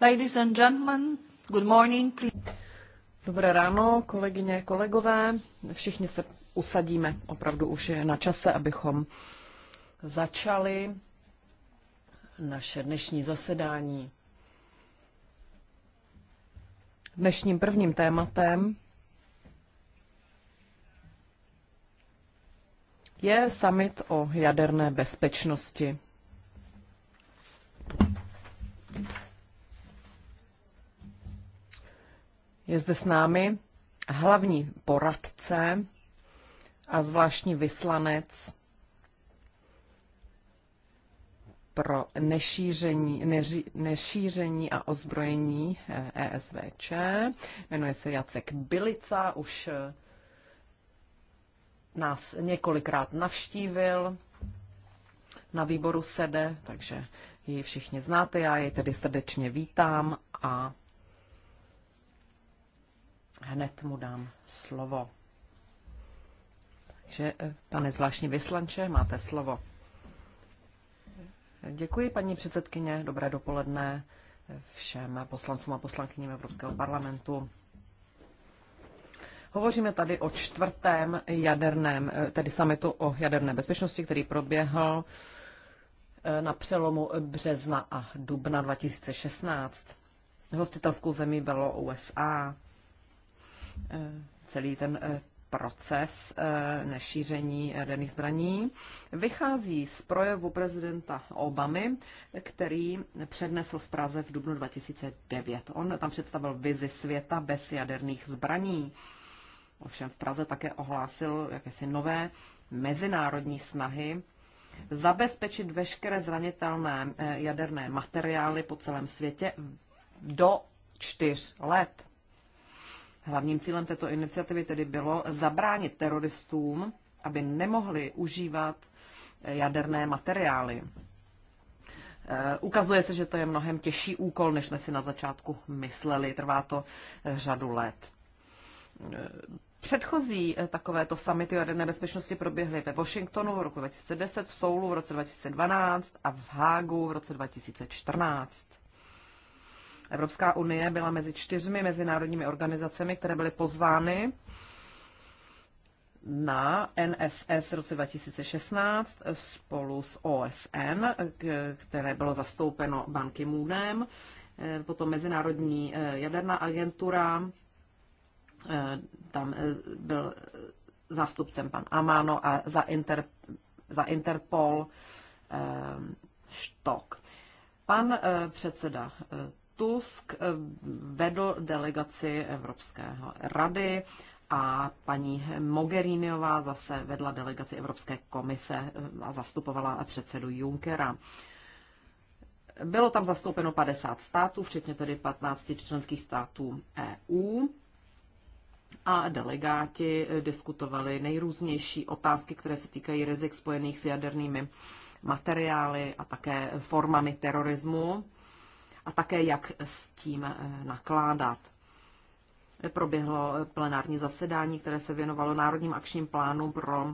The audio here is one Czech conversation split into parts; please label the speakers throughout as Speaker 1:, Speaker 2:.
Speaker 1: Ladies and gentlemen, good morning. Please. Dobré ráno, kolegyně, kolegové. Všichni se usadíme. Opravdu už je na čase, abychom začali naše dnešní zasedání. Dnešním prvním tématem je summit o jaderné bezpečnosti. Je zde s námi hlavní poradce a zvláštní vyslanec pro nešíření, neři, nešíření a ozbrojení ESVČ. Eh, e Jmenuje se Jacek Bilica, už eh, nás několikrát navštívil na výboru sede, e, takže ji všichni znáte, já je tedy srdečně vítám a Hned mu dám slovo. Takže, eh, pane zvláštní vyslanče, máte slovo. Děkuji, paní předsedkyně. Dobré dopoledne všem poslancům a poslankyním Evropského parlamentu. Hovoříme tady o čtvrtém jaderném, eh, tedy samitu o jaderné bezpečnosti, který proběhl eh, na přelomu března a dubna 2016. Hostitelskou zemí bylo USA. Eh, celý ten eh, proces eh, nešíření jaderných zbraní vychází z projevu prezidenta Obamy, který přednesl v Praze v dubnu 2009. On tam představil vizi světa bez jaderných zbraní. Ovšem v Praze také ohlásil jakési nové mezinárodní snahy zabezpečit veškeré zranitelné jaderné materiály po celém světě do čtyř let. Hlavním cílem této iniciativy tedy bylo zabránit teroristům, aby nemohli užívat eh, jaderné materiály. Eh, ukazuje se, že to je mnohem těžší úkol, než jsme si na začátku mysleli. Trvá to eh, řadu let. Předchozí takovéto samity o jaderné bezpečnosti proběhly ve Washingtonu v roku 2010, v Soulu v roce 2012 a v Hágu v roce 2014. Evropská unie byla mezi čtyřmi mezinárodními organizacemi, které byly pozvány na NSS v roce 2016 spolu s OSN, které bylo zastoupeno banky moonem eh, potom Mezinárodní eh, jaderná agentura, eh, tam byl zástupcem pan Amano a za, Inter, za Interpol Štok. Pan předseda Tusk eh, vedl delegaci Evropského rady a paní Mogheriniová zase vedla delegaci Evropské komise eh, a zastupovala předsedu Junckera. Bylo tam zastoupeno 50 států, včetně tedy 15 členských států EU. A delegáti eh, diskutovali nejrůznější otázky, které se týkají rizik spojených s jadernými materiály a také formami terorismu a také jak s tím eh, nakládat. Proběhlo plenární zasedání, které se věnovalo národním akčním plánu pro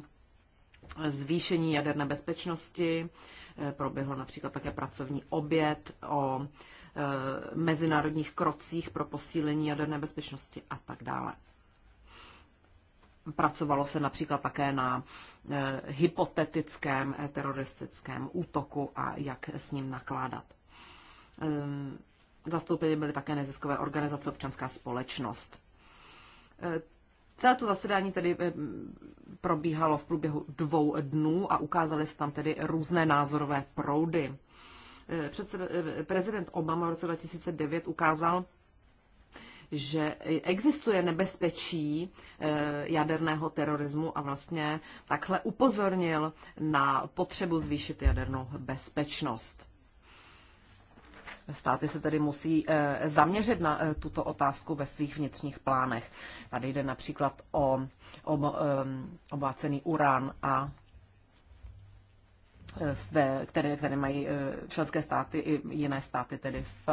Speaker 1: eh, zvýšení jaderné bezpečnosti. Eh, Proběhlo například také pracovní oběd o mezinárodních krocích pro posílení jaderné bezpečnosti a tak dále. Pracovalo se například také na hypotetickém teroristickém útoku a jak s ním nakládat. Ehm, zastoupeny byly také neziskové organizace občanská společnost. Ehm, celé to zasedání tedy ehm, probíhalo v průběhu dvou dnů a ukázaly se tam tedy různé názorové proudy. Předsed, prezident Obama v roce 2009 ukázal, že existuje nebezpečí jaderného terorismu a vlastně takhle upozornil na potřebu zvýšit jadernou bezpečnost. Státy se tedy musí eh, zaměřit na eh, tuto otázku ve svých vnitřních plánech. Tady jde například o eh, obácený urán a ve, které, které mají členské státy i jiné státy tedy v,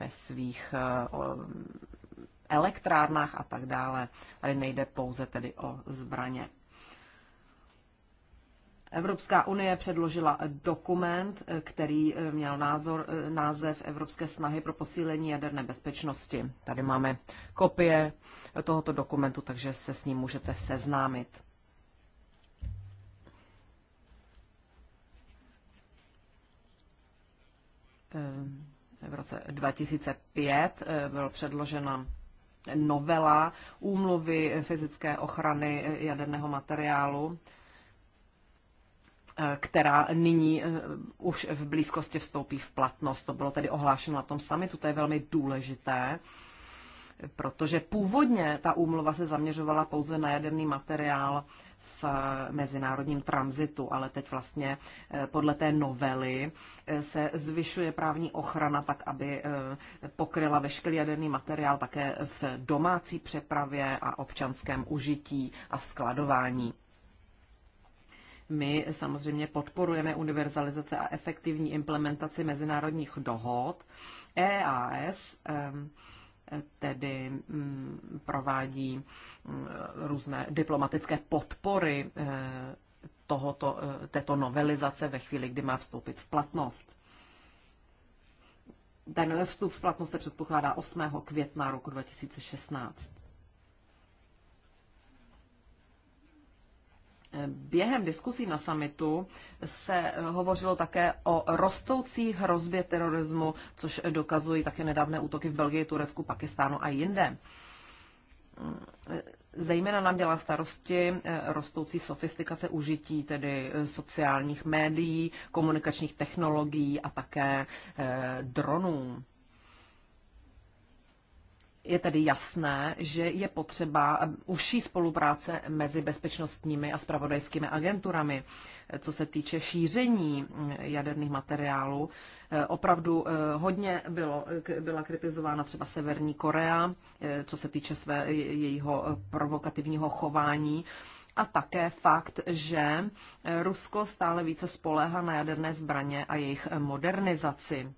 Speaker 1: ve svých elektrárnách a tak dále. Tady nejde pouze tedy o zbraně. Evropská unie předložila dokument, eh, který eh, měl názor, eh, název Evropské snahy pro posílení jaderné bezpečnosti. Tady máme kopie tohoto dokumentu, takže se s ním můžete seznámit. V roce 2005 byla předložena novela úmluvy fyzické ochrany jaderného materiálu Eh, která nyní eh, už v blízkosti vstoupí v platnost. To bylo tedy ohlášeno na tom summitu, to je velmi důležité, protože původně ta úmluva se zaměřovala pouze na jaderný materiál v eh, mezinárodním tranzitu, ale teď vlastně podle té novely se zvyšuje právní ochrana tak, aby pokryla veškerý jaderný materiál také v domácí přepravě a občanském užití a skladování. My samozřejmě podporujeme univerzalizace a efektivní implementaci mezinárodních dohod. EAS tedy mm, provádí mm, různé diplomatické podpory eh, tohoto, eh, této novelizace ve chvíli, kdy má vstoupit v platnost. Ten vstup v platnost se předpokládá 8. května roku 2016. Během diskusí na summitu se hovořilo také o rostoucí hrozbě terorismu, což dokazují také nedávné útoky v Belgii, Turecku, Pakistánu a jinde. Zejména nám dělá starosti eh, rostoucí sofistikace užití tedy eh, sociálních médií, komunikačních technologií a také eh, dronů. Je tedy jasné, že je potřeba užší spolupráce mezi bezpečnostními a spravodajskými agenturami, co se týče šíření jaderných materiálů. Eh, opravdu eh, hodně bylo, byla kritizována třeba Severní Korea, eh, co se týče své, jejího provokativního chování a také fakt, že Rusko stále více spoléhá na jaderné zbraně a jejich modernizaci.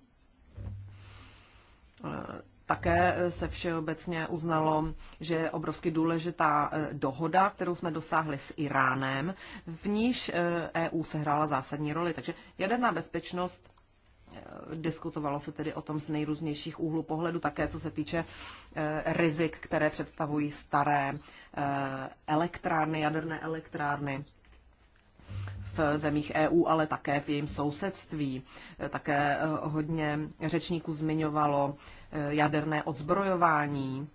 Speaker 1: Také eh, se všeobecně uznalo, že je obrovsky důležitá eh, dohoda, kterou jsme dosáhli s Iránem, v níž EU eh, e sehrála zásadní roli. Takže jaderná bezpečnost Diskutovalo se tedy o tom z nejrůznějších úhlů pohledu, také co se týče rizik, které představují staré elektrárny, jaderné elektrárny v zemích EU, ale také v jejím sousedství. Také hodně řečníků zmiňovalo jaderné odzbrojování,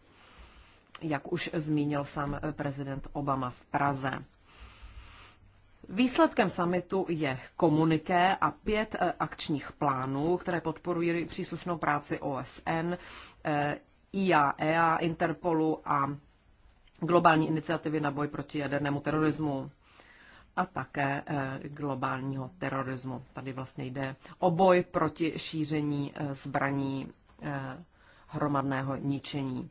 Speaker 1: jak už zmínil sám prezident Obama v Praze. Výsledkem summitu je komuniké a pět eh, akčních plánů, které podporují příslušnou práci OSN, eh, IAEA, e Interpolu a globální iniciativy na boj proti jadernému terorismu a také eh, globálního terorismu. Tady vlastně jde o boj proti šíření zbraní Eh, hromadného ničení. Eh,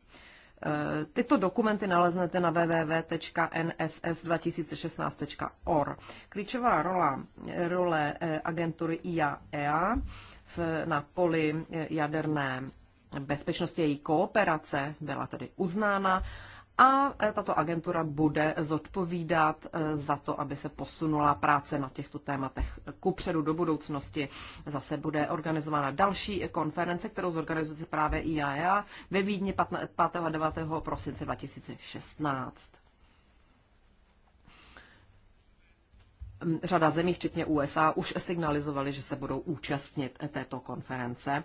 Speaker 1: tyto dokumenty naleznete na www.nss2016.org. Klíčová rola, role eh, agentury IAEA e na poli jaderné bezpečnosti její kooperace byla tedy uznána a e, tato agentura bude zodpovídat e, za to, aby se posunula práce na těchto tématech kupředu do budoucnosti. Zase bude organizována další konference, kterou zorganizuje právě IAEA e ve Vídni 5. a 9. prosince 2016. Řada zemí, včetně USA, už signalizovali, že se budou účastnit této konference.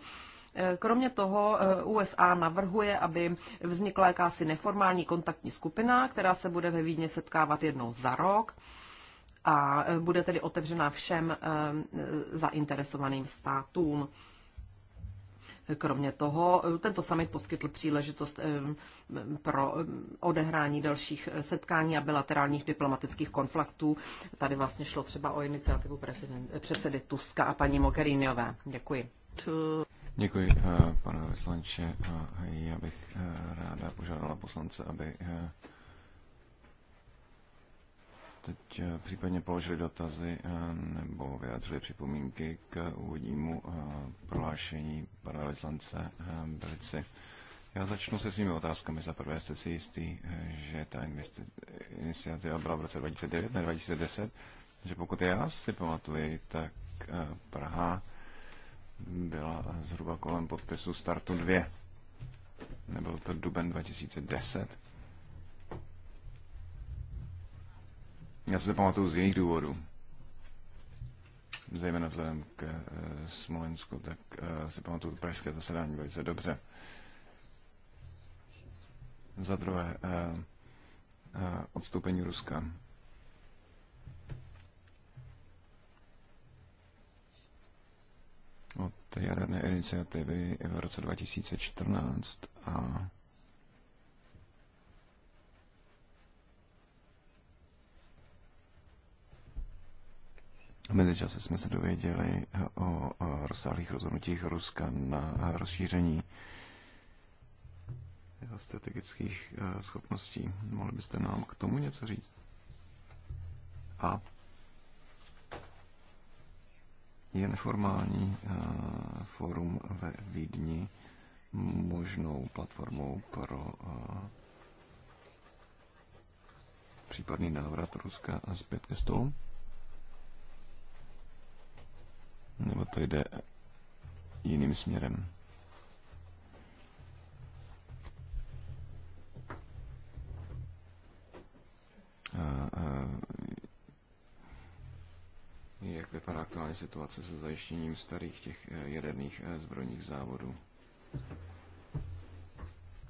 Speaker 1: Kromě toho eh, USA navrhuje, aby vznikla jakási neformální kontaktní skupina, která se bude ve Vídně setkávat jednou za rok a eh, bude tedy otevřená všem eh, zainteresovaným státům. Kromě toho, tento summit poskytl příležitost pro odehrání dalších setkání a bilaterálních diplomatických konfliktů. Tady vlastně šlo třeba o iniciativu předsedy Tuska a paní Mogheriniové. Děkuji.
Speaker 2: Děkuji, eh, pane vyslanče. Eh, já bych eh, ráda požádala poslance, aby teď případně položili dotazy nebo vyjádřili připomínky k úvodnímu prohlášení pana vyslance Belici. Já začnu se svými otázkami. Za prvé jste si jistý, že ta iniciativa byla v roce 2009, ne 2010, že pokud já si pamatuju, tak Praha byla zhruba kolem podpisu startu 2. Nebyl to duben 2010. Já se to pamatuju z jejich důvodů. Zejména vzhledem k e, Smolensku, tak e, si pamatuju pražské zasedání velice dobře. Za druhé, e, e, odstoupení Ruska. od jaderné iniciativy v roce 2014 a V mezičase jsme se dověděli o rozsáhlých rozhodnutích Ruska na rozšíření jeho strategických eh, schopností. Mohli byste nám k tomu něco říct? A je neformální eh, fórum ve Vídni možnou platformou pro eh, případný návrat Ruska a zpět ke stolu? Nebo to jde jiným směrem? Eh, jak vypadá aktuální situace se zajištěním starých těch eh, jaderných eh, zbrojních závodů.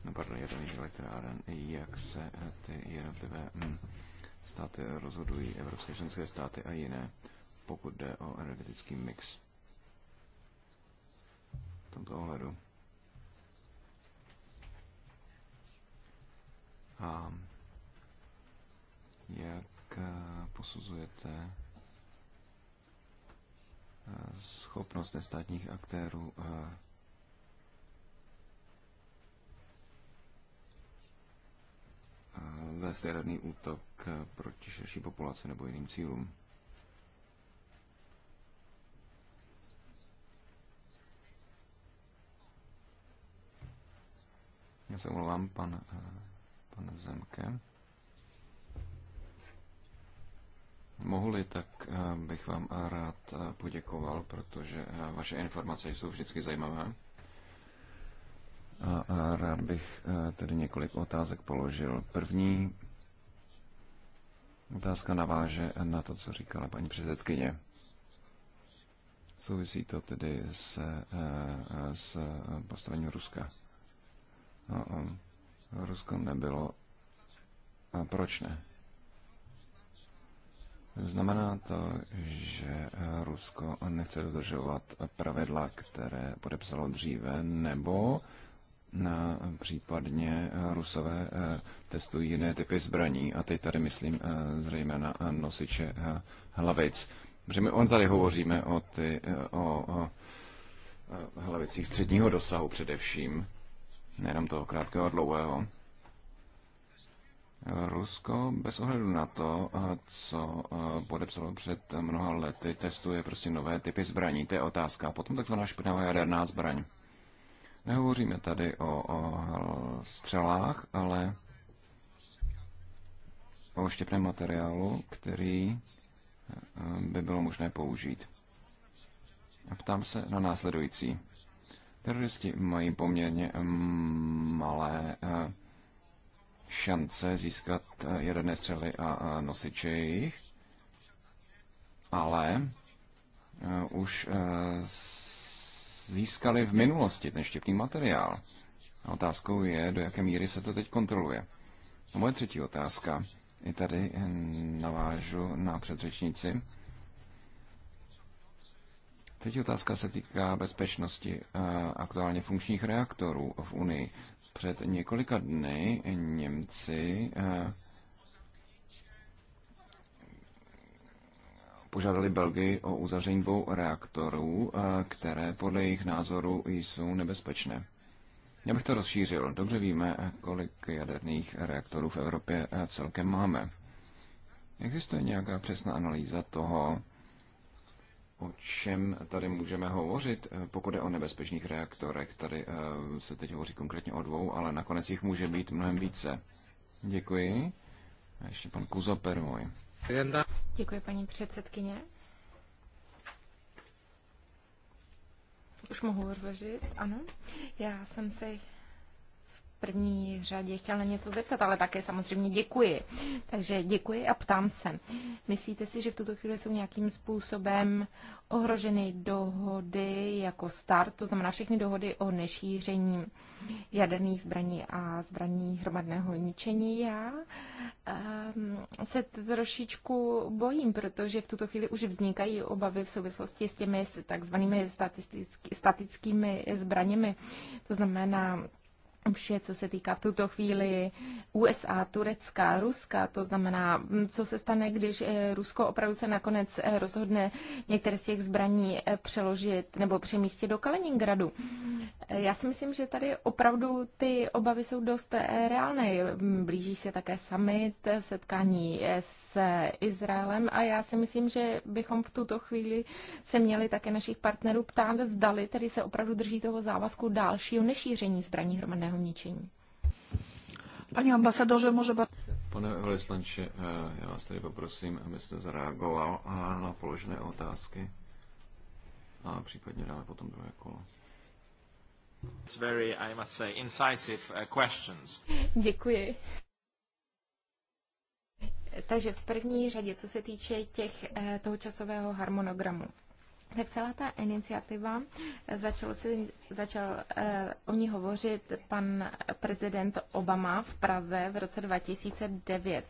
Speaker 2: No pardon, jaderných elektráren, jak se eh, ty jednotlivé hm, státy rozhodují, evropské členské státy a jiné, pokud jde o energetický mix. V tomto ohledu. A jak posuzujete schopnost nestátních aktérů eh, eh, vést jaderný útok eh, proti širší populaci nebo jiným cílům. Já se omlouvám, pan, pan Zemke. Mohu-li, tak eh, bych vám rád eh, poděkoval, protože eh, vaše informace jsou vždycky zajímavé. A rád bych tedy několik otázek položil. První otázka naváže na to, co říkala paní předsedkyně. Souvisí to tedy s, s postavením Ruska. No, Rusko nebylo. A proč ne? Znamená to, že eh, Rusko nechce dodržovat pravidla, které podepsalo dříve, nebo na eh, případně eh, Rusové testují jiné typy zbraní a teď tady myslím zřejmě na nosiče hlavic. Protože my on tady hovoříme o, ty, o, o hlavicích středního dosahu především, nejenom toho krátkého a dlouhého. Rusko bez ohledu na to, eh, co eh, podepsalo před mnoha lety, testuje prostě nové typy zbraní. To je otázka. A potom takzvaná špinavá jaderná zbraň. Nehovoříme tady o, o střelách, ale o štěpném materiálu, který eh, by bylo možné použít. A ptám se na následující. Teroristi mají poměrně mm, malé šance získat eh, jaderné střely a nosiče jejich, ale eh, už eh, získali v minulosti ten štěpný materiál. A otázkou je, do jaké míry se to teď kontroluje. A moje třetí otázka. je tady navážu na předřečnici. Třetí otázka se týká bezpečnosti aktuálně funkčních reaktorů v Unii. Před několika dny Němci eh, požádali Belgii o uzavření dvou reaktorů, eh, které podle jejich názoru jsou nebezpečné. Já bych to rozšířil. Dobře víme, kolik jaderných reaktorů v Evropě eh, celkem máme. Existuje nějaká přesná analýza toho, o čem tady můžeme hovořit, eh, pokud je o nebezpečných reaktorech. Tady eh, se teď hovoří konkrétně o dvou, ale nakonec jich může být mnohem více. Děkuji. A ještě pan Kuzo Pervoj.
Speaker 3: Děkuji, paní předsedkyně. Už mohu hovořit, ano. Já jsem se první řadě na něco zeptat, ale také samozřejmě děkuji. Takže děkuji a ptám se. Myslíte si, že v tuto chvíli jsou nějakým způsobem ohroženy dohody jako start, to znamená všechny dohody o nešíření jaderných zbraní a zbraní hromadného ničení? Já um, se trošičku bojím, protože v tuto chvíli už vznikají obavy v souvislosti s těmi takzvanými statickými zbraněmi. To znamená vše, co se týká v tuto chvíli USA, Turecka, Ruska, to znamená, mm, co se stane, když eh, Rusko opravdu se nakonec eh, rozhodne některé z těch zbraní eh, přeložit nebo přemístit do Kaliningradu. Já si myslím, že tady opravdu ty obavy jsou dost reálné. Mm, blíží se také summit, setkání s Izraelem a já si myslím, že bychom v tuto chvíli se měli také našich partnerů ptát, zdali tedy se opravdu drží toho závazku dalšího nešíření zbraní hromadného hromadného ničení. Pani ambasadoře, může...
Speaker 2: Pane velvyslanče, eh, já vás tady poprosím, abyste zareagoval eh, na položené otázky a případně dáme potom druhé kolo.
Speaker 4: Very, I must say, incisive
Speaker 2: eh, questions.
Speaker 3: Děkuji. Takže v první řadě, co se týče těch, toho časového harmonogramu tak celá ta iniciativa, eh, začalo se, začal eh, o ní hovořit pan prezident Obama v Praze v roce 2009.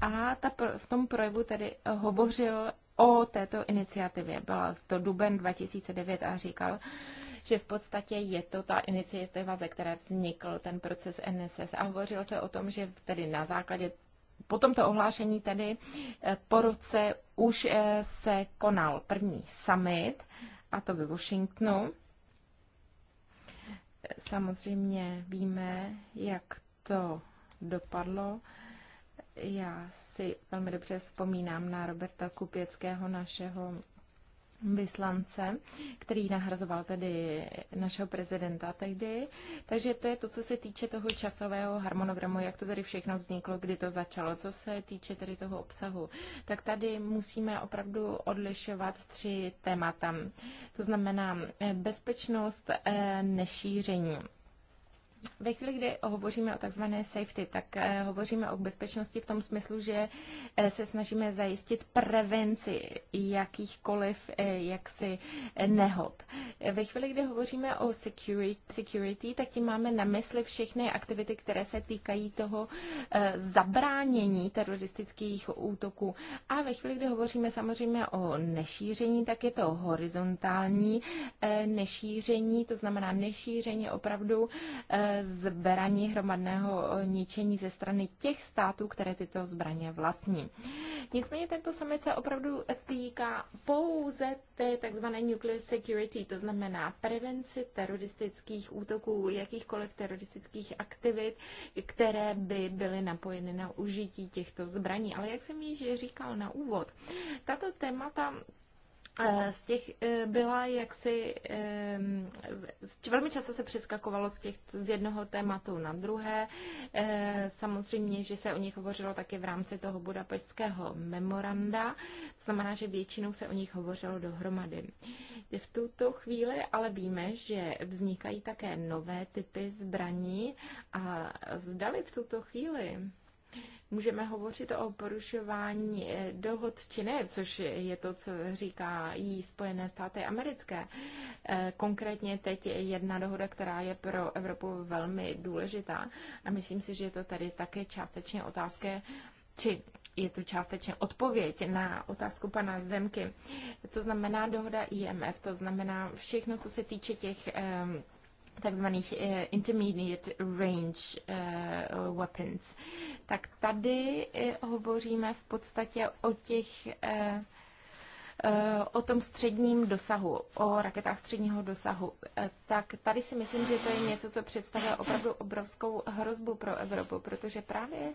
Speaker 3: A ta, v tom projevu tedy hovořil o této iniciativě. Byla to duben 2009 a říkal, že v podstatě je to ta iniciativa, ze které vznikl ten proces NSS. A hovořilo se o tom, že tedy na základě po tomto ohlášení tedy eh, po roce už eh, se konal první summit, a to ve Washingtonu. Samozřejmě víme, jak to dopadlo. Já si velmi dobře vzpomínám na Roberta Kupěckého, našeho vyslance, který nahrazoval tedy našeho prezidenta tehdy. Takže to je to, co se týče toho časového harmonogramu, jak to tady všechno vzniklo, kdy to začalo. Co se týče tedy toho obsahu, tak tady musíme opravdu odlišovat tři témata. To znamená eh, bezpečnost eh, nešíření. Ve chvíli, kdy hovoříme o takzvané safety, tak eh, hovoříme o bezpečnosti v tom smyslu, že eh, se snažíme zajistit prevenci jakýchkoliv eh, jaksi nehod. Ve chvíli, kdy hovoříme o security, tak tím máme na mysli všechny aktivity, které se týkají toho zabránění teroristických útoků. A ve chvíli, kdy hovoříme samozřejmě o nešíření, tak je to horizontální nešíření, to znamená nešíření opravdu zbraní hromadného eh, ničení ze strany těch států, které tyto zbraně vlastní. Nicméně tento summit se opravdu týká pouze té tzv. nuclear security, to znamená prevenci teroristických útoků, jakýchkoliv teroristických aktivit, které by byly napojeny na užití těchto zbraní. Ale jak jsem již říkal na úvod, tato témata z těch e, byla jaksi, e, velmi často se přeskakovalo z, těch, z jednoho tématu na druhé. E, samozřejmě, že se o nich hovořilo také v rámci toho budapeštského memoranda, to znamená, že většinou se o nich hovořilo dohromady. V tuto chvíli ale víme, že vznikají také nové typy zbraní a zdali v tuto chvíli můžeme hovořit o porušování eh, dohod či ne, což je to, co říká jí Spojené státy americké. Eh, konkrétně teď je jedna dohoda, která je pro Evropu velmi důležitá a myslím si, že je to tady také částečně otázka, či je to částečně odpověď na otázku pana Zemky. To znamená dohoda IMF, to znamená všechno, co se týče těch um, takzvaných eh, intermediate range eh, weapons. Tak tady eh, hovoříme v podstatě o těch Eh, o tom středním dosahu, o raketách středního dosahu, eh, tak tady si myslím, že to je něco, co představuje opravdu obrovskou hrozbu pro Evropu, protože právě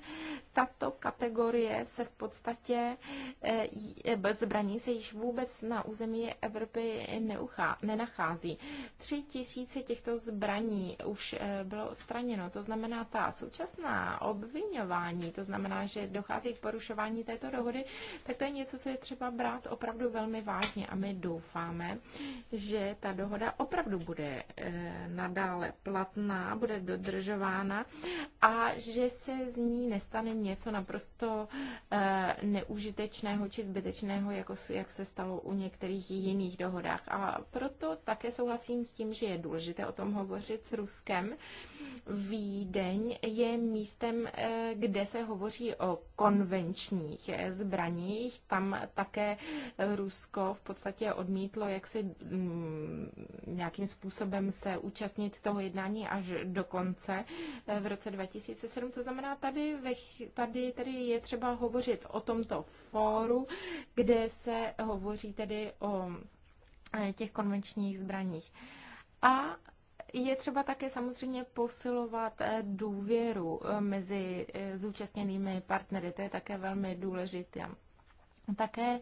Speaker 3: tato kategorie se v podstatě eh, bez zbraní se již vůbec na území Evropy neuchá, nenachází. Tři tisíce těchto zbraní už bylo odstraněno, to znamená ta současná obvinování, to znamená, že dochází k porušování této dohody, tak to je něco, co je třeba brát opravdu opravdu velmi vážně a my doufáme, že ta dohoda opravdu bude eh, nadále platná, bude dodržována a že se z ní nestane něco naprosto eh, neužitečného či zbytečného, jako, jak se stalo u některých jiných dohodách. A proto také souhlasím s tím, že je důležité o tom hovořit s Ruskem, Vídeň je místem, eh, kde se hovoří o konvenčních eh, zbraních. Tam také Rusko v podstatě odmítlo, jak si mm, nějakým způsobem se účastnit toho jednání až do konce eh, v roce 2007. To znamená, tady, ve, tady, tady je třeba hovořit o tomto fóru, kde se hovoří tedy o těch konvenčních zbraních. A je třeba také samozřejmě posilovat eh, důvěru eh, mezi eh, zúčastněnými partnery, to je také velmi důležité. Také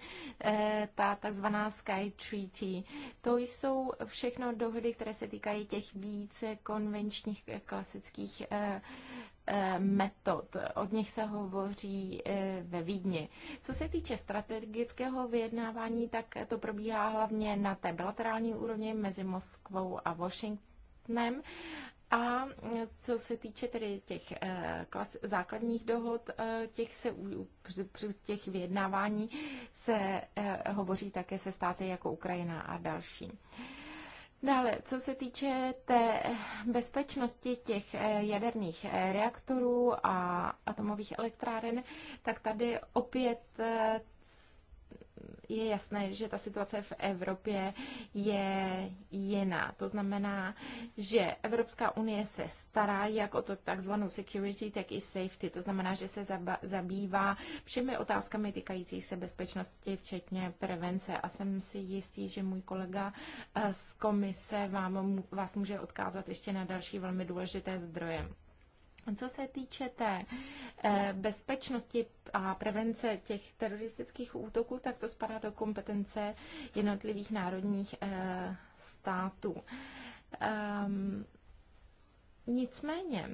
Speaker 3: ta takzvaná Sky Treaty. To jsou všechno dohody, které se týkají těch více konvenčních klasických metod. Od nich se hovoří ve Vídni. Co se týče strategického vyjednávání, tak to probíhá hlavně na té bilaterální úrovni mezi Moskvou a Washingtonem partnerem. A co se týče tedy těch eh, klas, základních dohod, eh, těch se při těch vyjednávání se eh, hovoří také se státy jako Ukrajina a další. Dále, co se týče té bezpečnosti těch jaderných reaktorů a atomových elektráren, tak tady opět je jasné, že ta situace v Evropě je jiná. To znamená, že Evropská unie se stará jak o to takzvanou security, tak i safety. To znamená, že se zabývá všemi otázkami týkajících se bezpečnosti, včetně prevence. A jsem si jistý, že můj kolega eh, z komise vám, vás může odkázat ještě na další velmi důležité zdroje. Co se týče té eh, bezpečnosti a prevence těch teroristických útoků, tak to spadá do kompetence jednotlivých národních eh, států. Ehm, nicméně,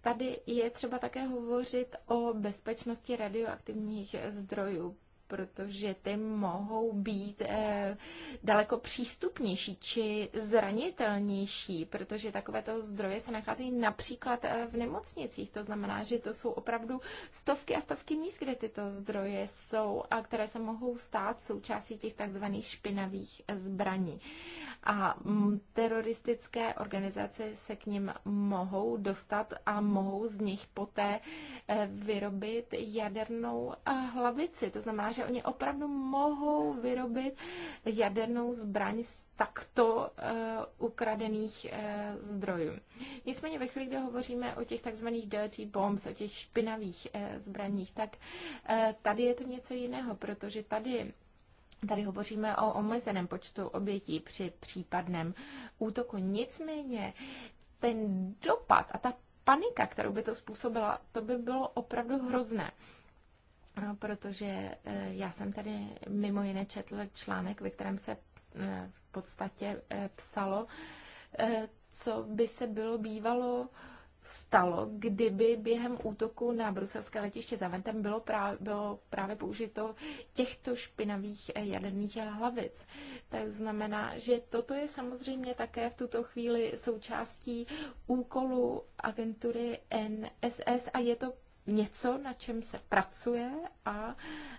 Speaker 3: tady je třeba také hovořit o bezpečnosti radioaktivních zdrojů, protože ty mohou být eh, daleko přístupnější či zranitelnější, protože takovéto zdroje se nacházejí například eh, v nemocnicích. To znamená, že to jsou opravdu stovky a stovky míst, kde tyto zdroje jsou a které se mohou stát součástí těch takzvaných špinavých zbraní. A teroristické organizace se k ním mohou dostat a mohou z nich poté eh, vyrobit jadernou hlavici. To znamená, že oni opravdu mohou vyrobit jadernou zbraň z takto uh, ukradených uh, zdrojů. Nicméně ve chvíli, kdy hovoříme o těch takzvaných dirty bombs, o těch špinavých uh, zbraních, tak uh, tady je to něco jiného, protože tady Tady hovoříme o omezeném počtu obětí při případném útoku. Nicméně ten dopad a ta panika, kterou by to způsobila, to by bylo opravdu hrozné protože eh, já jsem tady mimo jiné četl článek, ve kterém se eh, v podstatě eh, psalo, co by se bylo bývalo stalo, kdyby během útoku na bruselské letiště Zaventem bylo právě, bylo právě použito těchto špinavých jaderných hlavic. To znamená, že toto je samozřejmě také v tuto chvíli součástí úkolu agentury NSS a je to něco, na čem se pracuje a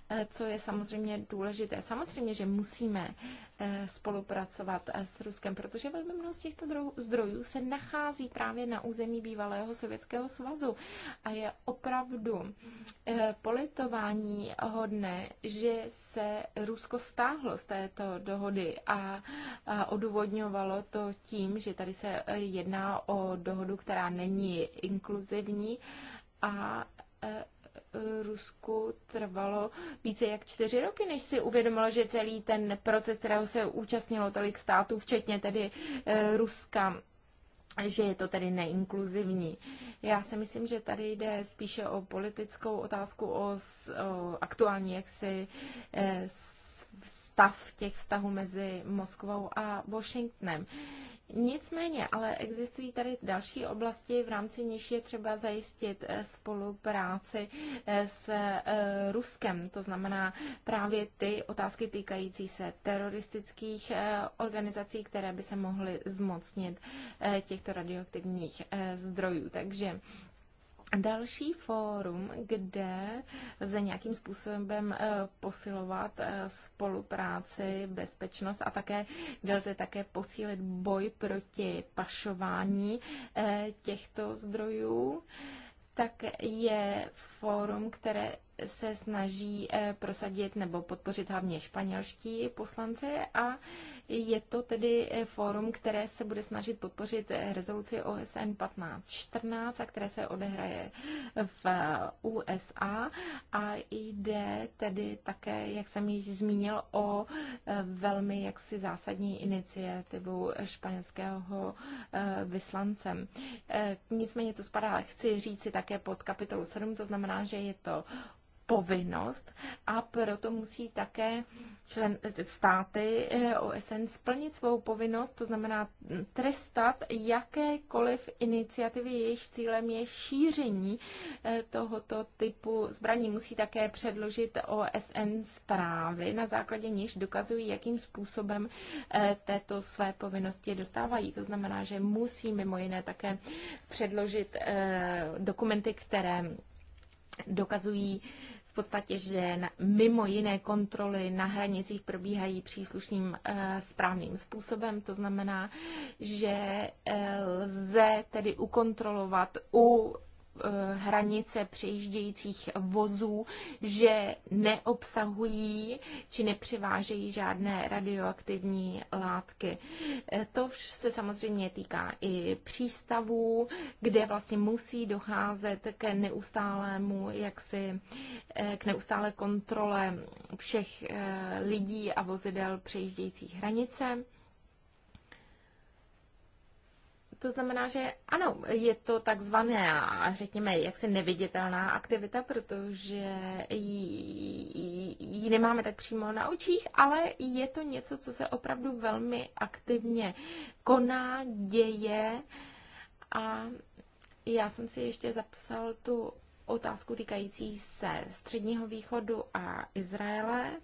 Speaker 3: e, co je samozřejmě důležité. Samozřejmě, že musíme e, spolupracovat e, s Ruskem, protože velmi mnoho z těchto zdrojů se nachází právě na území bývalého Sovětského svazu a je opravdu politování hodné, že se Rusko stáhlo z této dohody a odůvodňovalo to tím, že tady se jedná o dohodu, která není inkluzivní a E, e, Rusku trvalo více jak čtyři roky, než si uvědomilo, že celý ten proces, kterého se účastnilo tolik států, včetně tedy e, Ruska, že je to tedy neinkluzivní. Já si myslím, že tady jde spíše o politickou otázku, o, o aktuální jaksi stav těch vztahů mezi Moskvou a Washingtonem. Nicméně, ale existují tady další oblasti, v rámci níž je třeba zajistit eh, spolupráci eh, s eh, Ruskem, to znamená právě ty otázky týkající se teroristických organizací, které by se mohly zmocnit těchto radioaktivních zdrojů. Takže Další fórum, kde se nějakým způsobem eh, posilovat eh, spolupráci, bezpečnost a také, kde lze také posílit boj proti pašování eh, těchto zdrojů, tak je fórum, které se snaží prosadit nebo podpořit hlavně španělští poslanci a je to tedy eh, fórum, které se bude snažit podpořit eh, rezoluci OSN 1514, a které se odehraje v eh, USA a jde tedy také, jak jsem již zmínil, o velmi jaksi zásadní iniciativu španělského vyslancem. Nicméně to spadá, chci říci také pod kapitolu 7, to znamená, že je to povinnost a proto musí také člen, státy eh, OSN splnit svou povinnost, to znamená trestat jakékoliv iniciativy, jejichž cílem je šíření eh, tohoto typu zbraní. Musí také předložit OSN zprávy, na základě níž dokazují, jakým způsobem eh, této své povinnosti dostávají. To znamená, že musí mimo jiné také předložit dokumenty, které dokazují, podstatě že mimo jiné kontroly na hranicích probíhají příslušným eh, správným způsobem. To znamená, že eh, lze tedy ukontrolovat u Eh, hranice přejíždějících vozů, že neobsahují či nepřivážejí žádné radioaktivní látky. Eh, to se samozřejmě týká i přístavů, kde vlastně musí docházet k neustálému, jaksi, eh, k neustále kontrole všech lidí a vozidel přejíždějících hranice. To znamená, že ano, je to takzvaná, řekněme, jaksi neviditelná aktivita, protože ji, ji nemáme tak přímo na očích, ale je to něco, co se opravdu velmi aktivně koná, děje. A já jsem si ještě zapsal tu otázku týkající se Středního východu a Izraele. Uh,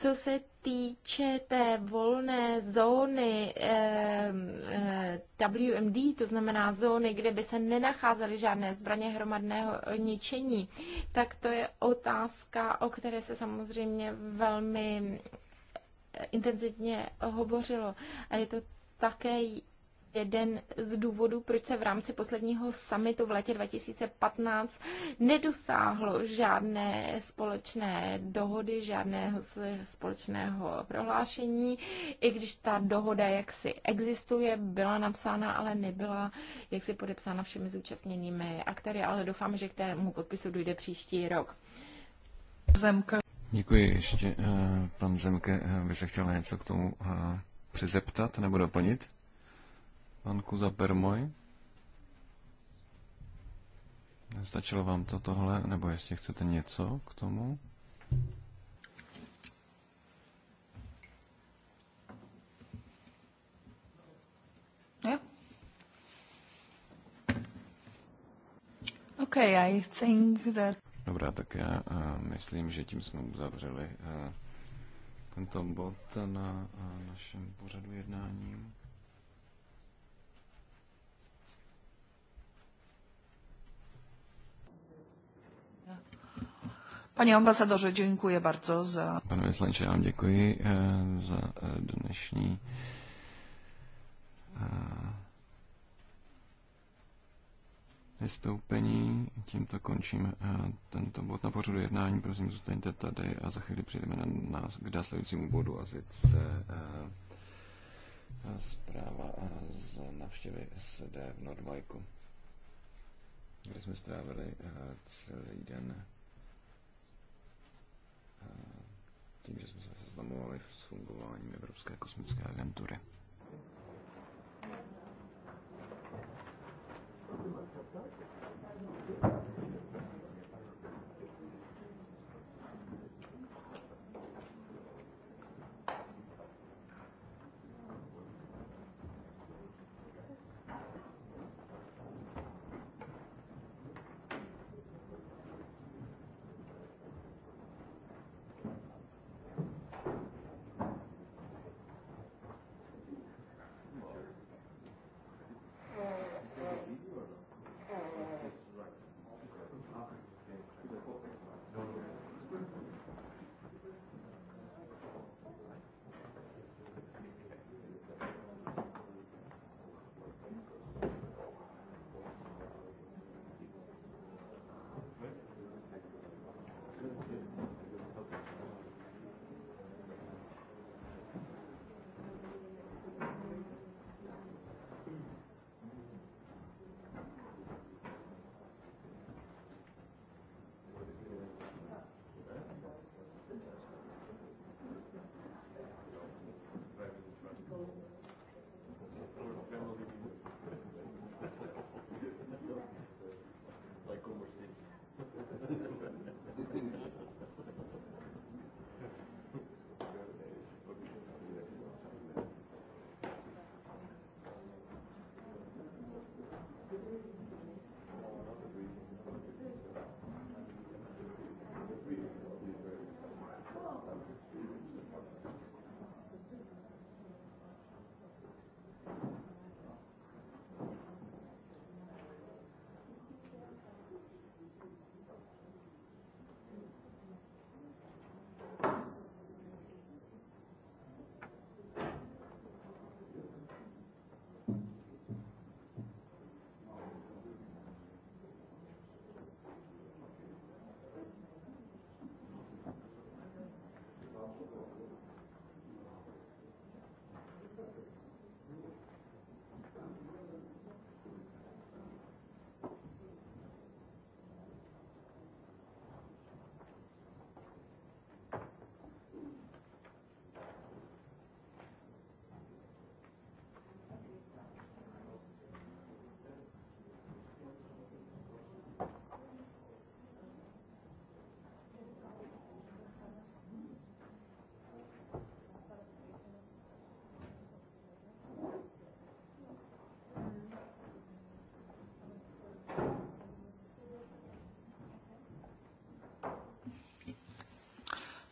Speaker 3: co se týče té volné zóny eh, WMD, to znamená zóny, kde by se nenacházely žádné zbraně hromadného ničení, tak to je otázka, o které se samozřejmě velmi eh, intenzivně hovořilo. A je to také jeden z důvodů, proč se v rámci posledního summitu v letě 2015 nedosáhlo žádné společné dohody, žádného společného prohlášení, i když ta dohoda jaksi existuje, byla napsána, ale nebyla jaksi podepsána všemi zúčastněnými aktéry, ale doufám, že k tému podpisu dojde příští rok. Zemka.
Speaker 2: Děkuji. Ještě eh, pan Zemke eh, by se chtěl něco k tomu eh, přizeptat nebo doplnit? Pan Kuza Permoj. Stačilo vám to tohle, nebo jestli chcete něco k tomu?
Speaker 5: Okay, I think that...
Speaker 2: Dobrá, tak já uh, myslím, že tím jsme uzavřeli uh, tento bod na uh, našem pořadu jednání.
Speaker 1: Panie ambasadorze, dziękuję bardzo za...
Speaker 2: Pane vyslanče, já vám děkuji eh, za eh, dnešní eh, vystoupení. Tímto končím tento bod na pořadu jednání. Prosím, zůstaňte tady a za chvíli přijdeme na nás k následujícímu bodu a sice zpráva z navštěvy SD v Nordbajku, kde jsme strávili celý den Eh, tím, že jsme se seznamovali s fungováním Evropské kosmické agentury. Thank you.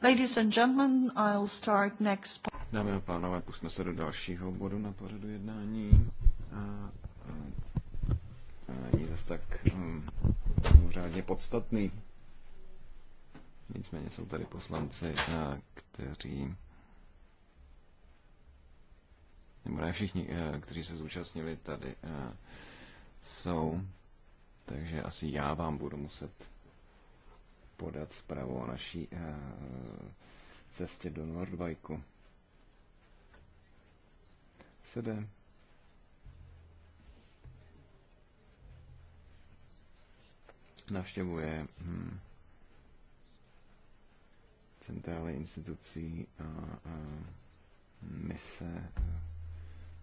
Speaker 1: Ladies and gentlemen, I'll start next.
Speaker 2: Dámy a pánové, pusme se do dalšího bodu na pořadu jednání. není zas tak um, podstatný. Nicméně jsou tady poslanci, a, kteří nebo ne všichni, kteří se zúčastnili tady, jsou. Takže asi já vám budu muset podat zprávu o naší eh, cestě do Nordvajku. Sede. Navštěvuje hmm, centrály institucí a, a mise.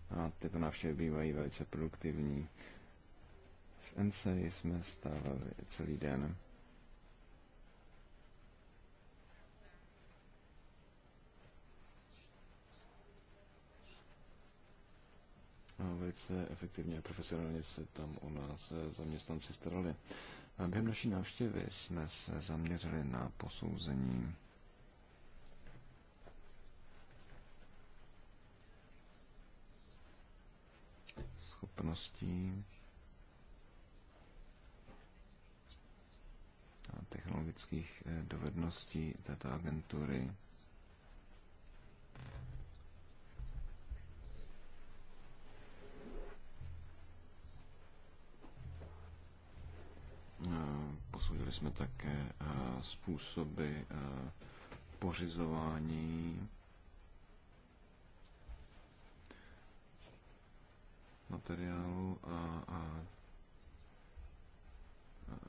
Speaker 2: A tyto návštěvy bývají velice produktivní. V NC jsme stávali celý den velice efektivně a profesionálně se tam u nás eh, zaměstnanci starali. A během naší návštěvy jsme se zaměřili na posouzení schopností a technologických eh, dovedností této agentury Eh, posoudili jsme také eh, způsoby eh, pořizování materiálu a, a, a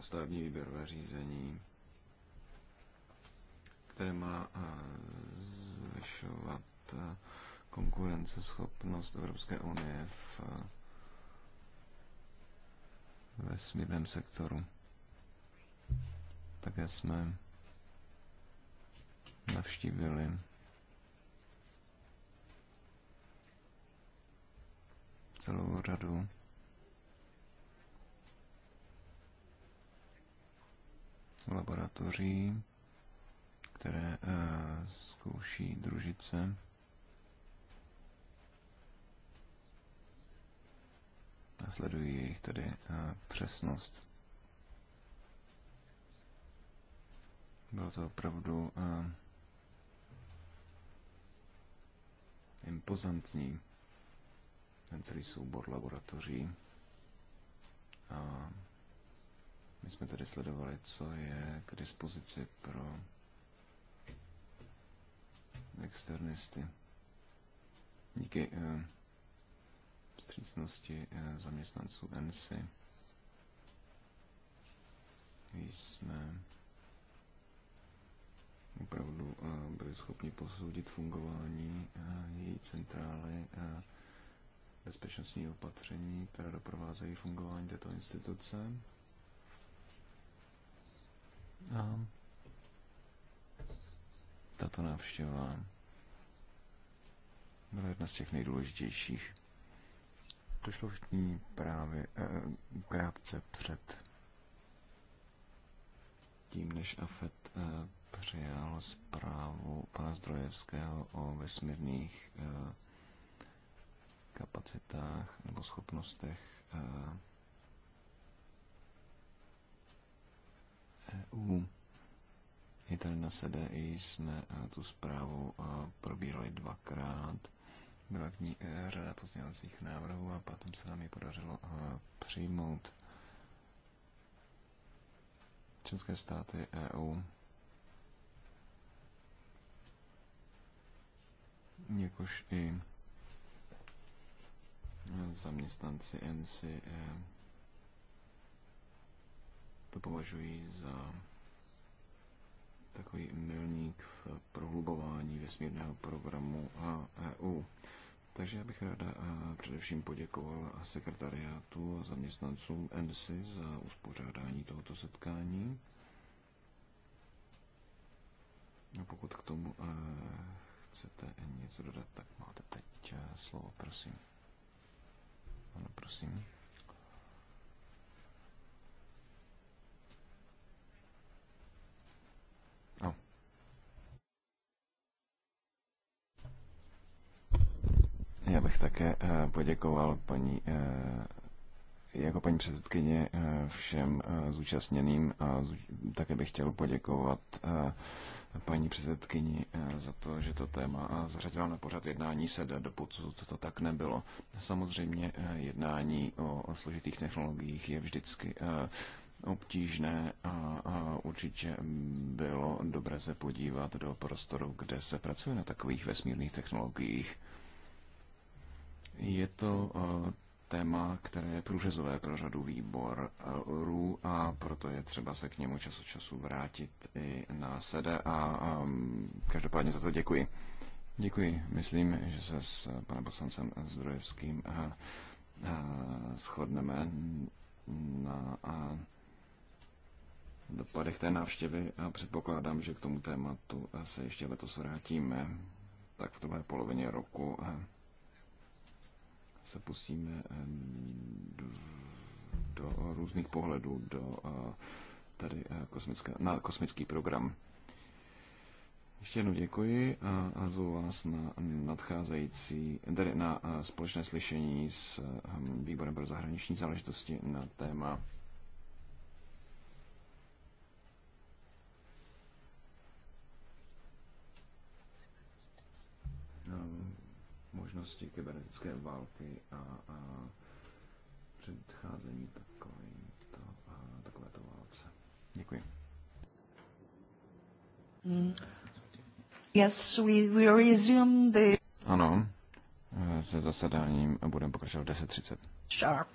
Speaker 2: stavební výběrové řízení, které má zvyšovat konkurenceschopnost Evropské unie v ve vesmírném sektoru. Také jsme navštívili celou řadu laboratoří, které uh, zkouší družice. sledují jejich tedy eh, přesnost. Bylo to opravdu eh, impozantní, ten celý soubor laboratoří. A my jsme tady sledovali, co je k dispozici pro externisty. Díky eh, vstřícnosti eh, zaměstnanců ENSY. Jsme opravdu eh, byli schopni posoudit fungování eh, její centrály bezpečnostní opatření, které doprovázejí fungování této instituce. A tato návštěva byla jedna z těch nejdůležitějších. Došlo k ní právě eh, krátce před tím, než AFET eh, přijal zprávu pana Zdrojevského o vesmírných eh, kapacitách nebo schopnostech EU. E I tady na SDI jsme tu zprávu probírali dvakrát byla v ní řada eh, pozměňovacích návrhů a potom se nám ji podařilo eh, přijmout. České státy EU jakož i zaměstnanci NC eh, to považují za takový milník v prohlubování vesmírného programu EU. Takže já bych ráda především poděkoval sekretariátu a zaměstnancům ENSI za uspořádání tohoto setkání. A pokud k tomu e, chcete něco dodat, tak máte teď e, slovo, prosím. Ano, prosím. Já bych také eh, poděkoval paní eh, jako paní předsedkyně eh, všem zúčastněným a také bych chtěl poděkovat paní předsedkyni za to, že to téma zařadila na pořad jednání se pocud to tak nebylo. Samozřejmě jednání o složitých technologiích je vždycky obtížné a, a určitě bylo dobré se podívat do prostoru, kde se pracuje na takových vesmírných technologiích. Je to eh, téma, které je průřezové pro řadu výborů a proto je třeba se k němu čas od času vrátit i na sede a každopádně za to děkuji. Děkuji. Myslím, že se s panem poslancem Zdrojevským a, eh, eh, shodneme na a, dopadech té návštěvy a předpokládám, že k tomu tématu se ještě letos vrátíme, tak v druhé polovině roku. A, se pustíme do různých pohledů do tady e, kosmické, na kosmický program. Ještě jednou děkuji a, a zvu vás na nadcházející, tedy na e, společné slyšení s e, Výborem pro zahraniční záležitosti na téma možnosti kybernetické války a, a předcházení takovéto, a takovéto válce. Děkuji.
Speaker 4: Yes, we, we
Speaker 5: resume
Speaker 4: the...
Speaker 2: Ano, eh, se zasedáním budeme pokračovat v 10.30. Sharp.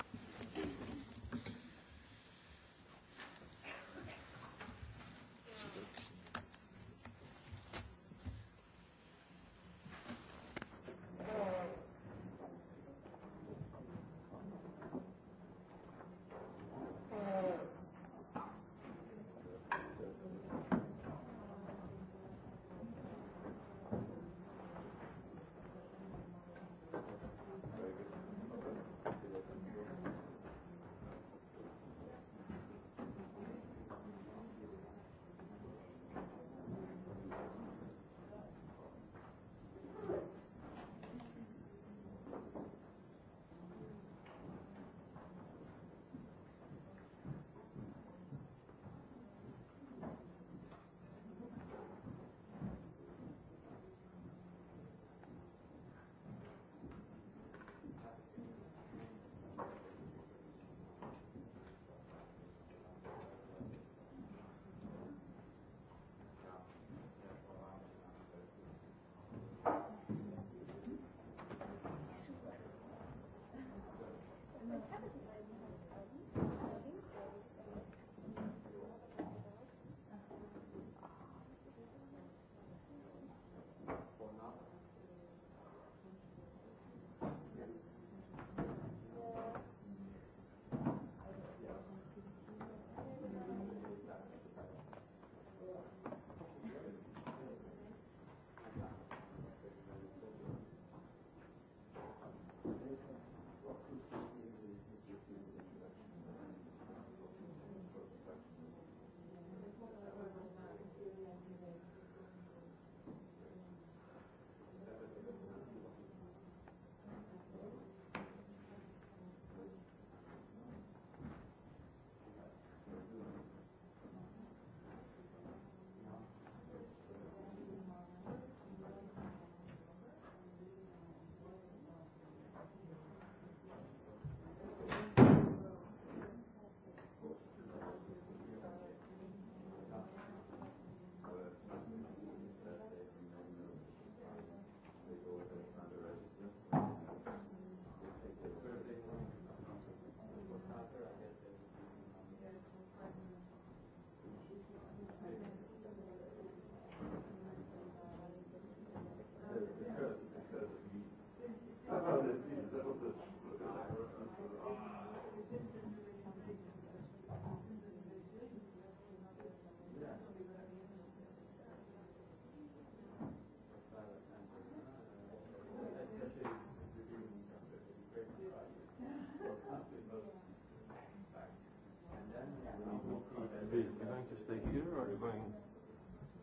Speaker 5: going?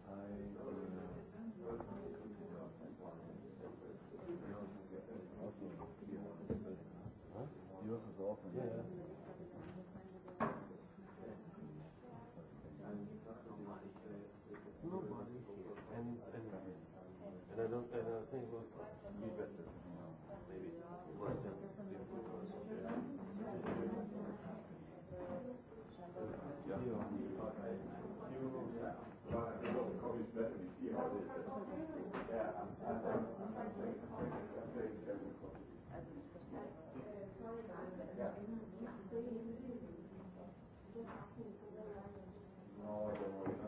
Speaker 5: I, uh, No, don't worry.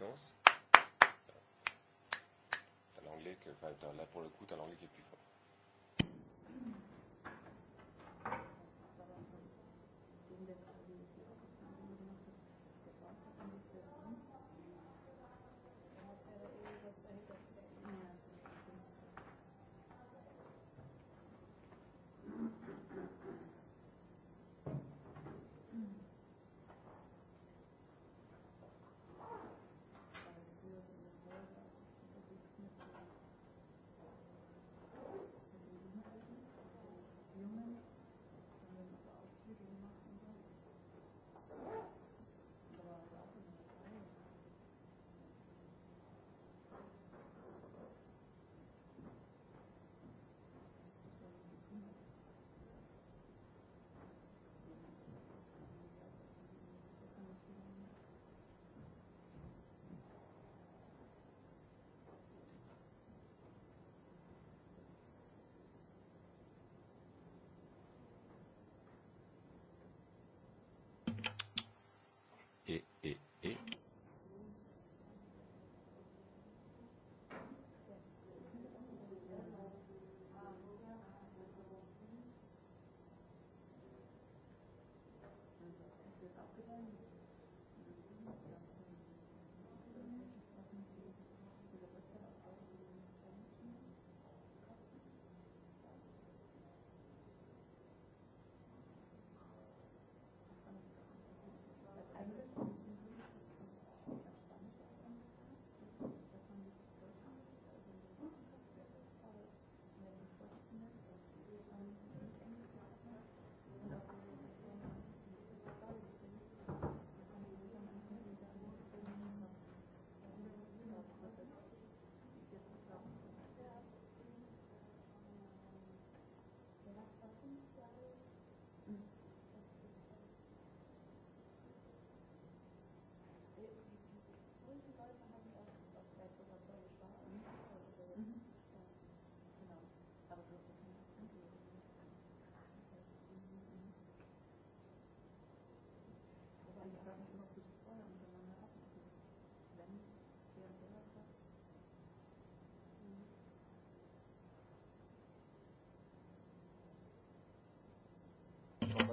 Speaker 2: résistance. t'as l'anglais que, enfin, là pour le coup, t'as l'anglais qui est plus fort.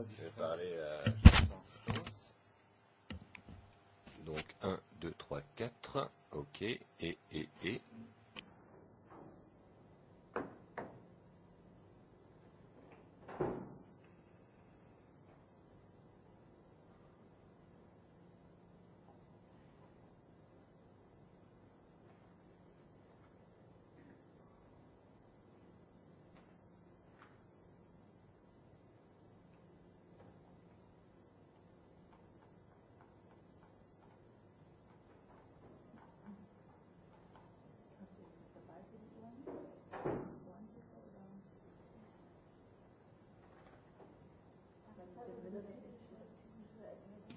Speaker 2: Je Pareil, euh... Donc 1, 2, 3, 4. OK. Et, et, et.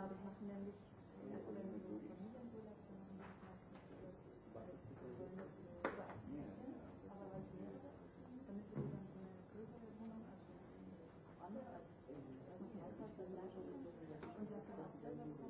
Speaker 5: Genau, machen nämlich Thank you.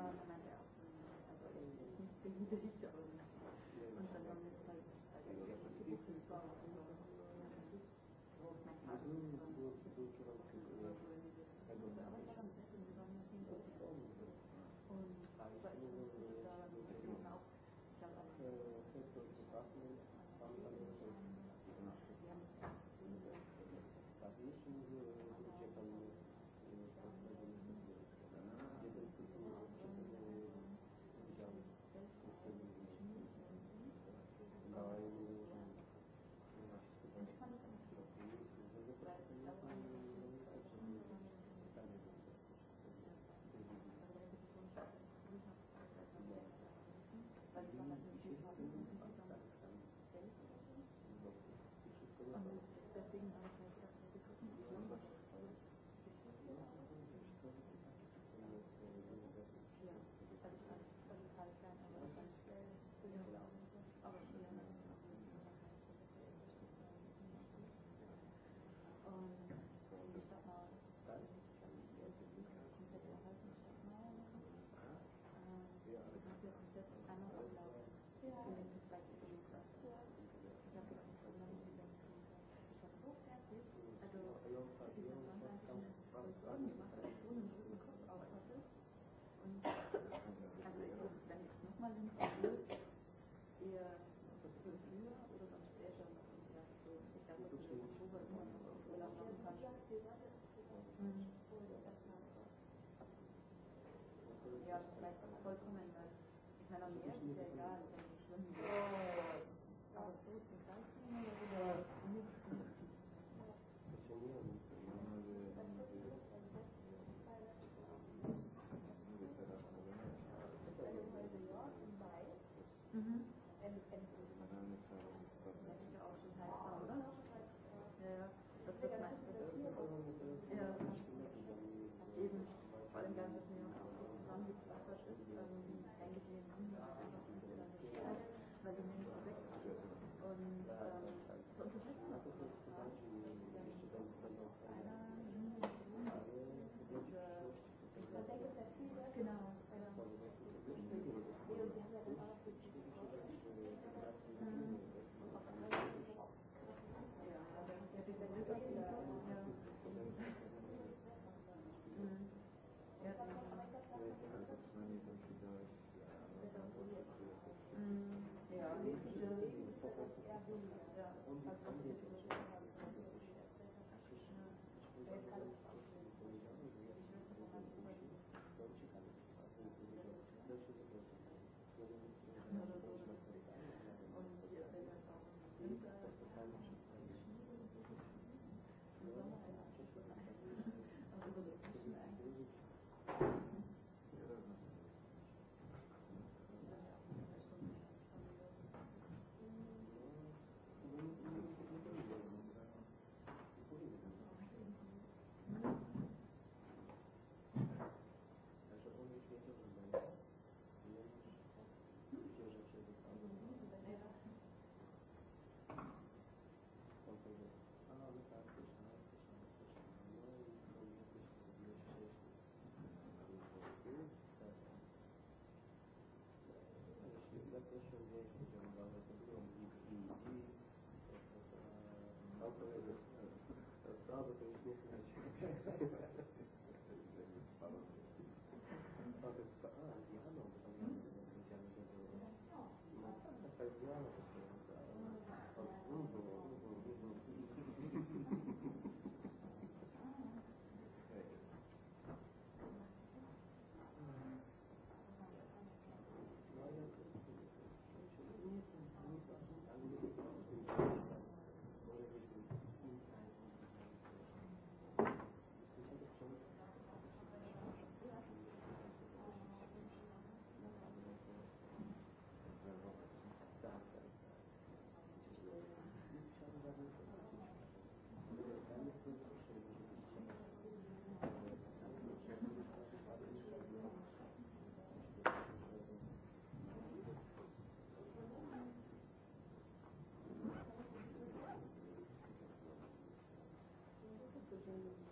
Speaker 5: já Thank you. Thank you.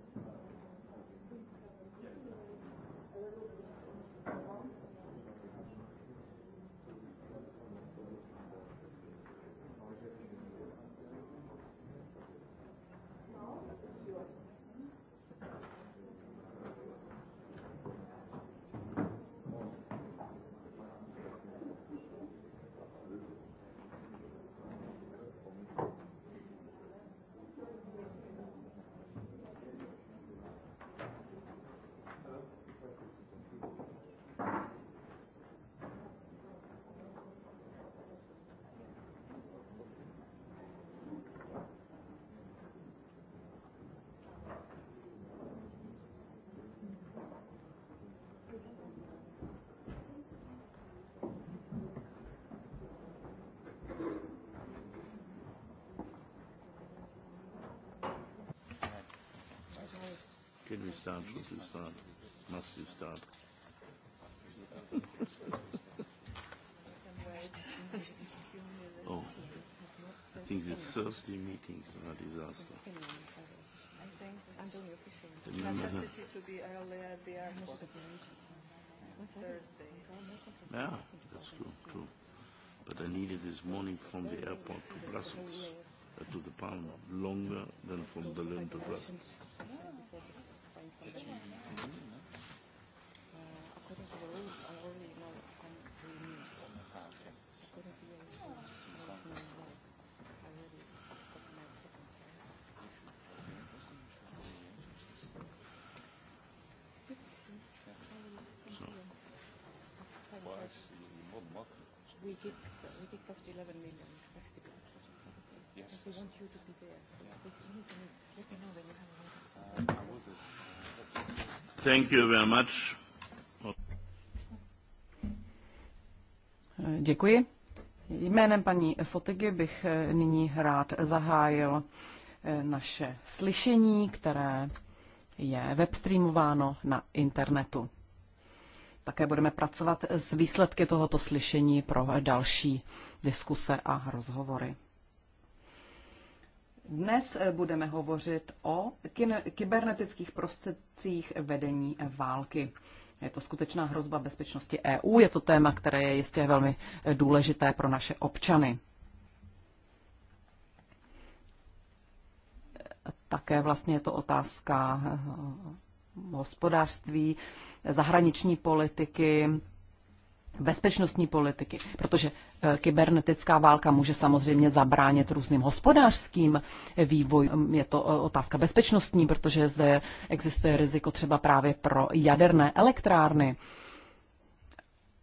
Speaker 5: Can we start? Should we start? Must we start? oh, I think the Thursday meetings are a disaster. necessity to be earlier Yeah, that's true, true. But I needed this morning from the airport to Brussels, uh, to the Palma, longer than from Berlin to Brussels.
Speaker 1: Děkuji. Jménem paní Fotigy bych eh, nyní rád zahájil eh, naše slyšení, které je webstreamováno na internetu. Také budeme pracovat s výsledky tohoto slyšení pro další diskuse a rozhovory. Dnes eh, budeme hovořit o kybernetických prostředcích vedení eh, války. Je to skutečná hrozba bezpečnosti EU, je to téma, které je jistě velmi eh, důležité pro naše občany. Také vlastně je to otázka hospodářství, zahraniční politiky, bezpečnostní politiky, protože e, kybernetická válka může samozřejmě zabránit různým hospodářským vývojům. Je to e, otázka bezpečnostní, protože zde existuje riziko třeba právě pro jaderné elektrárny.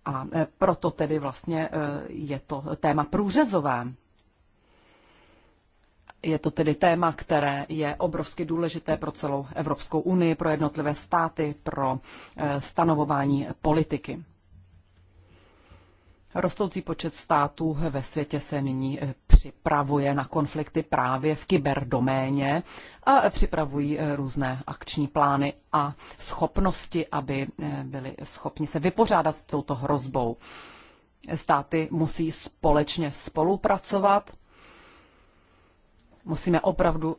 Speaker 1: A e, proto tedy vlastně je to téma průřezové. Je to tedy téma, které je obrovsky důležité pro celou Evropskou unii, pro jednotlivé státy, pro stanovování politiky. Rostoucí počet států ve světě se nyní eh, připravuje na konflikty právě v kyberdoméně a připravují eh, různé akční plány a schopnosti, aby eh, byli schopni se vypořádat s touto hrozbou. Státy musí společně spolupracovat. Musíme opravdu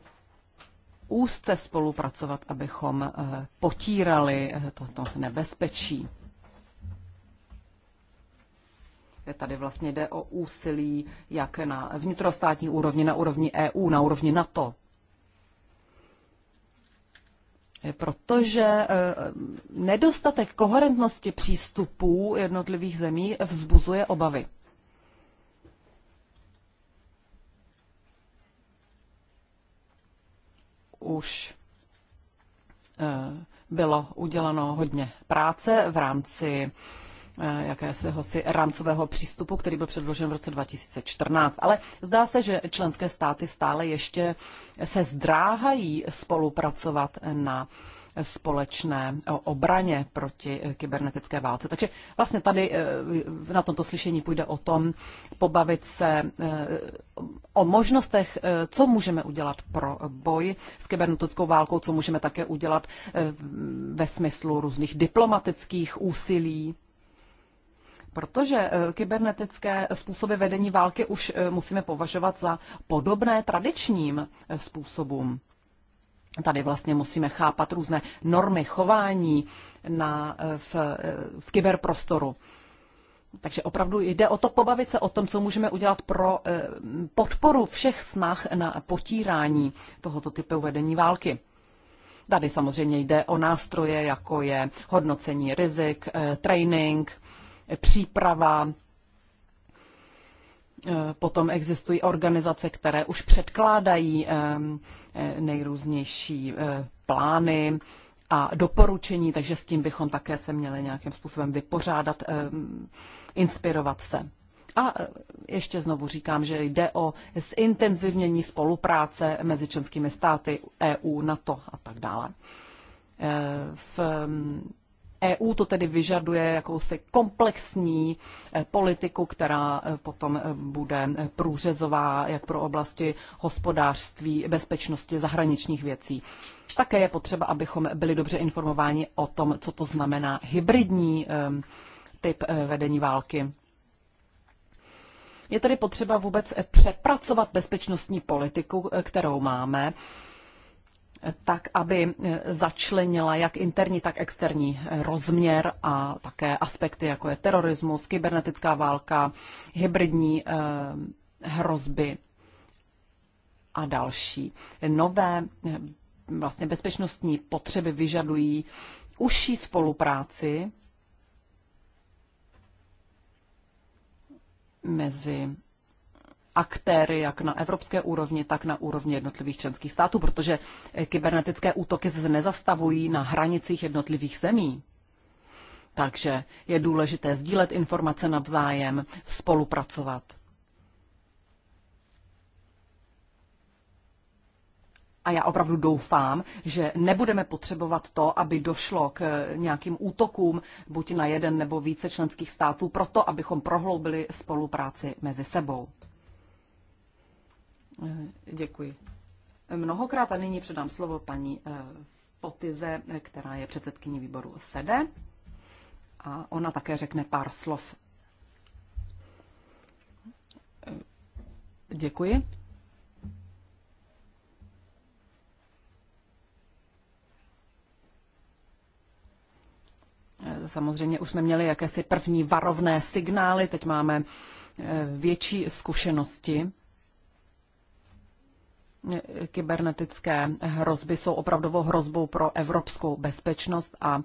Speaker 1: úzce spolupracovat, abychom potírali toto nebezpečí. Tady vlastně jde o úsilí jak na vnitrostátní úrovni, na úrovni EU, na úrovni NATO. Protože e, e, nedostatek koherentnosti přístupů jednotlivých zemí vzbuzuje obavy. Už e, bylo uděleno hodně práce v rámci Eh, jakéhosi rámcového přístupu, který byl předložen v roce 2014. Ale zdá se, že členské státy stále ještě se zdráhají spolupracovat na společné obraně proti kybernetické válce. Takže vlastně tady eh, na tomto slyšení půjde o tom pobavit se eh, o možnostech, co můžeme udělat pro boj s kybernetickou válkou, co můžeme také udělat ve smyslu různých diplomatických úsilí protože eh, kybernetické způsoby vedení války už eh, musíme považovat za podobné tradičním eh, způsobům. Tady vlastně musíme chápat různé normy chování na, v, v kyberprostoru. Takže opravdu jde o to pobavit se o tom, co můžeme udělat pro podporu všech snah na potírání tohoto typu vedení války. Tady samozřejmě jde o nástroje, jako je hodnocení rizik, trénink, příprava. Eh, potom existují organizace, které už předkládají eh, eh, nejrůznější plány a doporučení, takže s tím bychom také se měli nějakým způsobem vypořádat, inspirovat se. A ještě znovu říkám, že jde o zintenzivnění spolupráce mezi členskými státy EU, NATO a tak dále. V EU to tedy vyžaduje jakousi komplexní eh, politiku, která eh, potom eh, bude průřezová jak pro oblasti hospodářství, bezpečnosti, zahraničních věcí. Také je potřeba, abychom byli dobře informováni o tom, co to znamená hybridní ehm, typ vedení války. Je tedy potřeba vůbec přepracovat bezpečnostní politiku, kterou máme tak, aby eh, začlenila jak interní, tak externí eh, rozměr a také aspekty, jako je terorismus, kybernetická válka, hybridní eh, hrozby a další. Nové vlastně bezpečnostní potřeby vyžadují užší spolupráci mezi aktéry, jak na evropské úrovni, tak na úrovni jednotlivých členských států, protože eh, kybernetické útoky se nezastavují na hranicích jednotlivých zemí. Takže je důležité sdílet informace navzájem, spolupracovat. A já opravdu doufám, že nebudeme potřebovat to, aby došlo k eh, nějakým útokům buď na jeden nebo více členských států, proto abychom prohloubili spolupráci mezi sebou. Eh, děkuji. Mnohokrát a nyní předám slovo paní eh, Potize, eh, která je předsedkyní výboru SEDE. A ona také řekne pár slov. Děkuji. Samozřejmě už jsme měli jakési první varovné signály, teď máme větší zkušenosti kybernetické hrozby jsou opravdovou hrozbou pro evropskou bezpečnost a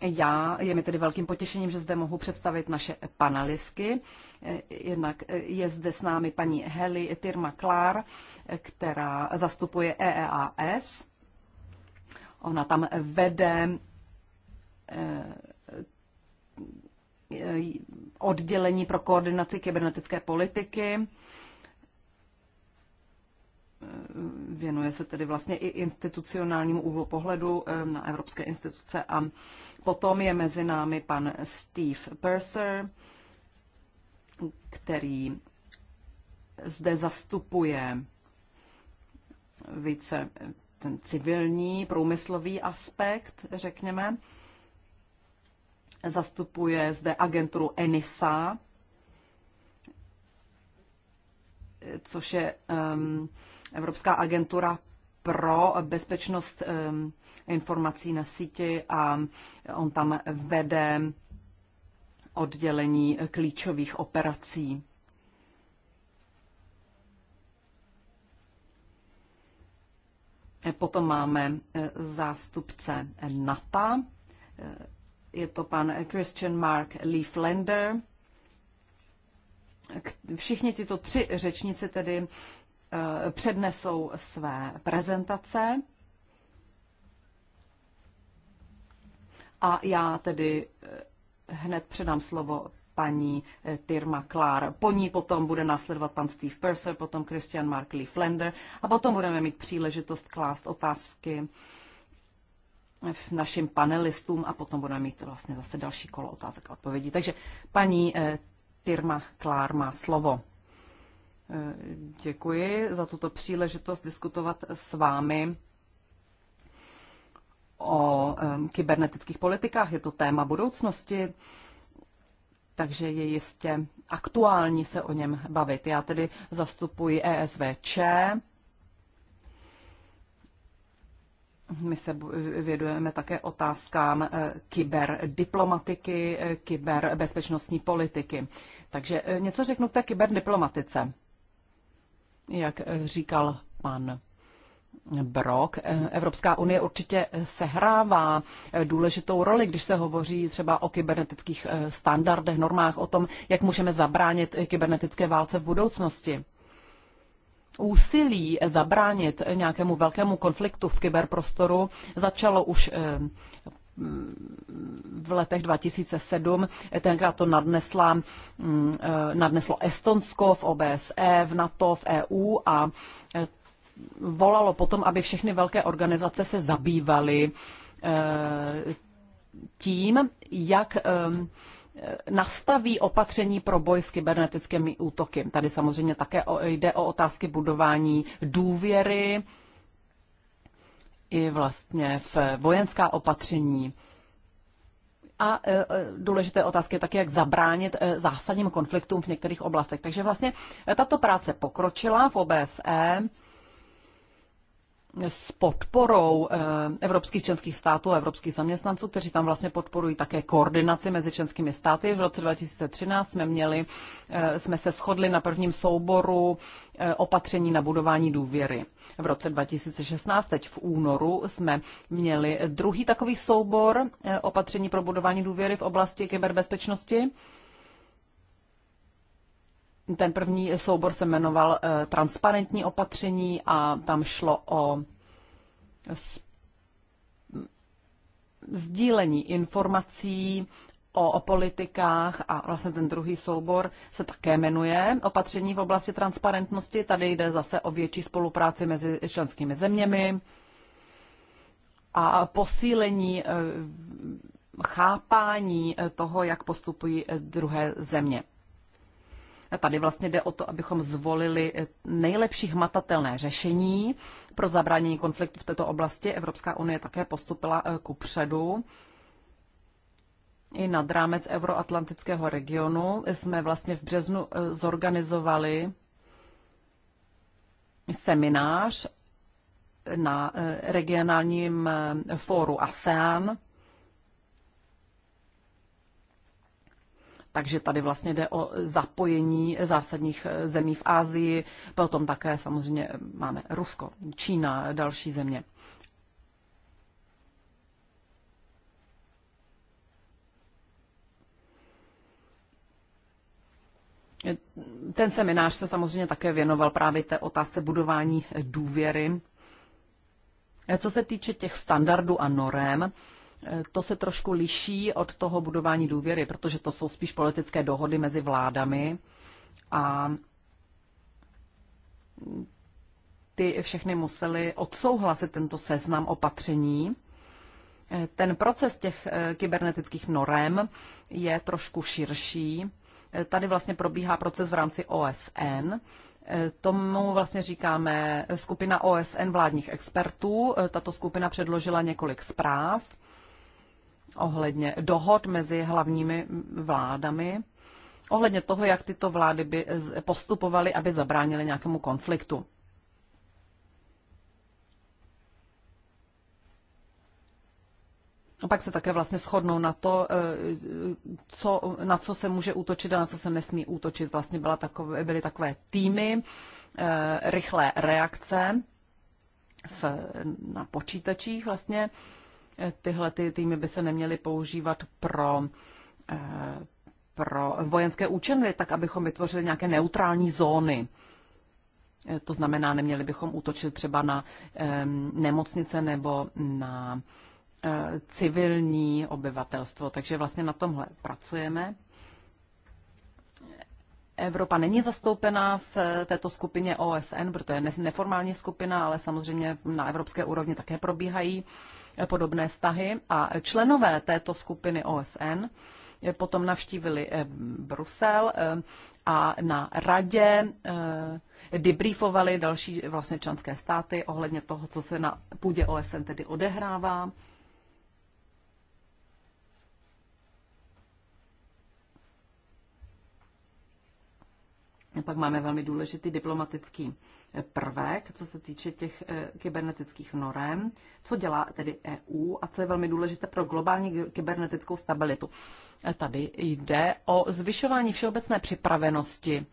Speaker 1: já je mi tedy velkým potěšením, že zde mohu představit naše panelistky. Jednak je zde s námi paní Heli Tirma Klár, která zastupuje EEAS. Ona tam vede eh, oddělení pro koordinaci kybernetické politiky věnuje se tedy vlastně i institucionálnímu úhlu pohledu eh, na evropské instituce a potom je mezi námi pan Steve Purser, který zde zastupuje více ten civilní, průmyslový aspekt, řekněme. Zastupuje zde agenturu ENISA, což je um, Evropská agentura pro bezpečnost um, informací na síti a on tam vede oddělení klíčových operací. E, potom máme e, zástupce NATO, e, je to pan Christian Mark Leaflander, Všichni tyto tři řečníci tedy eh, přednesou své prezentace. A já tedy eh, hned předám slovo paní eh, Tyrma Klár. Po ní potom bude následovat pan Steve Purser, potom Christian Mark Lee Flender a potom budeme mít příležitost klást otázky v našim panelistům a potom budeme mít vlastně zase další kolo otázek a odpovědí. Takže paní Firma Klár má slovo. E, děkuji za tuto příležitost diskutovat s vámi o kybernetických politikách. Je to téma budoucnosti, takže je jistě aktuální se o něm bavit. Já tedy zastupuji ESVČ, My se vědujeme také otázkám eh, kyberdiplomatiky, eh, kyberbezpečnostní politiky. Takže eh, něco řeknu k té kyberdiplomatice. Jak říkal pan Brok. Evropská unie určitě sehrává důležitou roli, když se hovoří třeba o kybernetických standardech, normách, o tom, jak můžeme zabránit kybernetické válce v budoucnosti úsilí zabránit nějakému velkému konfliktu v kyberprostoru začalo už eh, mm, v letech 2007. Tenkrát to nadnesla, mm, eh, nadneslo Estonsko v OBSE, v NATO, v EU a eh, volalo potom, aby všechny velké organizace se zabývaly tím, jak nastaví opatření pro boj s kybernetickými útoky. Tady samozřejmě také jde o otázky budování důvěry i vlastně v vojenská opatření. A e, e, důležité otázky je také, jak zabránit e, zásadním konfliktům v některých oblastech. Takže vlastně tato práce pokročila v OBSE s podporou eh, evropských členských států a evropských zaměstnanců, kteří tam vlastně podporují také koordinaci mezi členskými státy. V roce 2013 jsme měli, eh, jsme se shodli na prvním souboru eh, opatření na budování důvěry. V roce 2016, teď v únoru, jsme měli druhý takový soubor opatření pro budování důvěry v oblasti kyberbezpečnosti. Ten první soubor se jmenoval eh, Transparentní opatření a tam šlo o sdílení informací o, o politikách a vlastně ten druhý soubor se také jmenuje opatření v oblasti transparentnosti. Tady jde zase o větší spolupráci mezi členskými zeměmi a posílení eh, chápání eh, toho, jak postupují druhé země. Tady vlastně jde o to, abychom zvolili eh, nejlepší hmatatelné řešení pro zabránění konfliktu v této oblasti. Evropská unie také postupila eh, ku předu. I nad rámec euroatlantického regionu jsme vlastně v březnu eh, zorganizovali seminář na regionálním fóru ASEAN Takže tady vlastně jde o zapojení zásadních zemí v Ázii, potom také samozřejmě máme Rusko, Čína, další země. Ten seminář se samozřejmě také věnoval právě té otázce budování důvěry. Co se týče těch standardů a norem, to se trošku liší od toho budování důvěry, protože to jsou spíš politické dohody mezi vládami a ty všechny museli odsouhlasit tento seznam opatření. Ten proces těch eh, kybernetických norem je trošku širší. Tady vlastně probíhá proces v rámci OSN. Eh, tomu vlastně říkáme skupina OSN vládních expertů. Eh, tato skupina předložila několik zpráv ohledně dohod mezi hlavními vládami, ohledně toho, jak tyto vlády by postupovaly, aby zabránily nějakému konfliktu. A pak se také vlastně shodnou na to, eh, co, na co se může útočit a na co se nesmí útočit. Vlastně byla takové, byly takové týmy, eh, rychlé reakce v, na počítačích vlastně, Tyhle ty týmy by se neměly používat pro eh, pro vojenské účely, tak abychom vytvořili nějaké neutrální zóny. Eh, to znamená, neměli bychom útočit třeba na nemocnice nebo na eh, civilní obyvatelstvo. Takže vlastně na tomhle pracujeme. Evropa není zastoupená v eh, této skupině OSN, protože je neformální skupina, ale samozřejmě na evropské úrovni také probíhají eh, podobné stahy. A členové této skupiny OSN eh, potom navštívili Brusel a na radě debriefovali další vlastně členské státy ohledně toho, co se na půdě OSN tedy odehrává Pak máme velmi důležitý diplomatický eh, prvek, co se týče těch eh, kybernetických norem, co dělá tedy EU a co je velmi důležité pro globální kybernetickou stabilitu. Eh, tady jde o zvyšování všeobecné připravenosti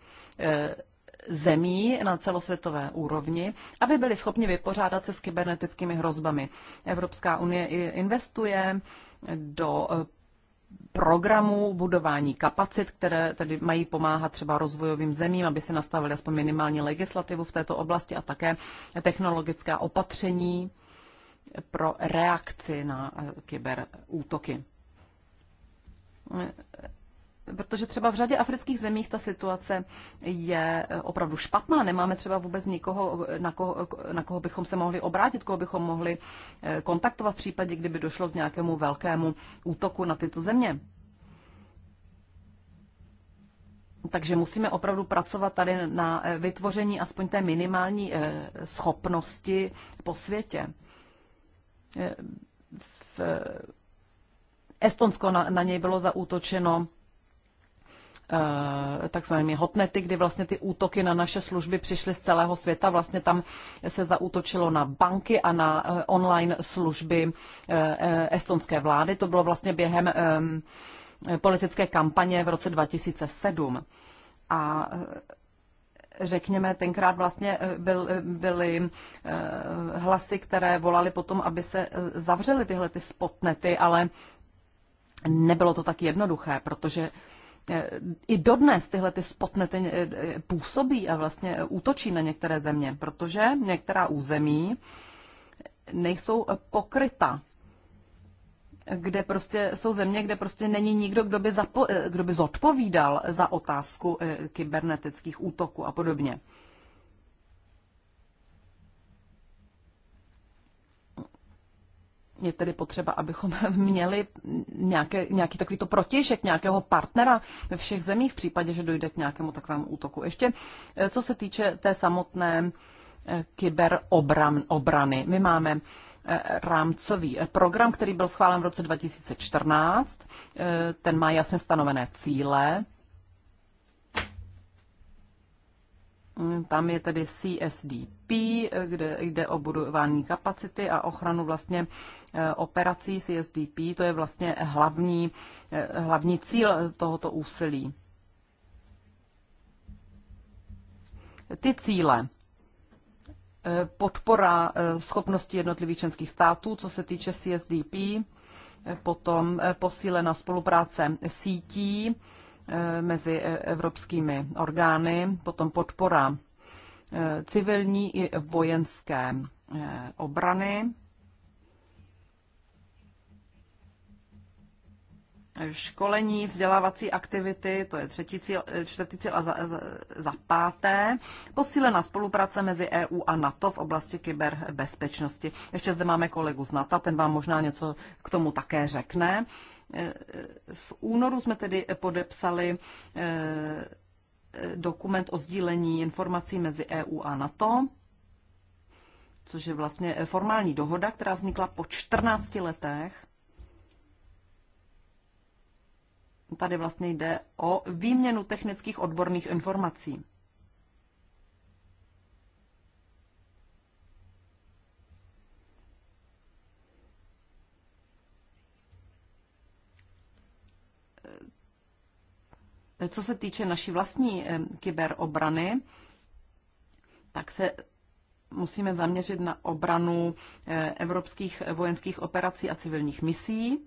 Speaker 1: zemí na celosvětové úrovni, aby byly schopni vypořádat se s kybernetickými hrozbami. Evropská unie investuje do programů, budování kapacit, které tedy mají pomáhat třeba rozvojovým zemím, aby se nastavili aspoň minimální legislativu v této oblasti a také technologická opatření pro reakci na eh, kyberútoky. Protože třeba v řadě afrických zemích ta situace je eh, opravdu špatná. Nemáme třeba vůbec nikoho, eh, na koho, eh, na koho bychom se mohli obrátit, koho bychom mohli kontaktovat v případě, kdyby došlo k nějakému velkému útoku na tyto země. Takže musíme opravdu pracovat tady na vytvoření aspoň té minimální schopnosti po světě. V Estonsko na, na něj bylo zaútočeno Eh, takzvanými hotnety, kdy vlastně ty útoky na naše služby přišly z celého světa. Vlastně tam se zaútočilo na banky a na eh, online služby eh, estonské vlády. To bylo vlastně během politické kampaně v roce 2007. A řekněme, tenkrát vlastně byl, byly hlasy, které volaly potom, aby se zavřely tyhle ty spotnety, ale nebylo to tak jednoduché, protože Eh, i dodnes tyhle ty spotnety eh, působí a vlastně eh, útočí na některé země, protože některá území nejsou pokryta kde prostě jsou země, kde prostě není nikdo, kdo by, zapo- kdo by zodpovídal za otázku kybernetických útoků a podobně. je tedy potřeba, abychom měli nějaké, nějaký takovýto protěžek, nějakého partnera ve všech zemích v případě, že dojde k nějakému takovému útoku. Ještě eh, co se týče té samotné eh, kyberobrany. My máme eh, rámcový program, který byl schválen v roce 2014. Ten má jasně stanovené cíle Tam je tedy CSDP, kde jde o budování kapacity a ochranu vlastně eh, operací CSDP. To je vlastně hlavní, eh, hlavní cíl tohoto úsilí. Ty cíle. Eh, podpora schopnosti jednotlivých členských států, co se týče CSDP, potom posílená spolupráce sítí, Eh, mezi eh, evropskými orgány, potom podpora eh, civilní i vojenské obrany, školení, vzdělávací aktivity, to je třetí cíl, čtvrtý cíl a za, za, za páté, posílená spolupráce mezi EU a NATO v oblasti kyberbezpečnosti. Ještě zde máme kolegu z NATO, ten vám možná něco k tomu také řekne. V únoru jsme tedy podepsali eh, dokument o sdílení informací mezi EU a NATO, což je vlastně formální dohoda, která vznikla po 14 letech. Tady vlastně jde o výměnu technických odborných informací. co se týče naší vlastní kyberobrany, tak se musíme zaměřit na obranu eh, evropských vojenských operací a civilních misí.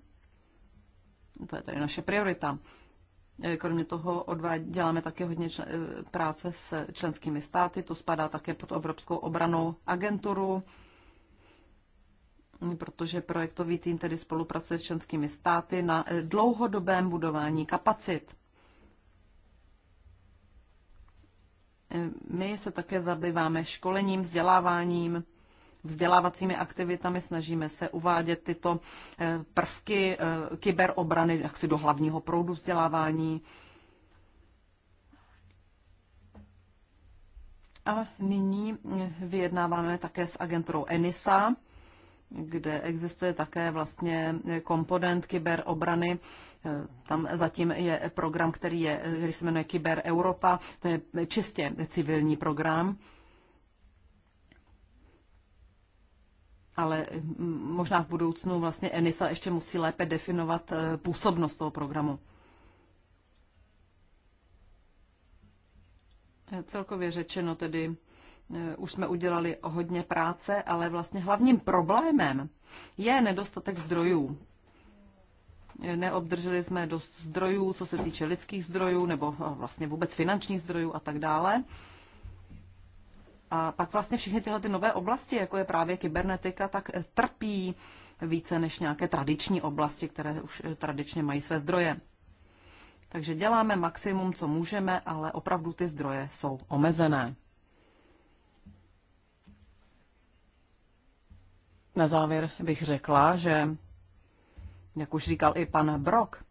Speaker 1: To je tady naše priorita. Eh, kromě toho děláme také hodně eh, práce s členskými státy, to spadá také pod Evropskou obranou agenturu, protože projektový tým tedy spolupracuje s členskými státy na dlouhodobém budování kapacit. My se také zabýváme školením, vzděláváním, vzdělávacími aktivitami, snažíme se uvádět tyto eh, prvky eh, kyberobrany jaksi do hlavního proudu vzdělávání. A nyní eh, vyjednáváme také s agenturou ENISA, kde existuje také vlastně komponent kyberobrany, tam zatím je program, který, je, který se jmenuje Kyber Europa. To je čistě civilní program. Ale možná v budoucnu vlastně ENISA ještě musí lépe definovat eh, působnost toho programu. Celkově řečeno tedy, eh, už jsme udělali hodně práce, ale vlastně hlavním problémem je nedostatek zdrojů neobdrželi jsme dost zdrojů, co se týče lidských zdrojů nebo eh, vlastně vůbec finančních zdrojů a tak dále. A pak vlastně všechny tyhle ty nové oblasti, jako je právě kybernetika, tak eh, trpí více než nějaké tradiční oblasti, které už eh, tradičně mají své zdroje. Takže děláme maximum, co můžeme, ale opravdu ty zdroje jsou omezené. Na závěr bych řekla, že jak už říkal i pan Brok,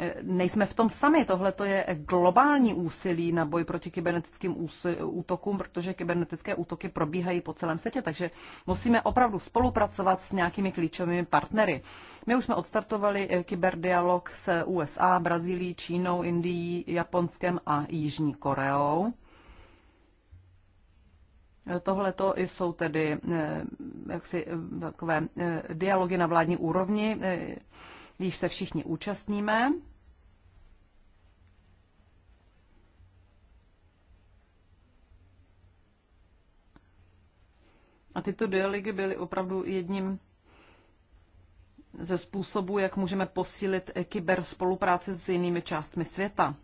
Speaker 1: eh, nejsme v tom sami. Tohle to je globální úsilí na boj proti kybernetickým útokům, protože kybernetické útoky probíhají po celém světě, takže musíme opravdu spolupracovat s nějakými klíčovými partnery. My už jsme odstartovali eh, kyberdialog s USA, Brazílií, Čínou, Indií, Japonskem a Jižní Koreou. Tohleto jsou tedy eh, jaksi eh, takové eh, dialogy na vládní úrovni, když se všichni účastníme. A tyto dialogy byly opravdu jedním ze způsobů, jak můžeme posílit kyberspolupráci s jinými částmi světa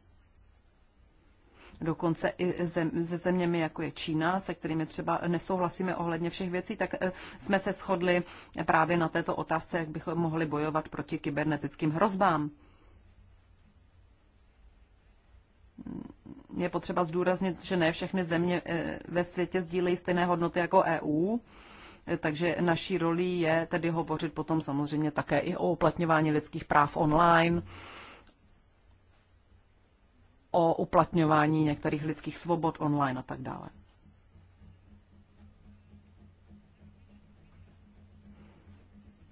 Speaker 1: dokonce i zem, se zeměmi, jako je Čína, se kterými třeba nesouhlasíme ohledně všech věcí, tak eh, jsme se shodli právě na této otázce, jak bychom mohli bojovat proti kybernetickým hrozbám. Je potřeba zdůraznit, že ne všechny země eh, ve světě sdílejí stejné hodnoty jako EU, eh, takže naší rolí je tedy hovořit potom samozřejmě také i o uplatňování lidských práv online, o uplatňování některých lidských svobod online a tak dále.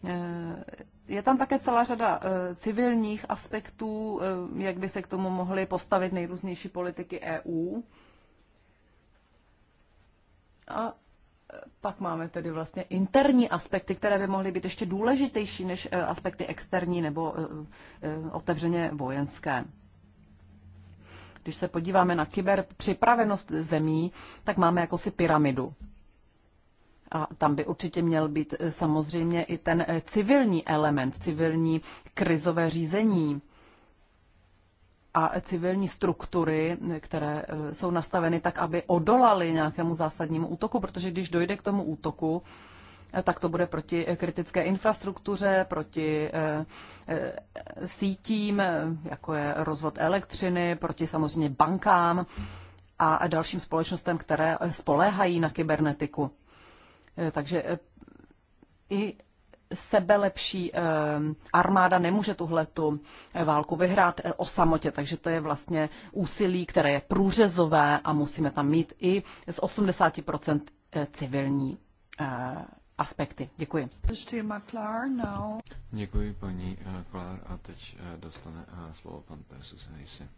Speaker 1: Eh, je tam také celá řada eh, civilních aspektů, eh, jak by se k tomu mohly postavit nejrůznější politiky EU. A pak máme tedy vlastně interní aspekty, které by mohly být ještě důležitější než aspekty externí nebo otevřeně vojenské. Když se podíváme na kyber připravenost zemí, tak máme jakousi pyramidu. A tam by určitě měl být e, samozřejmě i ten e, civilní element, civilní krizové řízení a e, civilní struktury, které jsou nastaveny tak, aby odolaly nějakému zásadnímu útoku, protože když dojde k tomu útoku, tak to bude proti kritické infrastruktuře, proti eh, eh, sítím, eh, jako je rozvod elektřiny, proti samozřejmě bankám a dalším společnostem, které spoléhají na kybernetiku. Takže i sebelepší armáda nemůže tuhle tu válku vyhrát o samotě, takže to je vlastně úsilí, které je průřezové a musíme tam mít i z 80% civilní aspekty. Děkuji.
Speaker 2: Děkuji paní eh, Klár a teď eh, dostane eh, slovo pan Persus Nejsi.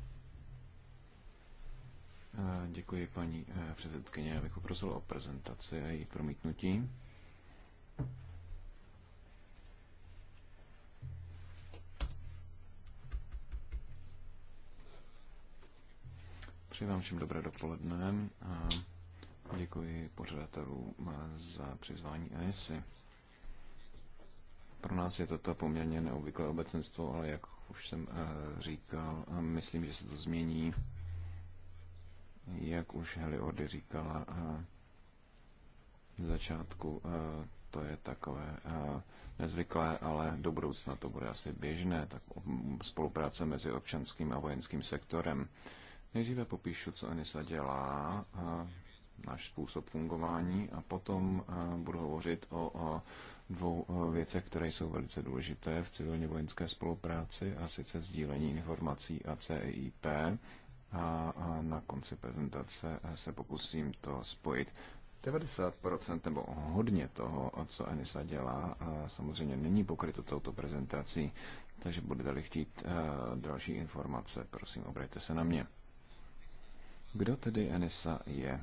Speaker 2: Děkuji paní předsedkyně, já bych poprosil o prezentaci a její promítnutí. Přeji vám všem dobré dopoledne. A... Děkuji pořadatelům eh, za přizvání ASI. Pro nás je toto poměrně neobvyklé obecenstvo, ale jak už jsem eh, říkal, myslím, že se to změní. Jak už Heli Ordy říkala eh, v začátku, to je takové nezvyklé, ale do budoucna to bude asi běžné, tak spolupráce mezi občanským a vojenským sektorem. Nejdříve popíšu, co Anisa dělá náš způsob fungování a potom eh, budu hovořit o dvou eh, věcech, které jsou velice důležité v civilně vojenské spolupráci a sice sdílení informací a CIP a na konci prezentace eh, se pokusím to spojit. 90% nebo hodně toho, co Enisa dělá, samozřejmě není pokryto touto prezentací, takže budete-li chtít další informace, prosím, obrejte se na mě. Kdo tedy Enisa je?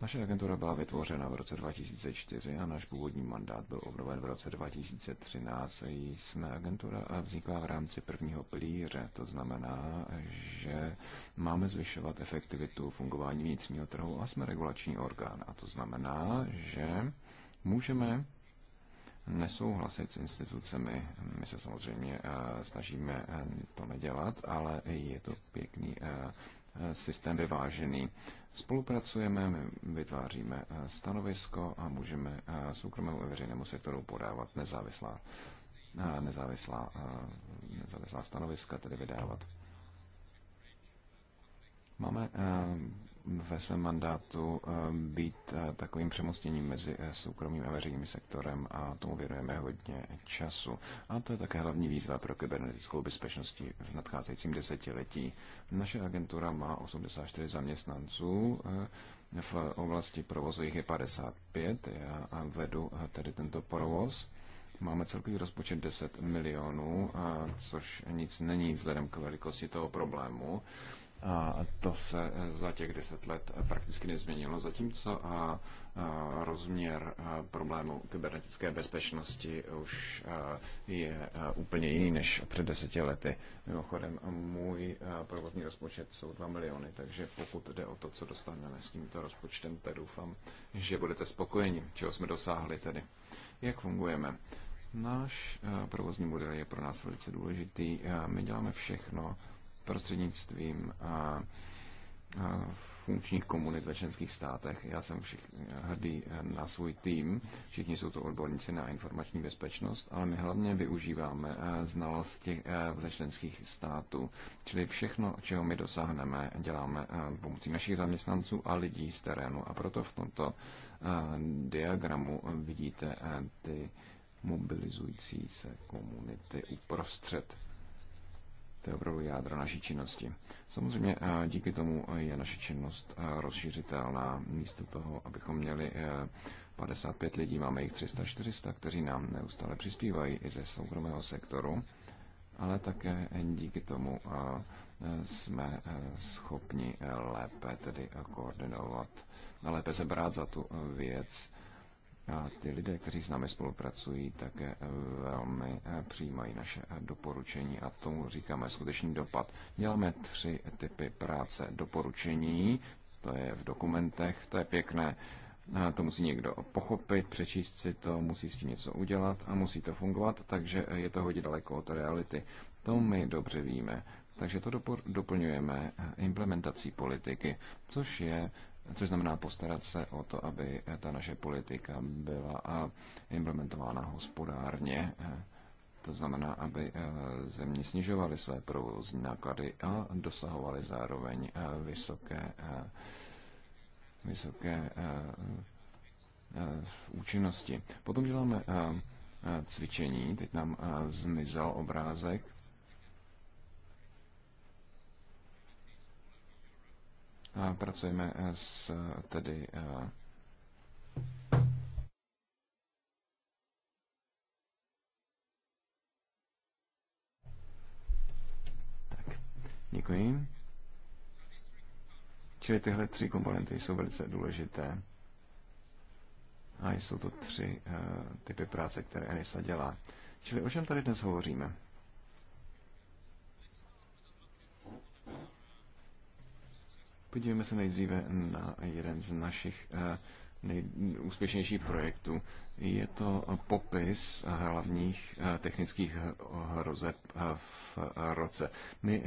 Speaker 2: Naše agentura byla vytvořena v roce 2004 a náš původní mandát byl obnoven v roce 2013. Jsme agentura vznikla v rámci prvního plíře. to znamená, že máme zvyšovat efektivitu fungování vnitřního trhu a jsme regulační orgán. A to znamená, že můžeme nesouhlasit s institucemi. My se samozřejmě eh, snažíme eh, to nedělat, ale je to pěkný eh, systém vyvážený. Spolupracujeme, vytváříme eh, stanovisko a můžeme eh, soukromému i veřejnému sektoru podávat nezávislá, eh, nezávislá, nezávislá stanoviska, tedy vydávat. Máme ve svém mandátu eh, být eh, takovým přemostěním mezi eh, soukromým a veřejným sektorem a tomu věnujeme hodně času. A to je také hlavní výzva pro kybernetickou bezpečnosti v nadcházejícím desetiletí. Naše agentura má 84 zaměstnanců, v oblasti provozu jich je 55, já vedu tedy tento provoz. Máme celkový rozpočet 10 milionů, což nic není vzhledem k velikosti toho problému. A to se eh, za těch deset let eh, prakticky nezměnilo, zatímco a eh, rozměr problému kybernetické bezpečnosti už je úplně jiný než před deseti lety. Mimochodem, můj provozní rozpočet jsou 2 miliony, takže pokud jde o to, co dostaneme s tímto rozpočtem, tak doufám, že budete spokojeni, čeho jsme dosáhli tedy. Jak fungujeme? Náš provozní model je pro nás velice důležitý. My děláme všechno, prostřednictvím funkčních komunit ve členských státech. Já jsem všich hrdý eh, na svůj tým, všichni jsou to odborníci na informační bezpečnost, ale my hlavně využíváme těch eh, eh, ze členských států. Čili všechno, čeho my dosáhneme, děláme pomocí našich zaměstnanců a lidí z terénu. A proto v tomto diagramu vidíte ty mobilizující se komunity uprostřed to je opravdu jádro naší činnosti. Samozřejmě eh, díky tomu je naše činnost eh, rozšířitelná. Místo toho, abychom měli 55 eh, lidí, máme jich 300-400, kteří nám neustále přispívají i ze soukromého sektoru, ale také díky tomu jsme schopni lépe tedy koordinovat, lépe se brát za tu věc a ty lidé, kteří s námi spolupracují, také eh, velmi eh, přijímají naše eh, doporučení a tomu říkáme skutečný dopad. Děláme tři typy práce. Doporučení, to je v dokumentech, to je pěkné, to musí někdo pochopit, přečíst si to, musí s tím něco udělat a musí to fungovat, takže je to hodně daleko od reality. To my dobře víme. Takže to doplňujeme implementací politiky, což je což znamená postarat se o to, aby ta naše politika byla implementována hospodárně. To znamená, aby e, země snižovaly své provozní náklady a dosahovaly zároveň e, vysoké, e, vysoké účinnosti. Potom děláme cvičení, teď nám zmizel obrázek, A pracujeme eh, s eh, tedy eh, Tak, děkuji. Čili tyhle tři komponenty jsou velice důležité. A jsou to tři uh, typy práce, které Enisa dělá. Čili o čem tady dnes hovoříme? Podívejme se nejdříve na jeden z našich eh, nejúspěšnějších projektů. Je to popis hlavních eh, technických hrozeb eh, v roce. My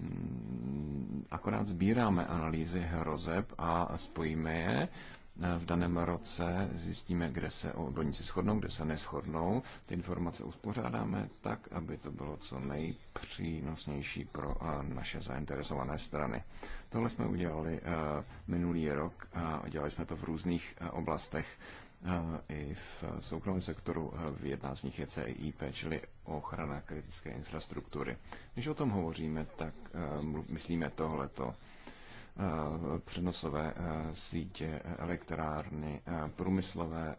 Speaker 2: mm, akorát sbíráme analýzy hrozeb a spojíme je v daném roce zjistíme, kde se odborníci shodnou, kde se neschodnou. Ty informace uspořádáme tak, aby to bylo co nejpřínosnější pro eh, naše zainteresované strany. Tohle jsme udělali eh, minulý rok a dělali jsme to v různých eh, oblastech i v soukromém sektoru v jedná z nich je CIP, čili ochrana kritické infrastruktury. Když o tom hovoříme, tak myslíme tohleto. Eh, přenosové eh, sítě, elektrárny, eh, průmyslové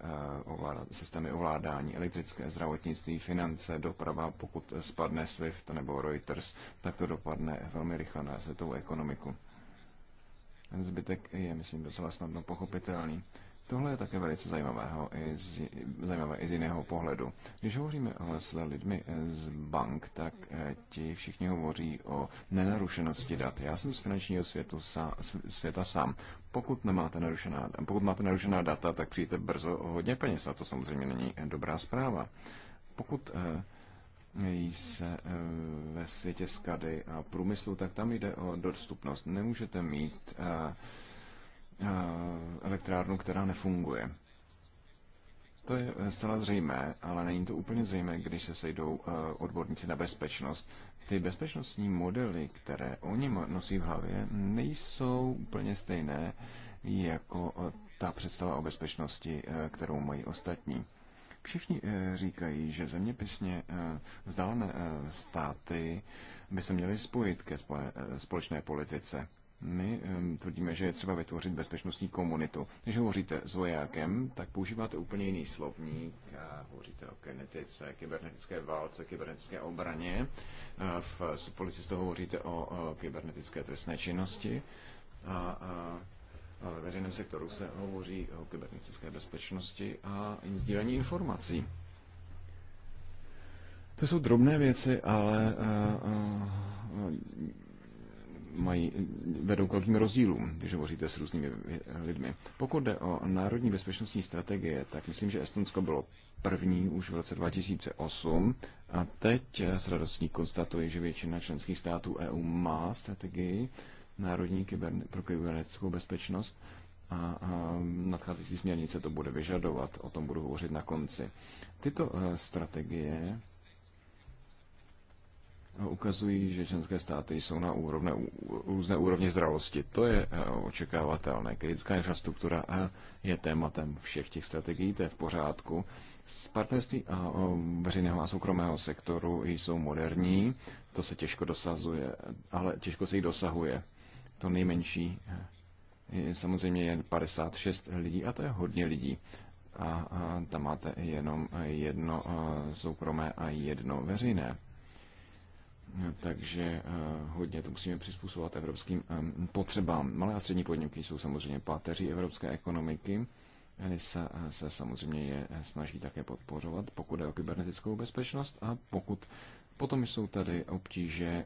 Speaker 2: systémy ovládání, elektrické zdravotnictví, finance, doprava, pokud spadne SWIFT nebo Reuters, tak to dopadne velmi rychle na světovou ekonomiku. Zbytek je, myslím, docela snadno pochopitelný. Tohle je také velice zajímavého i z, zajímavé i z jiného pohledu. Když hovoříme ale s lidmi eh, z bank, tak eh, ti všichni hovoří o nenarušenosti dat. Já jsem z finančního světu sa, světa sám. Pokud, nemáte narušená, pokud máte narušená data, tak přijde brzo o hodně peněz a to samozřejmě není dobrá zpráva. Pokud eh, se ve světě skady a průmyslu, tak tam jde o dostupnost. Nemůžete mít Eh, elektrárnu, která nefunguje. To je eh, zcela zřejmé, ale není to úplně zřejmé, když se sejdou eh, odborníci na bezpečnost. Ty bezpečnostní modely, které oni nosí v hlavě, nejsou úplně stejné jako ta představa o bezpečnosti, kterou mají ostatní. Všichni říkají, že zeměpisně vzdálené státy by se měly spojit ke společné politice. My um, tvrdíme, že je třeba vytvořit bezpečnostní komunitu. Když hovoříte s vojákem, tak používáte úplně jiný slovník. A hovoříte o kinetice, kybernetické válce, kybernetické obraně. V, s policistou hovoříte o, o kybernetické trestné činnosti. A, a ve veřejném sektoru se hovoří o kybernetické bezpečnosti a sdílení informací. To jsou drobné věci, ale a, eh, a, eh, mají, vedou k velkým rozdílům, když hovoříte s různými lidmi. Pokud jde o národní bezpečnostní strategie, tak myslím, že Estonsko bylo první už v roce 2008 a teď s radostí konstatuji, že většina členských států EU má strategii národní kyberne, pro kybernetickou bezpečnost a, a nadcházející směrnice to bude vyžadovat, o tom budu hovořit na konci. Tyto eh, strategie ukazují, že členské státy jsou na úrovne, různé úrovně zdravosti. To je eh, očekávatelné. Kritická infrastruktura eh, je tématem všech těch strategií, to je v pořádku. Z partnerství a veřejného a soukromého sektoru jsou moderní, to se těžko dosazuje, ale těžko se jich dosahuje. To nejmenší eh, je samozřejmě jen 56 lidí a to je hodně lidí a, tam máte jenom jedno soukromé a jedno veřejné takže eh, hodně to musíme přizpůsobovat evropským eh, potřebám. Malé a střední podniky jsou samozřejmě páteří evropské ekonomiky. ENISA eh, se samozřejmě je snaží také podporovat, pokud je o kybernetickou bezpečnost a pokud potom jsou tady obtíže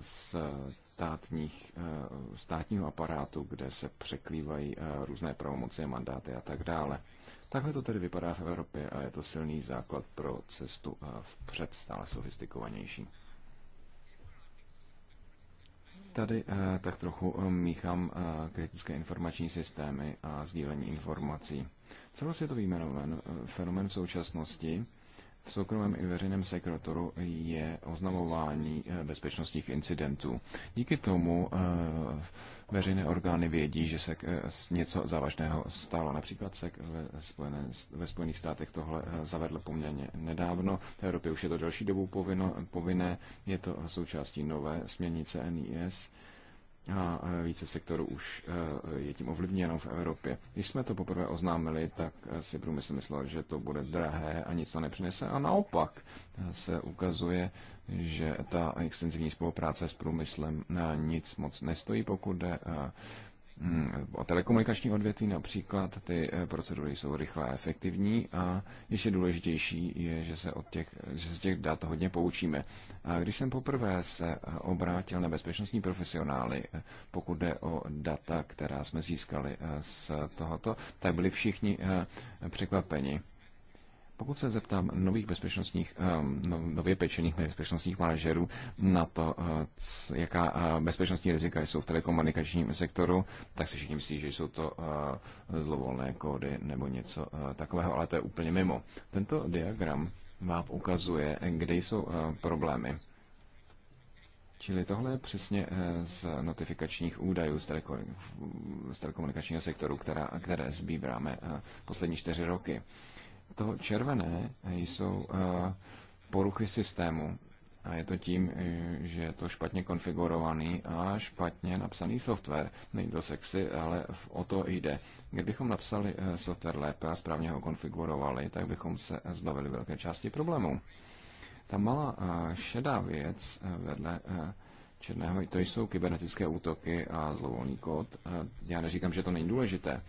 Speaker 2: s mm, státních, státního aparátu, kde se překlývají různé pravomoci, mandáty a tak dále. Takhle to tedy vypadá v Evropě a je to silný základ pro cestu eh, vpřed stále sofistikovanější. Tady eh, tak trochu eh, míchám kritické informační systémy a sdílení informací. Celosvětový fenomen v současnosti v soukromém i veřejném sektoru je oznamování eh, bezpečnostních incidentů. Díky tomu eh, veřejné orgány vědí, že se eh, něco závažného stalo. Například se ve, Spojených státech tohle zavedlo poměrně nedávno. V Evropě už je to další dobu povinno, povinné. Je to součástí nové směrnice NIS a více sektorů už e, je tím ovlivněno v Evropě. Když jsme to poprvé oznámili, tak e, si průmysl myslel, že to bude drahé a nic to nepřinese. A naopak e, se ukazuje, že ta extenzivní spolupráce s průmyslem nic moc nestojí, pokud jde O hmm, telekomunikační odvětví například ty eh, procedury jsou rychle a efektivní a ještě důležitější je, že se, od těch, že se z těch dat hodně poučíme. A když jsem poprvé se eh, obrátil na bezpečnostní profesionály, eh, pokud jde o data, která jsme získali z tohoto, tak byli všichni překvapeni. Pokud se zeptám nových bezpečnostních, ehm, no, nově pečených bezpečnostních manažerů na to, eh, jaká eh, bezpečnostní rizika jsou v telekomunikačním sektoru, tak si všichni myslí, že jsou to eh, zlovolné kódy nebo něco takového, ale to je úplně mimo. Tento diagram vám ukazuje, kde jsou problémy. Čili tohle je přesně z notifikačních údajů z, telekomunikačního sektoru, která, které zbýváme poslední čtyři roky. To červené jsou eh, poruchy systému. A je to tím, eh, že je to špatně konfigurovaný a špatně napsaný software. Není to sexy, ale o to jde. Kdybychom napsali eh, software lépe a správně ho konfigurovali, tak bychom se zbavili velké části problémů. Ta malá šedá věc vedle černého, to jsou kybernetické útoky a zlovolný kód. Já neříkám, že to není důležité,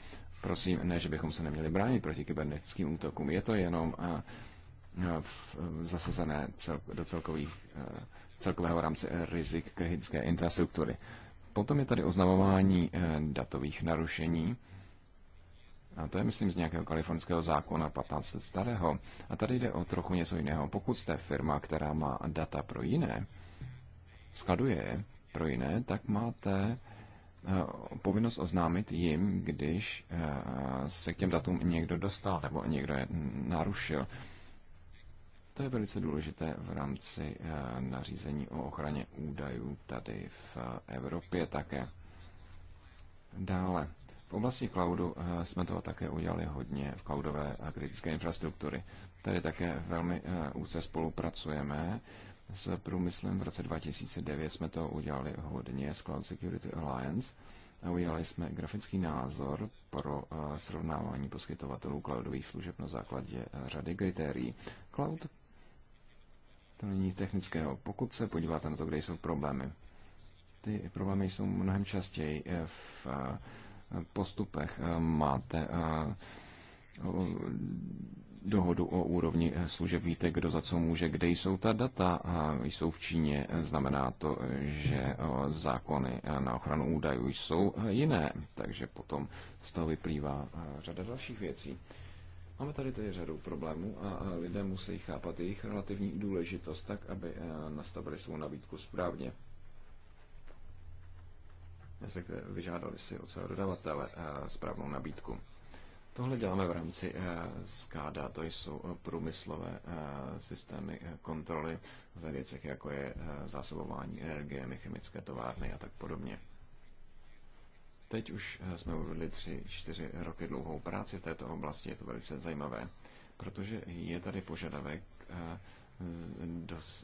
Speaker 2: Prosím, ne, že bychom se neměli bránit proti kybernetickým útokům. Je to jenom a, eh, v, eh, zasazené cel, do celkových, eh, celkového rámce rizik kritické infrastruktury. Potom je tady oznamování datových narušení. A to je, myslím, z nějakého kalifornského zákona 15 let starého. A tady jde o trochu něco jiného. Pokud jste firma, která má data pro jiné, skladuje je pro jiné, tak máte Eh, povinnost oznámit jim, když eh, se k těm datům někdo dostal nebo někdo je narušil. To je velice důležité v rámci eh, nařízení o ochraně údajů tady v Evropě také. Dále. V oblasti cloudu jsme toho také udělali hodně v cloudové a kritické infrastruktury. Tady také velmi úzce spolupracujeme s průmyslem v roce 2009 jsme to udělali hodně s Cloud Security Alliance a udělali jsme grafický názor pro eh, srovnávání poskytovatelů cloudových služeb na základě eh, řady kritérií. Cloud to není nic technického. Pokud se podíváte na to, kde jsou problémy, ty problémy jsou mnohem častěji eh, v postupech. Máte dohodu o úrovni eh, služeb. Víte, kdo za co může, kde jsou ta data. A jsou v Číně, znamená to, že eh, zákony eh, na ochranu údajů jsou jiné. Takže potom z toho vyplývá řada dalších věcí. Máme tady tedy řadu problémů a lidé musí chápat jejich relativní důležitost tak, aby nastavili svou nabídku správně. Respektive vyžádali si od svého dodavatele správnou nabídku. Tohle děláme v rámci eh, SCADA, to jsou eh, průmyslové eh, systémy kontroly ve věcech, jako je zásobování energiemi, chemické továrny a tak podobně. Teď už jsme uvedli tři, čtyři roky dlouhou práci v této oblasti, je to velice zajímavé, protože je tady požadavek dos,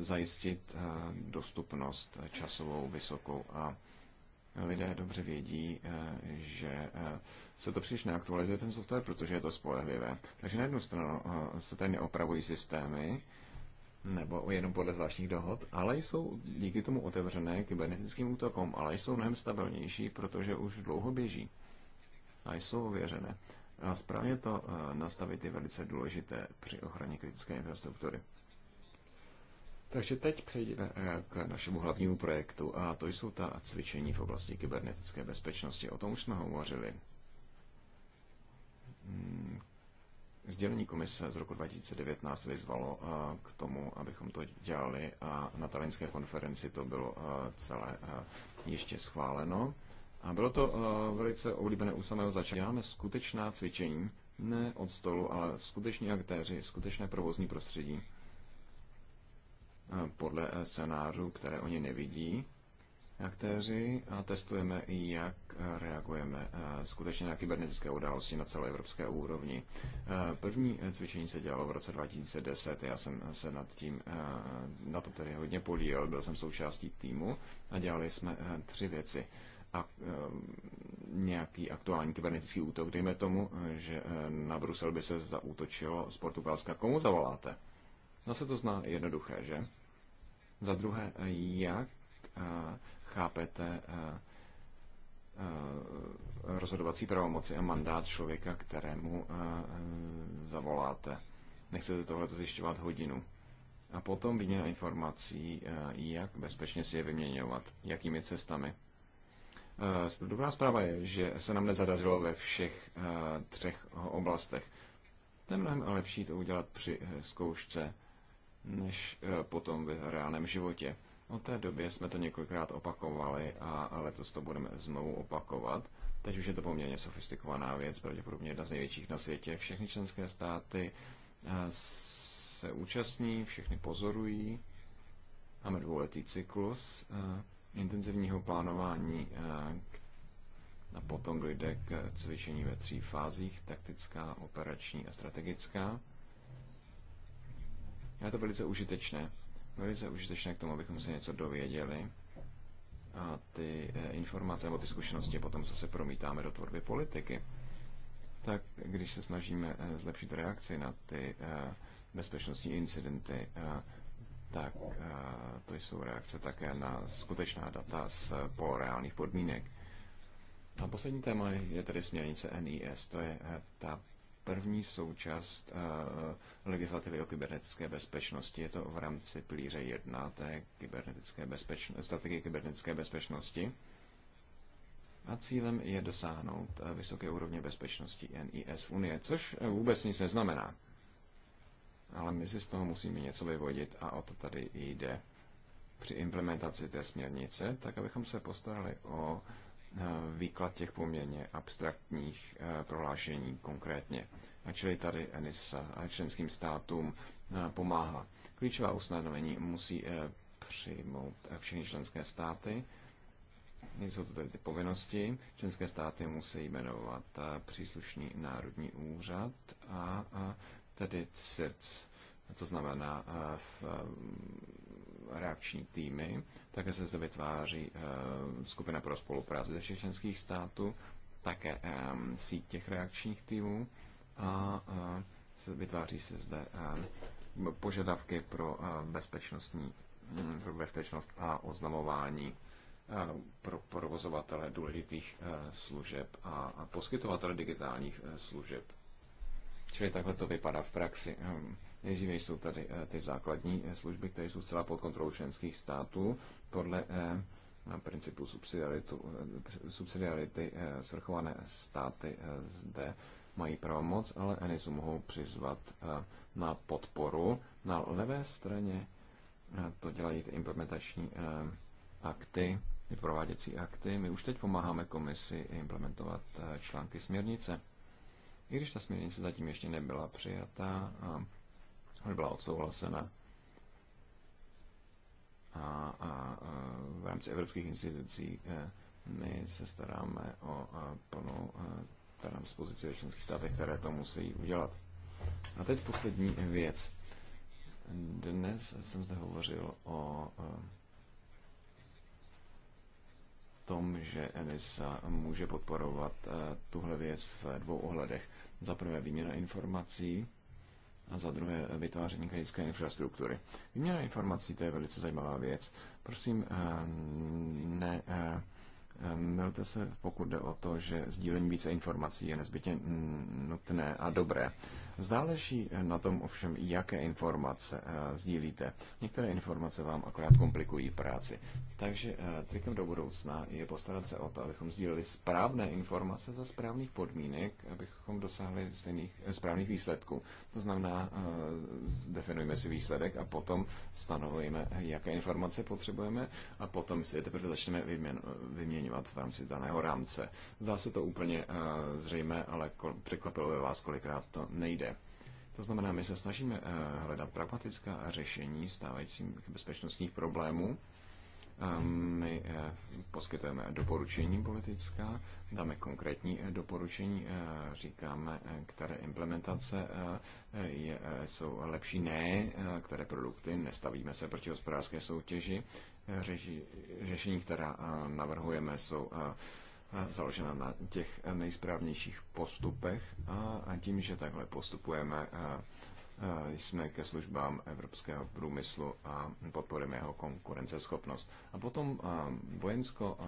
Speaker 2: zajistit dostupnost časovou, vysokou a lidé dobře vědí, eh, že eh, se to příliš neaktualizuje ten software, protože je to spolehlivé. Takže na jednu stranu eh, se tady neopravují systémy, nebo jenom podle zvláštních dohod, ale jsou díky tomu otevřené kybernetickým útokům, ale jsou mnohem stabilnější, protože už dlouho běží a jsou ověřené. A správně to nastavit je velice důležité při ochraně kritické infrastruktury. Takže teď přejdeme eh, k našemu hlavnímu projektu a to jsou ta cvičení v oblasti kybernetické bezpečnosti. O tom už jsme hovořili. Hmm. Sdělení komise z roku 2019 vyzvalo eh, k tomu, abychom to dělali a na talinské konferenci to bylo eh, celé ještě schváleno. A bylo to velice oblíbené u samého začátku. Děláme skutečná cvičení, ne od stolu, ale skuteční aktéři, skutečné provozní prostředí podle scénářů, které oni nevidí, aktéři, a testujeme, jak reagujeme skutečně na kybernetické události na celé evropské úrovni. První cvičení se dělalo v roce 2010, já jsem se nad tím, na to tedy hodně podílel, byl jsem součástí týmu a dělali jsme tři věci a nějaký aktuální kybernetický útok. Dejme tomu, že na Brusel by se zaútočilo z Portugalska. Komu zavoláte? No se to zná jednoduché, že? Za druhé, jak eh, chápete eh, eh, rozhodovací pravomoci a mandát člověka, kterému zavoláte. Nechcete tohle zjišťovat hodinu. A potom výměna informací, jak bezpečně si je vyměňovat, jakými cestami. Dobrá zpráva je, že se nám nezadařilo ve všech třech oblastech. To je mnohem lepší to udělat při zkoušce než eh, potom v reálném životě. Od té doby jsme to několikrát opakovali a letos to budeme znovu opakovat. Teď už je to poměrně sofistikovaná věc, pravděpodobně jedna z největších na světě. Všechny členské státy eh, se účastní, všechny pozorují. Máme dvouletý cyklus eh, intenzivního plánování a potom dojde k cvičení ve tří fázích, taktická, operační a strategická. Je to velice užitečné. Velice užitečné k tomu, abychom se něco dověděli a ty eh, informace nebo ty zkušenosti potom zase promítáme do tvorby politiky. Tak když se snažíme eh, zlepšit reakci na ty eh, bezpečnostní incidenty, tak to jsou reakce také na skutečná data z reálných podmínek. A poslední téma je tedy směrnice NIS, to je ta první součást eh, legislativy o kybernetické bezpečnosti. Je to v rámci pilíře 1 té kybernetické bezpečno- strategie kybernetické bezpečnosti. A cílem je dosáhnout eh, vysoké úrovně bezpečnosti NIS v Unie, což eh, vůbec nic neznamená. Ale my si z toho musíme něco vyvodit a o to tady jde při implementaci té směrnice, tak abychom se postarali o Eh, výklad těch poměrně abstraktních eh, prohlášení konkrétně. A čili tady ENISA a eh, členským státům pomáhá. Klíčová ustanovení musí přijmout všechny členské státy. Jsou to tedy ty povinnosti. Členské státy musí jmenovat příslušný národní úřad a, a tedy CIRC, to znamená v reakční týmy, také se zde vytváří eh, skupina pro spolupráci ze všech členských států, také eh, síť těch reakčních týmů a eh, vytváří se zde požadavky pro bezpečnostní hm, pro bezpečnost a oznamování pro provozovatele důležitých služeb a poskytovatele digitálních služeb. Čili takhle to vypadá v praxi. Hm. Nejdřív jsou tady eh, ty základní eh, služby, které jsou zcela pod kontrolou členských států podle eh, principu subsidiarity. Svrchované státy zde mají pravomoc, ale ENISu mohou přizvat na podporu. Na levé straně to dělají ty implementační akty, ty prováděcí akty. My už teď pomáháme komisi implementovat články směrnice. I když ta směrnice zatím ještě nebyla přijatá, aby byla odsouhlasena. A, a, a v rámci evropských institucí eh, my se staráme o plnou eh, transpozici ve členských státech, které to musí udělat. A teď poslední věc. Dnes jsem zde hovořil o eh, tom, že ENISA může podporovat tuhle věc v dvou ohledech. Za prvé výměna informací a za druhé vytváření kritické infrastruktury. Výměna informací, to je velice zajímavá věc. Prosím, eh, ne, Milte eh, se, pokud jde o to, že sdílení více informací je nezbytně nutné a dobré. Záleží na tom ovšem, jaké informace eh, sdílíte. Některé informace vám akorát komplikují práci. Takže eh, trikem do budoucna je postarat se o to, abychom sdíleli správné informace za správných podmínek, abychom dosáhli stejných eh, správných výsledků. To znamená, definujeme si výsledek a potom stanovujeme, jaké informace potřebujeme a potom si je teprve začneme vyměňovat v rámci daného rámce. Zdá se to úplně zřejmé, ale překvapilo by vás, kolikrát to nejde. To znamená, my se snažíme eh, hledat pragmatická řešení stávajících bezpečnostních problémů. Ehm, my eh, poskytujeme doporučení politická, dáme konkrétní eh, doporučení, říkáme, které implementace jsou lepší, ne, které produkty, nestavíme se proti hospodářské soutěži. Řešení, která navrhujeme, jsou založena na těch nejsprávnějších postupech a tím, že takhle postupujeme, jsme ke službám evropského průmyslu a podporujeme jeho konkurenceschopnost. A potom vojensko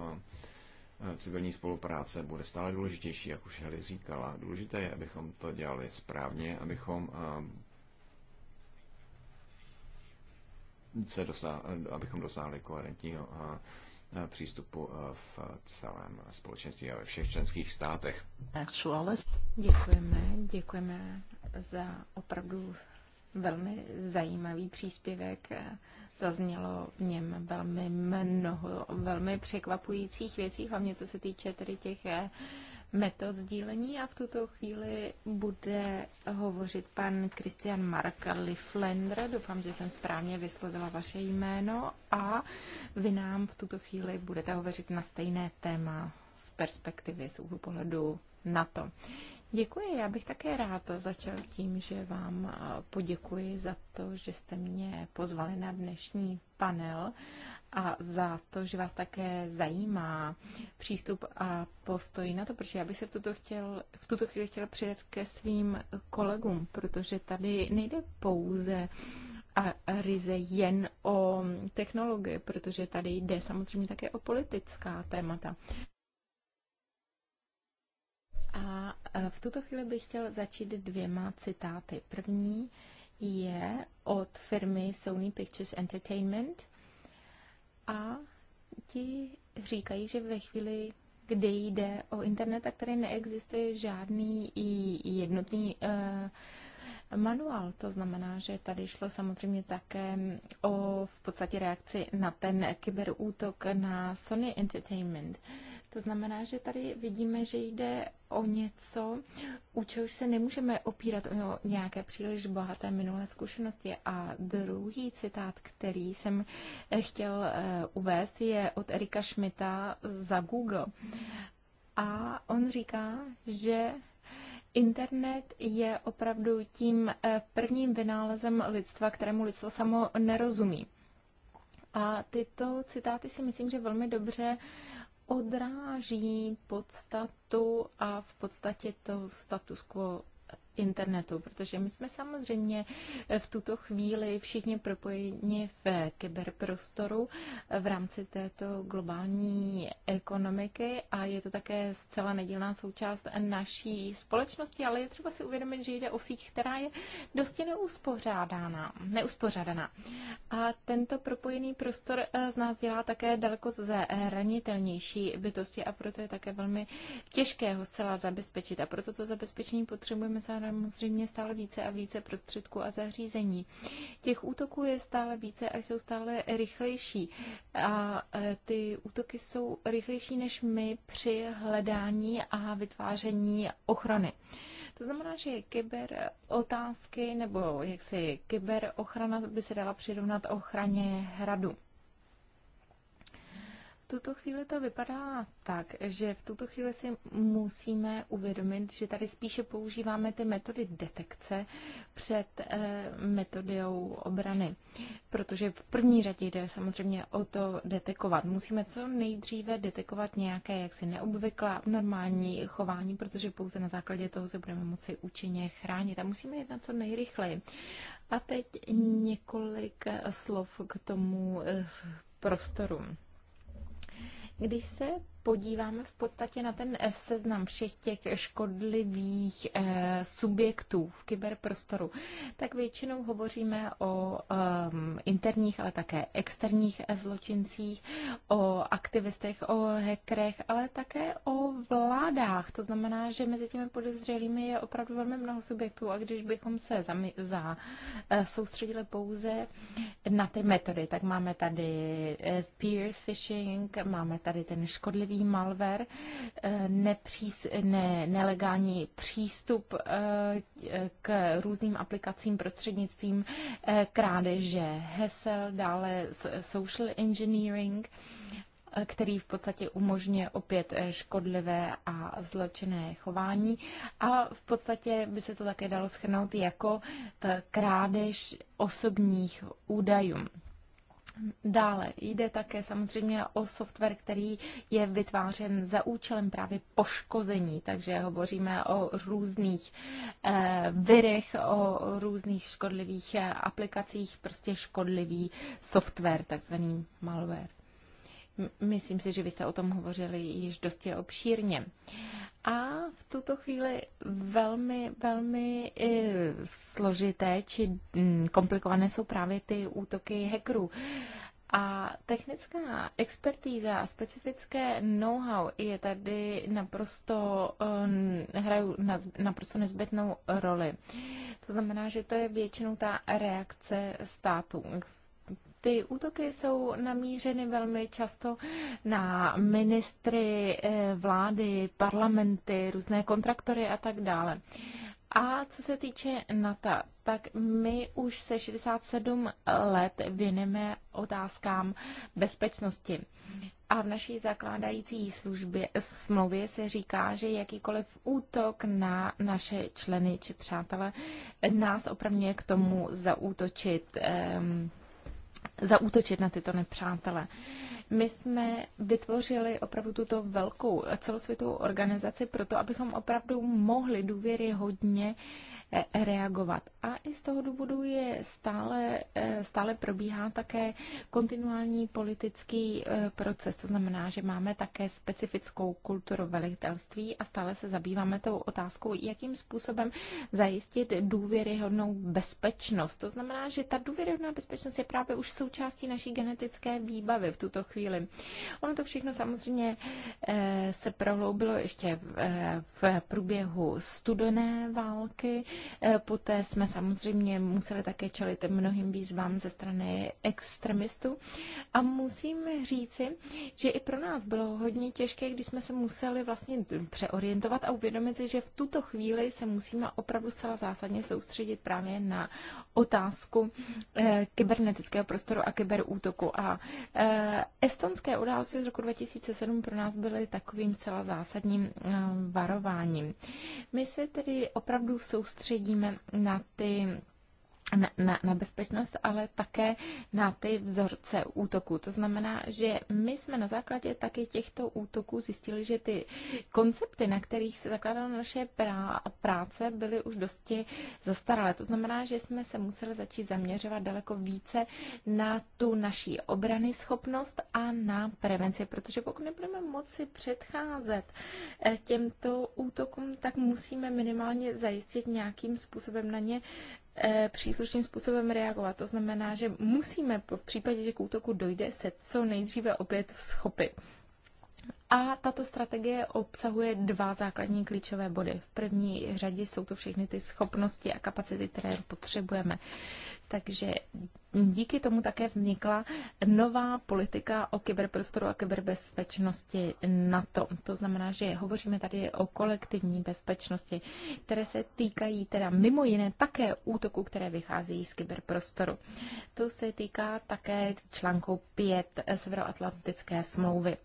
Speaker 2: civilní spolupráce bude stále důležitější, jak už Heli říkala. Důležité je, abychom to dělali správně, abychom se dosáhli, abychom dosáhli koherentního přístupu eh, v celém společenství a ve všech členských státech.
Speaker 3: Děkujeme, děkujeme za opravdu velmi zajímavý příspěvek. Zaznělo v něm velmi mnoho, velmi překvapujících věcí, hlavně co se týče tedy těch eh, metod sdílení a v tuto chvíli bude hovořit pan Christian Mark Liflender. Doufám, že jsem správně vyslovila vaše jméno a vy nám v tuto chvíli budete hovořit na stejné téma z perspektivy, z úhlu pohledu NATO. Děkuji, já bych také rád začal tím, že vám poděkuji za to, že jste mě pozvali na dnešní panel a za to, že vás také zajímá přístup a postoj na to, protože já bych se v tuto, chtěl, v tuto chvíli chtěla přidat ke svým kolegům, protože tady nejde pouze a ryze jen o technologie, protože tady jde samozřejmě také o politická témata. A e, v tuto chvíli bych chtěl začít dvěma citáty. První je od firmy Sony Pictures Entertainment, a ti říkají, že ve chvíli, kdy jde o internet, tak tady neexistuje žádný i jednotný eh, manuál. To znamená, že tady šlo samozřejmě také o v podstatě reakci na ten kyberútok na Sony Entertainment. Uh, to znamená, že tady vidíme, že jde o něco, u čehož se nemůžeme opírat o nějaké příliš bohaté minulé zkušenosti. A druhý citát, který jsem eh, chtěl eh, uvést, je od Erika Schmidta za Google. A on říká, že Internet je opravdu tím eh, prvním vynálezem lidstva, kterému lidstvo samo nerozumí. A tyto citáty si myslím, že velmi dobře odráží podstatu a v podstatě to status quo internetu, protože my jsme samozřejmě v tuto chvíli všichni propojeni v kyberprostoru v rámci této globální ekonomiky a je to také zcela nedílná součást naší společnosti, ale je třeba si uvědomit, že jde o síť, která je dosti neuspořádaná. neuspořádaná. A tento propojený prostor eh, z nás dělá také daleko zranitelnější bytosti a proto je také velmi těžké ho zcela zabezpečit. A proto to zabezpečení potřebujeme zároveň samozřejmě stále více a více prostředků a zařízení. Těch útoků je stále více a jsou stále rychlejší. A e, ty útoky jsou rychlejší než my při hledání a vytváření ochrany. To znamená, že kyber otázky nebo jaksi kyber ochrana by se dala přirovnat ochraně hradu tuto chvíli to vypadá tak, že v tuto chvíli si musíme uvědomit, že tady spíše používáme ty metody detekce před eh, metodou obrany. Protože v první řadě jde samozřejmě o to detekovat. Musíme co nejdříve detekovat nějaké jaksi neobvyklá, normální chování, protože pouze na základě toho se budeme moci účinně chránit. A musíme jednat co nejrychleji. A teď několik slov k tomu eh, prostoru. Když se podíváme v podstatě na ten seznam všech těch škodlivých eh, subjektů v kyberprostoru, tak většinou hovoříme o ehm, interních, ale také externích zločincích, o aktivistech, o hackerech, ale také o vládách. To znamená, že mezi těmi podezřelými je opravdu velmi mnoho subjektů a když bychom se za, za eh, soustředili pouze na ty metody, tak máme tady eh, spear phishing, máme tady ten škodlivý malví malware, eh, nepřís, ne, nelegální přístup eh, k různým aplikacím prostřednictvím eh, krádeže hesel, dále social engineering, který v podstatě umožňuje opět škodlivé a zločinné chování. A v podstatě by se to také dalo schrnout jako krádež osobních údajů. Dále jde také samozřejmě o software, který je vytvářen za účelem právě poškození, takže hovoříme o různých eh, virech, o různých škodlivých eh, aplikacích, prostě škodlivý software, takzvaný malware. Myslím si, že vy jste o tom hovořili již dosti obšírně. A v tuto chvíli velmi, velmi eh, složité či mm, komplikované jsou právě ty útoky hackerů. A technická expertíza a specifické know-how je tady naprosto, eh, hrají naprosto nezbytnou roli. To znamená, že to je většinou ta reakce států ty útoky jsou namířeny velmi často na ministry eh, vlády, parlamenty, různé kontraktory a tak dále. A co se týče NATO, tak my už se 67 let věneme otázkám bezpečnosti. A v naší zakládající službě, smlouvě se říká, že jakýkoliv útok na naše členy či přátele nás opravňuje k tomu zaútočit. Um, zaútočit na tyto nepřátele. My jsme vytvořili opravdu tuto velkou celosvětovou organizaci proto, abychom opravdu mohli důvěry hodně E, reagovat. A i z toho důvodu je stále, e, stále probíhá také kontinuální politický e, proces. To znamená, že máme také specifickou kulturu velitelství a stále se zabýváme tou otázkou, jakým způsobem zajistit důvěryhodnou bezpečnost. To znamená, že ta důvěryhodná bezpečnost je právě už součástí naší genetické výbavy v tuto chvíli. Ono to všechno samozřejmě se prohloubilo ještě v průběhu studené války. Eh, poté jsme samozřejmě museli také čelit mnohým výzvám ze strany extremistů. A musím říci, že i pro nás bylo hodně těžké, když jsme se museli vlastně přeorientovat a uvědomit si, že v tuto chvíli se musíme opravdu zcela zásadně soustředit právě na otázku eh, kybernetického prostoru a kyberútoku. A eh, estonské události z roku 2007 pro nás byly takovým zcela zásadním varováním. My se tedy opravdu soustředíme soustředíme na ty na, na, na bezpečnost, ale také na ty vzorce útoků. To znamená, že my jsme na základě taky těchto útoků zjistili, že ty koncepty, na kterých se zakládala naše prá, práce, byly už dosti zastaralé. To znamená, že jsme se museli začít zaměřovat daleko více na tu naší obrany schopnost a na prevenci, protože pokud nebudeme moci předcházet eh, těmto útokům, tak musíme minimálně zajistit nějakým způsobem na ně Eh, příslušným způsobem reagovat. To znamená, že musíme v případě, že k útoku dojde, se co nejdříve opět schopit. A tato strategie obsahuje dva základní klíčové body. V první řadě jsou to všechny ty schopnosti a kapacity, které potřebujeme. Takže díky tomu také vznikla nová politika o kyberprostoru a kyberbezpečnosti NATO. To znamená, že hovoříme tady o kolektivní bezpečnosti, které se týkají teda mimo jiné také útoků, které vychází z kyberprostoru. To se týká také článku 5 Severoatlantické smlouvy.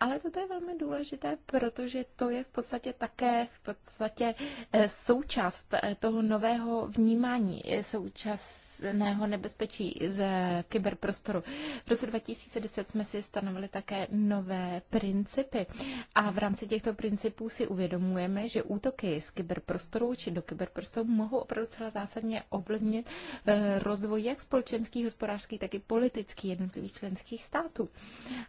Speaker 3: Ale toto je velmi důležité, protože to je v podstatě také v podstatě eh, součást eh, toho nového vnímání, eh, součást hrozného nebezpečí z kyberprostoru. V roce 2010 jsme si stanovili také nové principy a v rámci těchto principů si uvědomujeme, že útoky z kyberprostoru či do kyberprostoru mohou opravdu celá zásadně ovlivnit eh, rozvoj jak společenský, hospodářský, tak i politický jednotlivých členských států.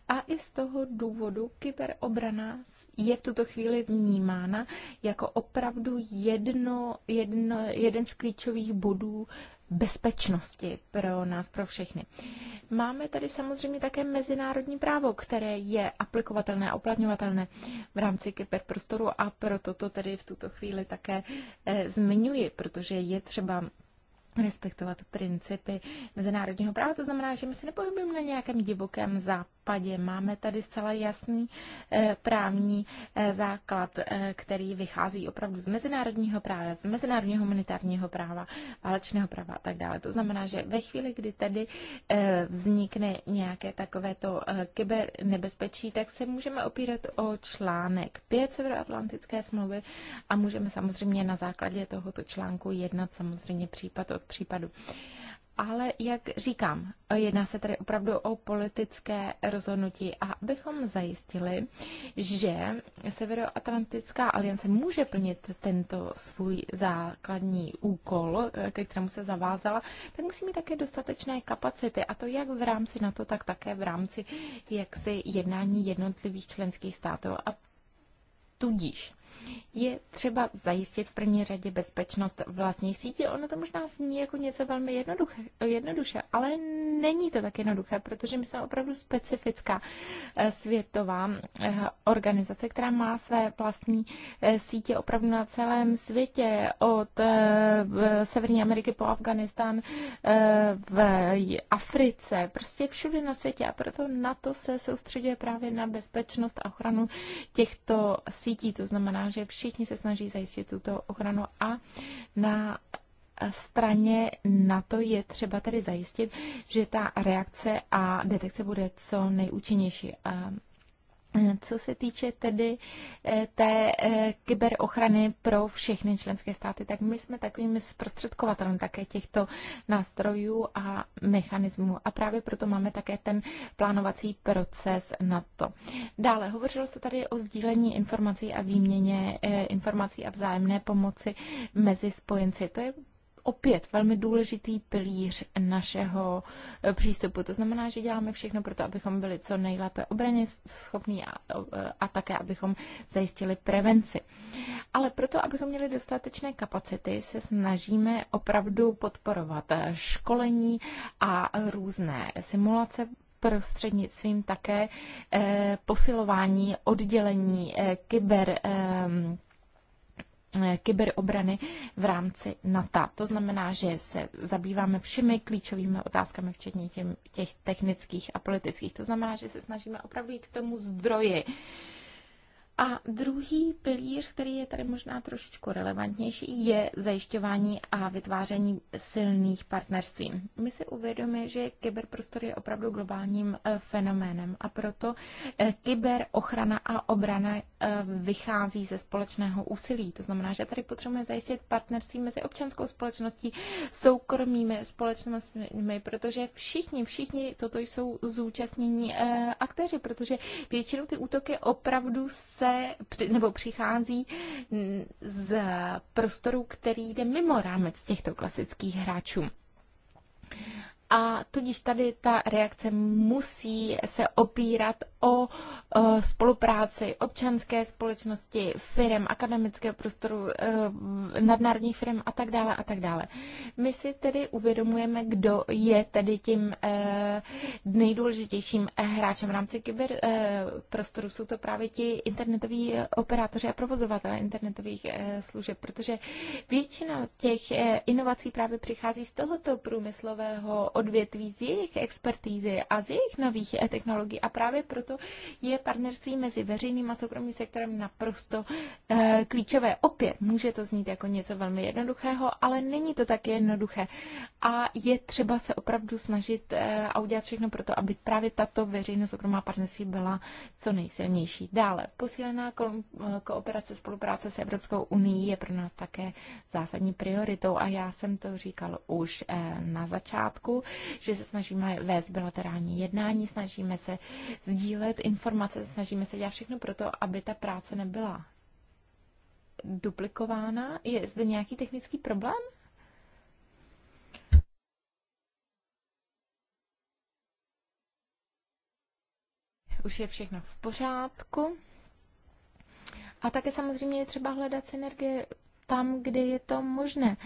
Speaker 3: A i z toho důvodu kyberobrana je v tuto chvíli vnímána jako opravdu jedno, jedno, jeden z klíčových bodů bezpečnosti pro nás, pro všechny. Máme tady samozřejmě také mezinárodní právo, které je aplikovatelné a uplatňovatelné v rámci kyberprostoru a proto to tedy v tuto chvíli také eh, zmiňuji, protože je třeba respektovat principy mezinárodního práva. To znamená, že my se nepohybujeme na nějakém divokém západě. Máme tady zcela jasný eh, právní eh, základ, eh, který vychází opravdu z mezinárodního práva, z mezinárodního humanitárního práva, válečného práva a tak dále. To znamená, že ve chvíli, kdy tedy vznikne nějaké takovéto kybernebezpečí, tak se můžeme opírat o článek 5 Severoatlantické smlouvy a můžeme samozřejmě na základě tohoto článku jednat samozřejmě případ od případů. Ale jak říkám, jedná se tady opravdu o politické rozhodnutí a abychom zajistili, že Severoatlantická aliance může plnit tento svůj základní úkol, ke kterému se zavázala, tak musí mít také dostatečné kapacity a to jak v rámci NATO, tak také v rámci jaksi jednání jednotlivých členských států a tudíž je třeba zajistit v první řadě bezpečnost vlastních sítí. Ono to možná zní jako něco velmi jednoduché, jednoduše, ale není to tak jednoduché, protože my jsme opravdu specifická eh, světová eh, organizace, která má své vlastní eh, sítě opravdu na celém světě, od Severní Ameriky po Afganistán, v Africe, prostě všude na světě a proto na to se soustředuje právě na bezpečnost a ochranu těchto sítí, to znamená znamená, že všichni se snaží zajistit tuto ochranu a na straně na to je třeba tedy zajistit, že ta reakce a detekce bude co nejúčinnější. Co se týče tedy eh, té eh, kyberochrany pro všechny členské státy, tak my jsme takovým zprostředkovatelem také těchto nástrojů a mechanismů. A právě proto máme také ten plánovací proces na to. Dále hovořilo se tady o sdílení informací a výměně eh, informací a vzájemné pomoci mezi spojenci. To je opět velmi důležitý pilíř našeho eh, přístupu. To znamená, že děláme všechno pro to, abychom byli co nejlépe obraně schopní a, eh, a také, abychom zajistili prevenci. Ale proto, abychom měli dostatečné kapacity, se snažíme opravdu podporovat eh, školení a různé simulace prostřednictvím také posilování oddělení kyber Eh, kyberobrany v rámci NATO. To znamená, že se zabýváme všemi klíčovými otázkami, včetně těch technických a politických. To znamená, že se snažíme opravdu jít k tomu zdroji a druhý pilíř, který je tady možná trošičku relevantnější, je zajišťování a vytváření silných partnerství. My si uvědomíme, že kyberprostor je opravdu globálním eh, fenoménem a proto eh, kyberochrana a obrana eh, vychází ze společného úsilí. To znamená, že tady potřebujeme zajistit partnerství mezi občanskou společností, soukromými společnostmi, protože všichni, všichni toto jsou zúčastnění aktéři, protože většinou ty útoky opravdu se se, nebo přichází z prostoru, který jde mimo rámec těchto klasických hráčů a tudíž tady ta reakce musí se opírat o spolupráci občanské společnosti, firm, akademického prostoru, e, nadnárodních firm a tak dále a tak dále. My si tedy uvědomujeme, kdo je tedy tím e, nejdůležitějším hráčem v rámci kyberprostoru. E, Jsou to právě ti internetoví operátoři a provozovatele internetových služeb, protože většina těch inovací právě přichází z tohoto průmyslového odvětví, z jejich expertízy a z jejich nových eh, technologií. A právě proto je partnerství mezi veřejným a soukromým sektorem naprosto eh, klíčové. Opět může to znít jako něco velmi jednoduchého, ale není to tak jednoduché. A je třeba se opravdu snažit eh, a udělat všechno pro to, aby právě tato veřejno-soukromá partnerství byla co nejsilnější. Dále, posílená ko- kooperace, spolupráce s Evropskou unii je pro nás také zásadní prioritou a já jsem to říkal už na začátku že se snažíme vést bilaterální jednání, snažíme se sdílet informace, snažíme se dělat všechno pro to, aby ta práce nebyla duplikována. Je zde nějaký technický problém? Už je všechno v pořádku. A také samozřejmě je třeba hledat synergie tam, kde je to možné.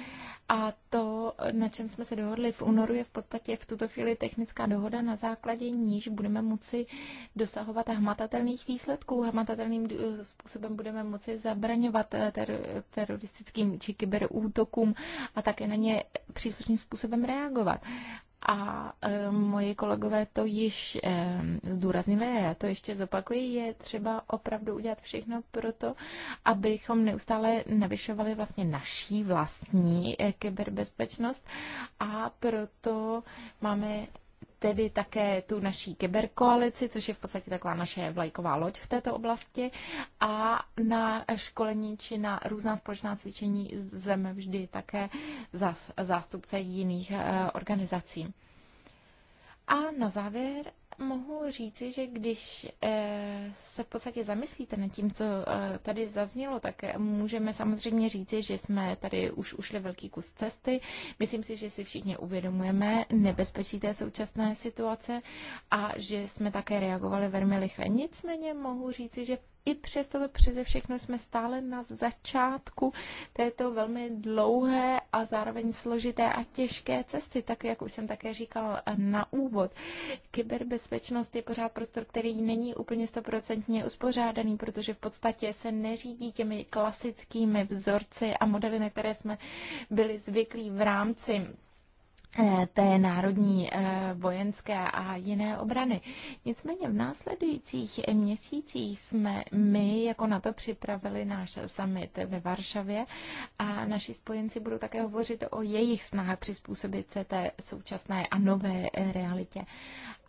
Speaker 3: A to, na čem jsme se dohodli v únoru, je v podstatě v tuto chvíli technická dohoda, na základě níž budeme moci dosahovat hmatatelných výsledků. Hmatatelným eh, způsobem budeme moci zabraňovat eh, ter- teroristickým či kyberútokům a také na ně příslušným způsobem reagovat a eh, moji kolegové to již eh, zdůraznili, já to ještě zopakuji, je třeba opravdu udělat všechno pro to, abychom neustále navyšovali vlastně naší vlastní eh, kyberbezpečnost a proto máme tedy také tu naší kyberkoalici, což je v podstatě taková naše vlajková loď v této oblasti a na školení či na různá společná cvičení zem vždy také zástupce jiných eh, organizací. A na závěr mohu říci, že když eh, se v podstatě zamyslíte nad tím, co eh, tady zaznělo, tak můžeme samozřejmě říci, že jsme tady už ušli velký kus cesty. Myslím si, že si všichni uvědomujeme nebezpečí té současné situace a že jsme také reagovali velmi rychle. Nicméně mohu říci, že v i přesto přeze všechno jsme stále na začátku této velmi dlouhé a zároveň složité a těžké cesty, tak jak už jsem také říkal na úvod. Kyberbezpečnost je pořád prostor, který není úplně stoprocentně uspořádaný, protože v podstatě se neřídí těmi klasickými vzorci a modely, na které jsme byli zvyklí v rámci Eh, té národní eh, vojenské a jiné obrany. Nicméně v následujících měsících jsme my jako na to připravili náš summit ve Varšavě a naši spojenci budou také hovořit o jejich snahách přizpůsobit se té současné a nové eh, realitě.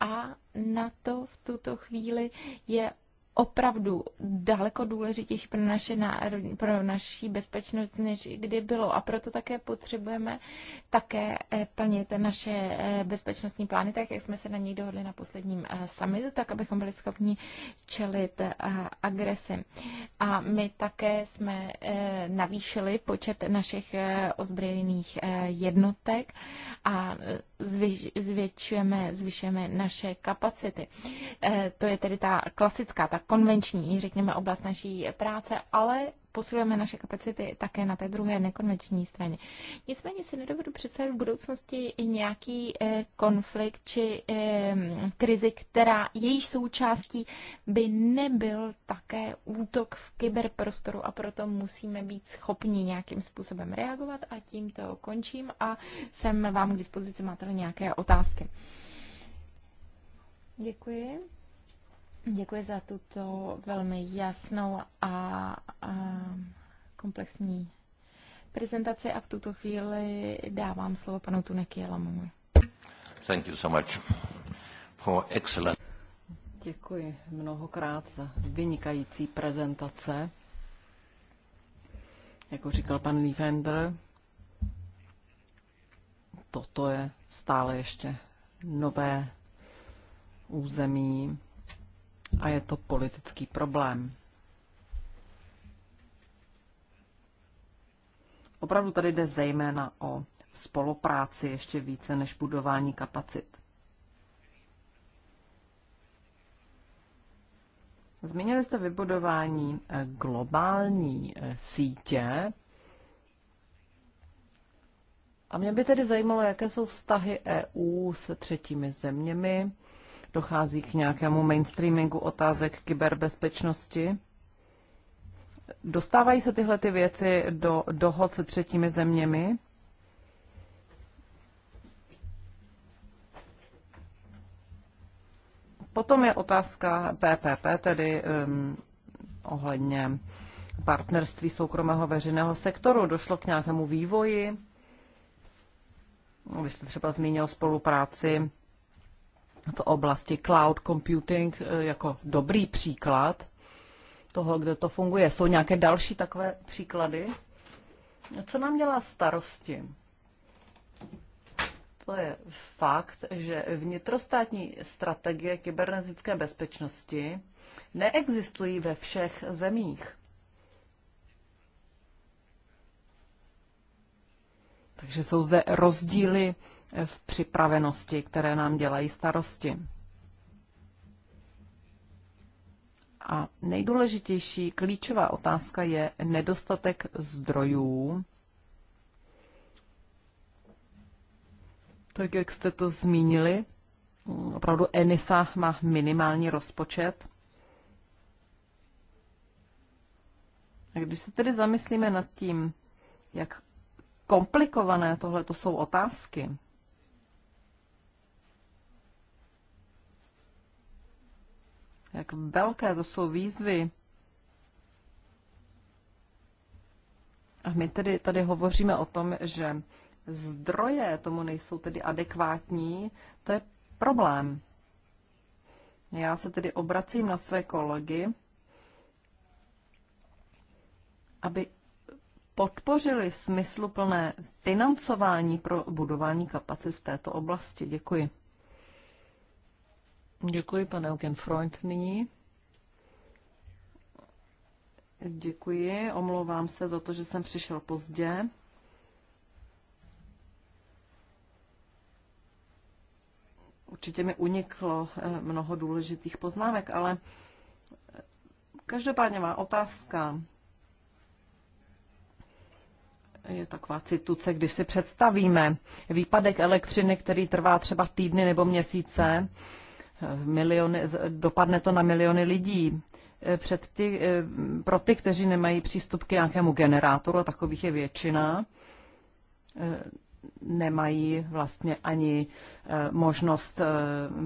Speaker 3: A na to v tuto chvíli je opravdu daleko důležitější pro, naše národní, pro naší bezpečnost, než kdy bylo. A proto také potřebujeme také eh, plnit naše eh, bezpečnostní plány, tak jak jsme se na něj dohodli na posledním eh, summitu, tak abychom byli schopni čelit agresi. A my také jsme navýšili počet našich ozbrojených jednotek a zvětšujeme, zvyšujeme naše kapacity. Eh, to je tedy ta klasická, ta konvenční, řekněme, oblast naší práce, ale posilujeme naše kapacity také na té druhé nekonvenční straně. Nicméně si nedovedu představit v budoucnosti nějaký eh, konflikt či eh, krizi, která jejíž součástí by nebyl také útok v kyberprostoru a proto musíme být schopni nějakým způsobem reagovat a tím to končím a jsem vám k dispozici, máte nějaké otázky. Děkuji. Děkuji za tuto velmi jasnou a, a komplexní prezentaci a v tuto chvíli dávám slovo panu Tunekielamu.
Speaker 2: Thank you so much for excellent.
Speaker 1: Děkuji mnohokrát za vynikající prezentace. Jako říkal pan Liefender, toto je stále ještě nové území, a je to politický problém. Opravdu tady jde zejména o spolupráci ještě více než budování kapacit. Zmínili jste vybudování eh, globální eh, sítě. A mě by tedy zajímalo, jaké jsou vztahy EU se třetími zeměmi Dochází k nějakému mainstreamingu otázek kyberbezpečnosti? Dostávají se tyhle ty věci do dohod se třetími zeměmi? Potom je otázka PPP, tedy um, ohledně partnerství soukromého veřejného sektoru. Došlo k nějakému vývoji? Vy jste třeba zmínil spolupráci v oblasti cloud computing eh, jako dobrý příklad toho, kde to funguje. Jsou nějaké další takové příklady? Co nám dělá starosti? To je fakt, že vnitrostátní strategie kybernetické bezpečnosti neexistují ve všech zemích. Takže jsou zde rozdíly v připravenosti, které nám dělají starosti. A nejdůležitější klíčová otázka je nedostatek zdrojů. Tak jak jste to zmínili, opravdu Enisa má minimální rozpočet. A když se tedy zamyslíme nad tím, jak komplikované tohle to jsou otázky, jak velké to jsou výzvy. A my tedy tady hovoříme o tom, že zdroje tomu nejsou tedy adekvátní, to je problém. Já se tedy obracím na své kolegy, aby podpořili smysluplné financování pro budování kapacit v této oblasti. Děkuji. Děkuji, pane Eugen Freund nyní. Děkuji, omlouvám se za to, že jsem přišel pozdě. Určitě mi uniklo eh, mnoho důležitých poznámek, ale eh, každopádně má otázka je taková cituce, když si představíme výpadek elektřiny, který trvá třeba týdny nebo měsíce, miliony, dopadne to na miliony lidí. Eh, před ty, eh, pro ty, kteří nemají přístup k nějakému generátoru, a takových je většina, eh, nemají vlastně ani možnost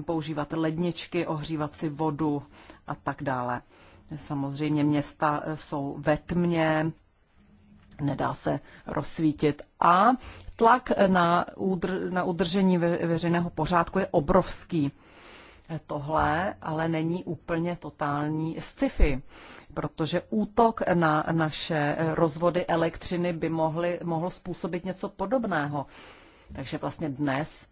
Speaker 1: používat ledničky, ohřívat si vodu a tak dále. Samozřejmě města jsou ve tmě, nedá se rozsvítit a tlak na, na udržení ve- veřejného pořádku je obrovský. Tohle ale není úplně totální sci-fi, protože útok na naše rozvody elektřiny by mohly, mohl způsobit něco podobného. Takže vlastně dnes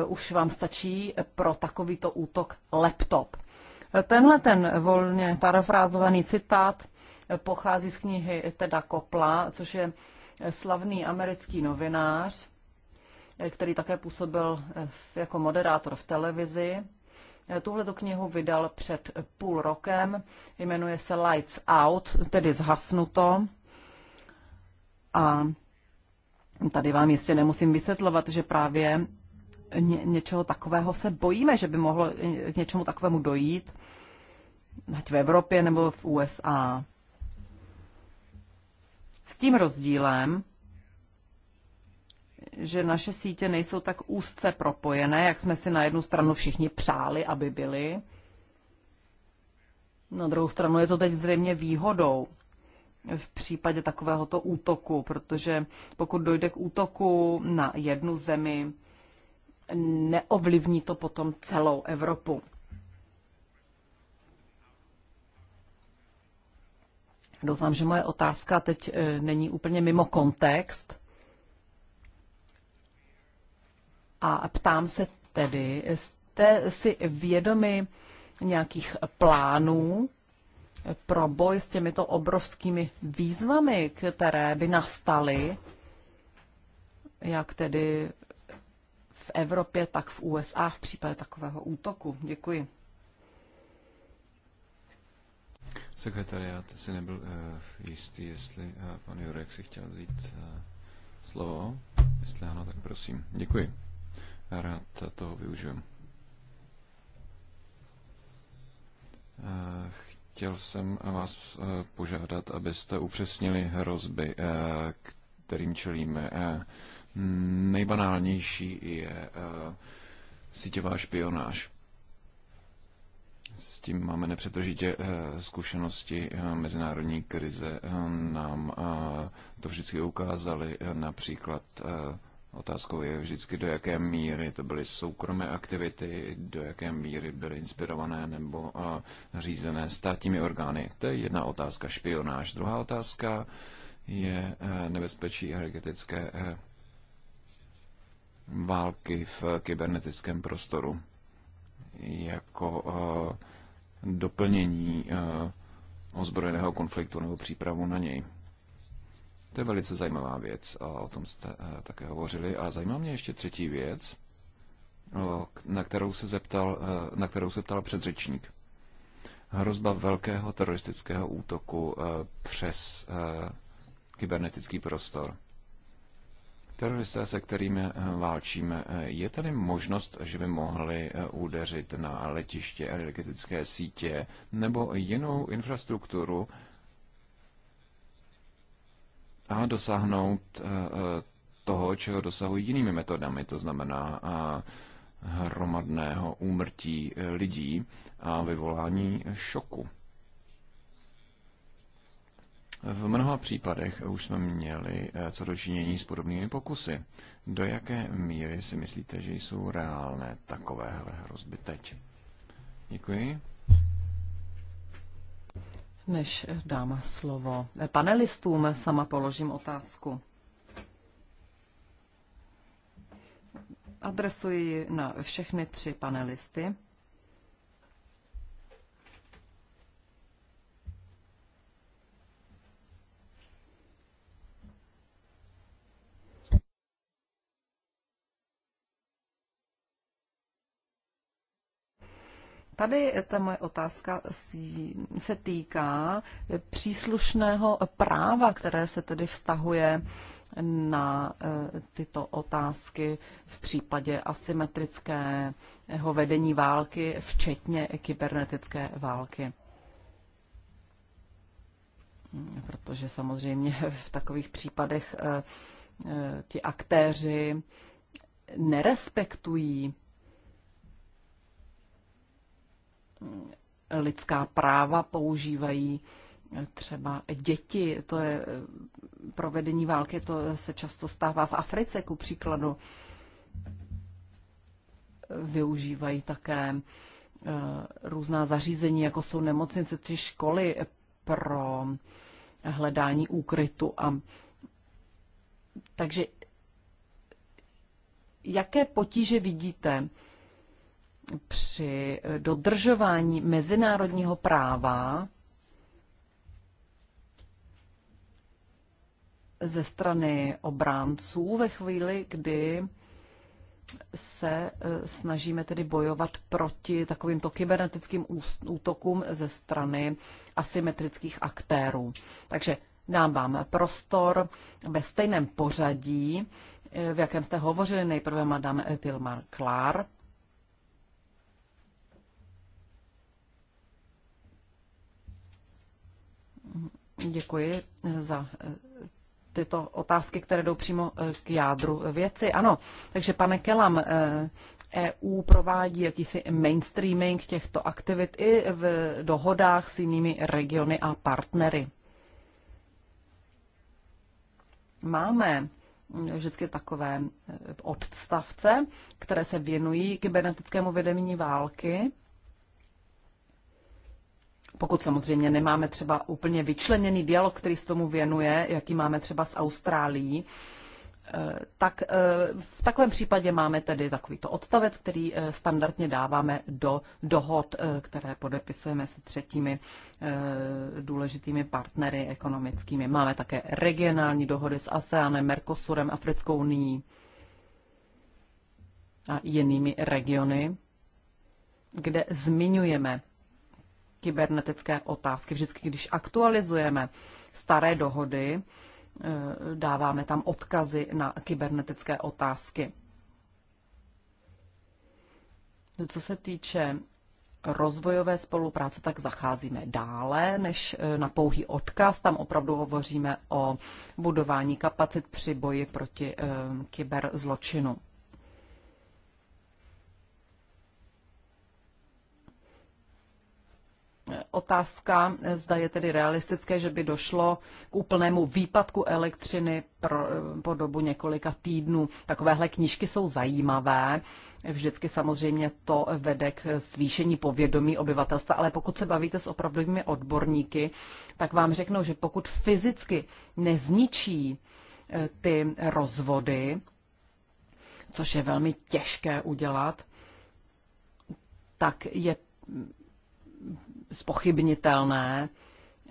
Speaker 1: eh, už vám stačí pro takovýto útok laptop. Tenhle ten volně parafrázovaný citát eh, pochází z knihy Teda Kopla, což je eh, slavný americký novinář, který také působil jako moderátor v televizi Tuhleto knihu vydal před půl rokem, jmenuje se Lights Out, tedy zhasnuto. A tady vám jistě nemusím vysvětlovat, že právě ně, něčeho takového se bojíme, že by mohlo eh, k něčemu takovému dojít, ať v Evropě nebo v USA. S tím rozdílem, že naše sítě nejsou tak úzce propojené, jak jsme si na jednu stranu všichni přáli, aby byly. Na druhou stranu je to teď zřejmě výhodou v případě takovéhoto útoku, protože pokud dojde k útoku na jednu zemi, neovlivní to potom celou Evropu. Doufám, že moje otázka teď e, není úplně mimo kontext. A ptám se tedy, jste si vědomi nějakých plánů pro boj s těmito obrovskými výzvami, které by nastaly, jak tedy v Evropě, tak v USA v případě takového útoku. Děkuji.
Speaker 2: Sekretariat si nebyl uh, jistý, jestli uh, pan Jurek si chtěl vzít uh, slovo. Jestli ano, tak prosím. Děkuji rád toho využijem. Eh, chtěl jsem vás eh, požádat, abyste upřesnili hrozby, eh, kterým čelíme. Nejbanálnější je síťová špionáž. S tím máme nepřetržitě zkušenosti. Mezinárodní krize nám to vždycky ukázali, například Otázkou je vždycky, do jaké míry to byly soukromé aktivity, do jaké míry byly inspirované nebo řízené státními orgány. To je jedna otázka, špionáž. Druhá otázka je e, nebezpečí energetické e, války v kybernetickém prostoru jako e, doplnění ozbrojeného konfliktu nebo přípravu na něj. To je velice zajímavá věc a o tom jste eh, také hovořili. A zajímá mě ještě třetí věc, na kterou se, zeptal, eh, na kterou se ptal předřečník. Hrozba velkého teroristického útoku eh, přes kybernetický prostor. Teroristé, se kterými válčíme, je tady možnost, že by mohli údeřit na letiště, energetické sítě nebo jinou infrastrukturu, a dosáhnout eh, eh, toho, čeho dosahují jinými metodami, to znamená eh, hromadného úmrtí lidí a vyvolání šoku. V mnoha případech už jsme měli co dočinění s podobnými pokusy. Do jaké míry si myslíte, že jsou reálné takovéhle hrozby teď? Děkuji.
Speaker 1: Než dám slovo panelistům, sama položím otázku. Adresuji na všechny tři panelisty. tady ta moje otázka se týká příslušného práva, které se tedy vztahuje na e, tyto otázky v případě asymetrického vedení války, včetně kybernetické války. Protože samozřejmě v takových případech e, e, ti aktéři nerespektují lidská práva používají třeba děti. To je provedení války, to se často stává v Africe, ku příkladu. Využívají také eh, různá zařízení, jako jsou nemocnice či školy pro hledání úkrytu. A... Takže jaké potíže vidíte? při dodržování mezinárodního práva ze strany obránců ve chvíli, kdy se e, snažíme tedy bojovat proti takovýmto kybernetickým útokům ze strany asymetrických aktérů. Takže dám vám prostor ve stejném pořadí, e, v jakém jste hovořili nejprve madame Tilmar Klar. Děkuji eh, za eh, tyto otázky, které jdou přímo eh, k jádru věci. Ano, takže pane Kelam, EU e provádí jakýsi mainstreaming těchto aktivit i v dohodách s jinými regiony a partnery. Máme hm, vždycky takové odstavce, které se věnují kybernetickému vedení války pokud samozřejmě nemáme třeba úplně vyčleněný dialog, který se tomu věnuje, jaký máme třeba s Austrálií, eh, tak eh, v takovém případě máme tedy takovýto odstavec, který eh, standardně dáváme do dohod, které podepisujeme se třetími důležitými partnery ekonomickými. Máme také regionální dohody s ASEANem, Mercosurem, Africkou unii a jinými regiony, kde zmiňujeme kybernetické otázky. Vždycky, když aktualizujeme staré dohody, eh, dáváme tam odkazy na kybernetické otázky. Co se týče rozvojové spolupráce, tak zacházíme dále než eh, na pouhý odkaz. Tam opravdu hovoříme o budování kapacit při boji proti eh, kyberzločinu. otázka, zda je tedy realistické, že by došlo k úplnému výpadku elektřiny pro, po dobu několika týdnů. Takovéhle knížky jsou zajímavé. Vždycky samozřejmě to vede k zvýšení povědomí obyvatelstva, ale pokud se bavíte s opravdovými odborníky, tak vám řeknou, že pokud fyzicky nezničí eh, ty rozvody, což je velmi těžké udělat, tak je spochybnitelné,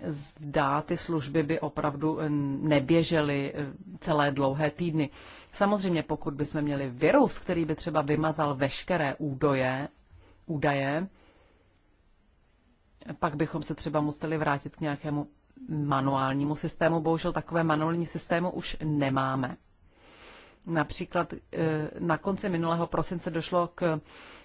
Speaker 1: zda ty služby by opravdu eh, neběžely eh, celé dlouhé týdny. Samozřejmě, pokud bychom měli virus, který by třeba vymazal veškeré údoje, údaje, pak bychom se třeba museli vrátit k nějakému manuálnímu systému. Bohužel takové manuální systému už nemáme. Například eh, na konci minulého prosince došlo k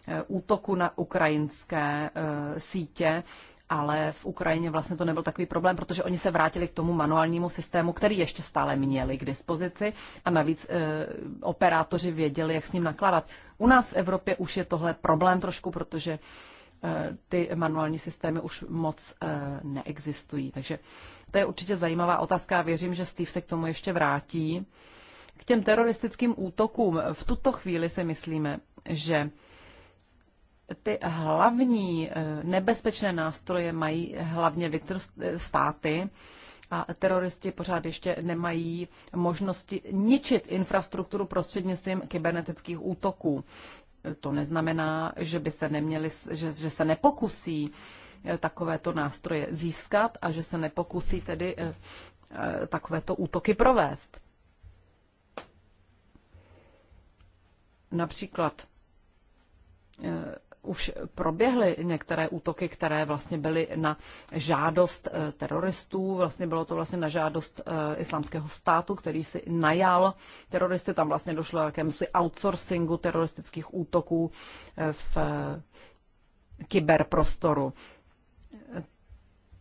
Speaker 1: eh, útoku na ukrajinské eh, sítě, ale v Ukrajině vlastně to nebyl takový problém, protože oni se vrátili k tomu manuálnímu systému, který ještě stále měli k dispozici a navíc operátoři věděli, jak s ním nakládat. U nás v Evropě už je tohle problém trošku, protože ty manuální systémy už moc neexistují. Takže to je určitě zajímavá otázka a věřím, že Steve se k tomu ještě vrátí. K těm teroristickým útokům v tuto chvíli si myslíme, že ty hlavní eh, nebezpečné nástroje mají hlavně eh, státy a teroristi pořád ještě nemají možnosti ničit infrastrukturu prostřednictvím kybernetických útoků. Eh, to neznamená, že by se neměli, že, že se nepokusí takovéto nástroje získat a že se nepokusí tedy takovéto útoky provést. Například eh, už proběhly některé útoky, které vlastně byly na žádost eh, teroristů. Vlastně bylo to vlastně na žádost eh, islámského státu, který si najal teroristy. Tam vlastně došlo k si outsourcingu teroristických útoků v kyberprostoru.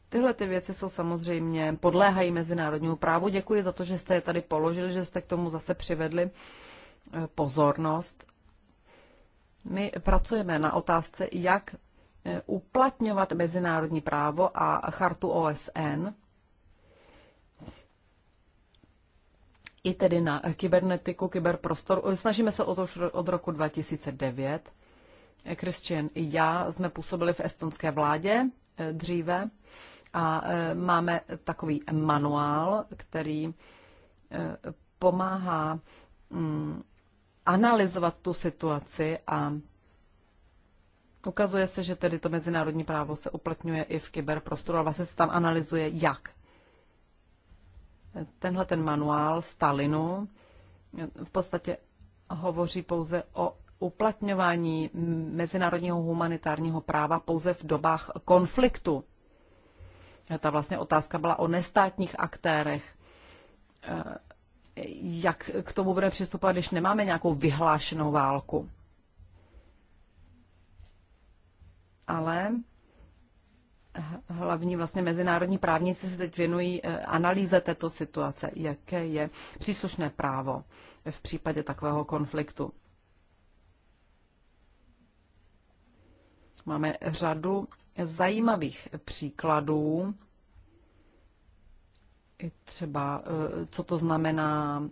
Speaker 1: Tyhle ty věci jsou samozřejmě, podléhají mezinárodnímu právu. Děkuji za to, že jste je tady položili, že jste k tomu zase přivedli pozornost. My pracujeme na otázce, jak eh, uplatňovat mezinárodní právo a chartu OSN, i tedy na kybernetiku, kyberprostor. Snažíme se o to už od roku 2009. Christian i já jsme působili v estonské vládě eh, dříve a eh, máme takový manuál, který pomáhá mm, analyzovat tu situaci a ukazuje se, že tedy to mezinárodní právo se uplatňuje i v kyberprostoru a vlastně se tam analyzuje jak. Tenhle ten manuál Stalinu v podstatě hovoří pouze o uplatňování mezinárodního humanitárního práva pouze v dobách konfliktu. Ta vlastně otázka byla o nestátních aktérech jak k tomu budeme přistupovat, když nemáme nějakou vyhlášenou válku. Ale hlavní vlastně mezinárodní právníci se teď věnují eh, analýze této situace, jaké je příslušné právo v případě takového konfliktu. Máme řadu zajímavých příkladů i třeba, e, co to znamená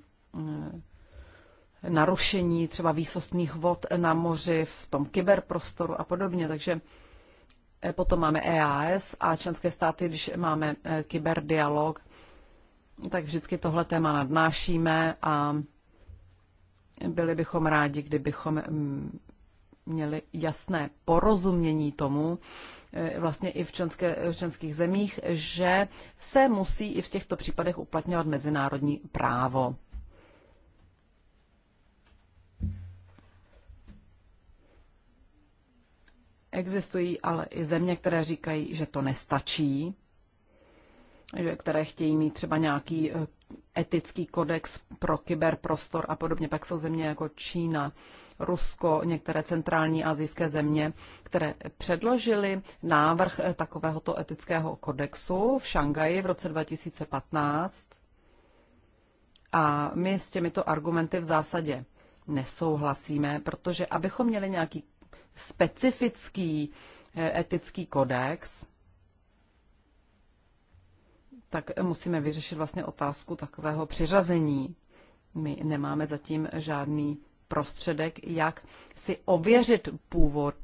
Speaker 1: e, narušení třeba výsostných vod na moři v tom kyberprostoru a podobně. Takže e, potom máme EAS a členské státy, když máme kyberdialog, tak vždycky tohle téma nadnášíme a byli bychom rádi, kdybychom měli jasné porozumění tomu, Eh, vlastně i v, členské, eh, v členských zemích, že se musí i v těchto případech uplatňovat mezinárodní právo. Existují ale i země, které říkají, že to nestačí, že, které chtějí mít třeba nějaký eh, etický kodex pro kyberprostor a podobně. Pak jsou země jako Čína, Rusko, některé centrální azijské země, které předložili návrh takovéhoto etického kodexu v Šangaji v roce 2015. A my s těmito argumenty v zásadě nesouhlasíme, protože abychom měli nějaký specifický eh, etický kodex, tak musíme vyřešit vlastně otázku takového přiřazení. My nemáme zatím žádný prostředek, jak si ověřit původ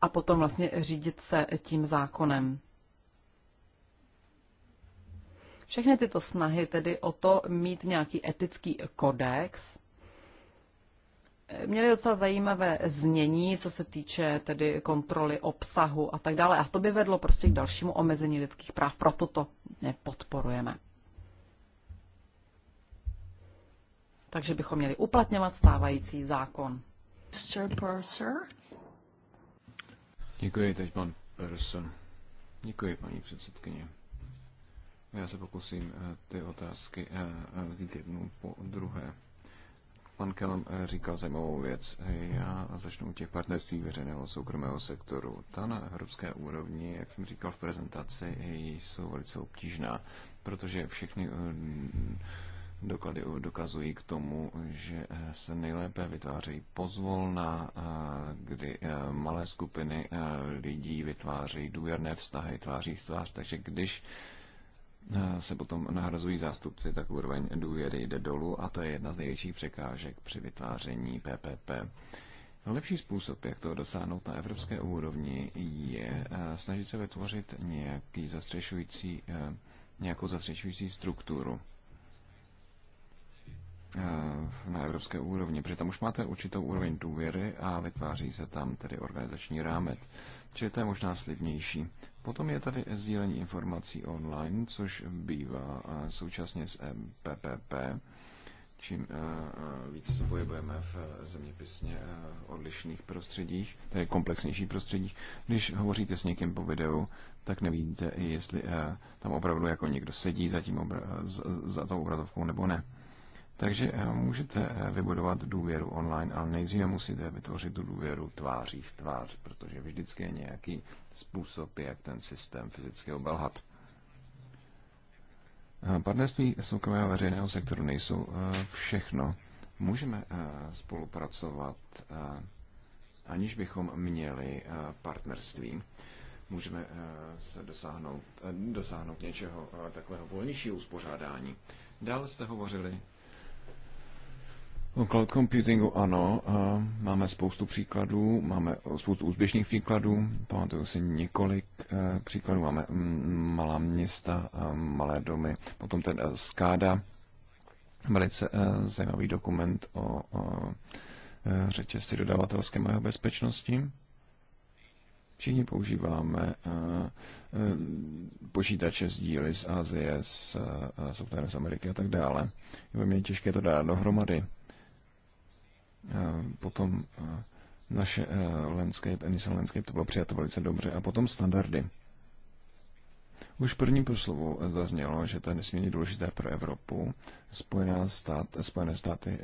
Speaker 1: a potom vlastně řídit se tím zákonem. Všechny tyto snahy tedy o to mít nějaký etický kodex měly docela zajímavé znění, co se týče tedy kontroly obsahu a tak dále. A to by vedlo prostě k dalšímu omezení lidských práv, proto to nepodporujeme. Takže bychom měli uplatňovat stávající zákon.
Speaker 2: Děkuji, teď pan Persson. Děkuji, paní předsedkyně. Já se pokusím eh, ty otázky eh, eh, vzít jednu po druhé. Pan Kellam říkal zajímavou věc. Já začnu u těch partnerství veřejného soukromého sektoru. Ta na evropské úrovni, jak jsem říkal v prezentaci, jsou velice obtížná, protože všechny Doklady dokazují k tomu, že eh, se nejlépe vytvářejí pozvolna, eh, kdy eh, malé skupiny lidí vytváří důvěrné vztahy tváří v tvář. Takže když se potom nahrazují zástupci, tak úroveň důvěry jde dolů a to je jedna z největších překážek při vytváření PPP. Lepší způsob, jak to dosáhnout na evropské úrovni, je snažit se vytvořit nějaký zastřešující, nějakou zastřešující strukturu. Eh, na evropské úrovni, protože tam už máte určitou úroveň důvěry a vytváří se tam tedy organizační rámec, čili to je možná slibnější. Potom je tady sdílení informací online, což bývá eh, současně s PPP. Čím eh, více se pohybujeme v zeměpisně odlišných prostředích, tedy komplexnějších prostředích, když hovoříte s někým po videu, tak nevíte, jestli tam opravdu jako někdo sedí za, tím obra- za, za tou obrazovkou nebo ne. Takže eh, můžete eh, vybudovat důvěru online, ale nejdříve musíte vytvořit tu důvěru tváří v tvář, protože vždycky je nějaký způsob, jak ten systém fyzicky obelhat. Eh, partnerství soukromého veřejného sektoru nejsou všechno. Můžeme spolupracovat, aniž bychom měli partnerství. Můžeme se dosáhnout, dosáhnout něčeho takového volnějšího uspořádání. Dále jste hovořili O cloud computingu ano, máme spoustu příkladů, máme spoustu úspěšných příkladů, pamatuju si několik eh, příkladů, máme mm, malá města, malé domy, potom ten eh, Skáda, velice eh, zajímavý dokument o řetězci dodavatelské mého bezpečnosti. Všichni používáme počítače z díly z Azie, z, z Ameriky a tak dále. Je mě těžké to dát dohromady. Eh, potom eh, naše eh, landscape, emise landscape, to bylo přijato velice dobře. A potom standardy. Už v prvním proslovu zaznělo, že to je nesmírně důležité pro Evropu. Spojená stát, Spojené státy,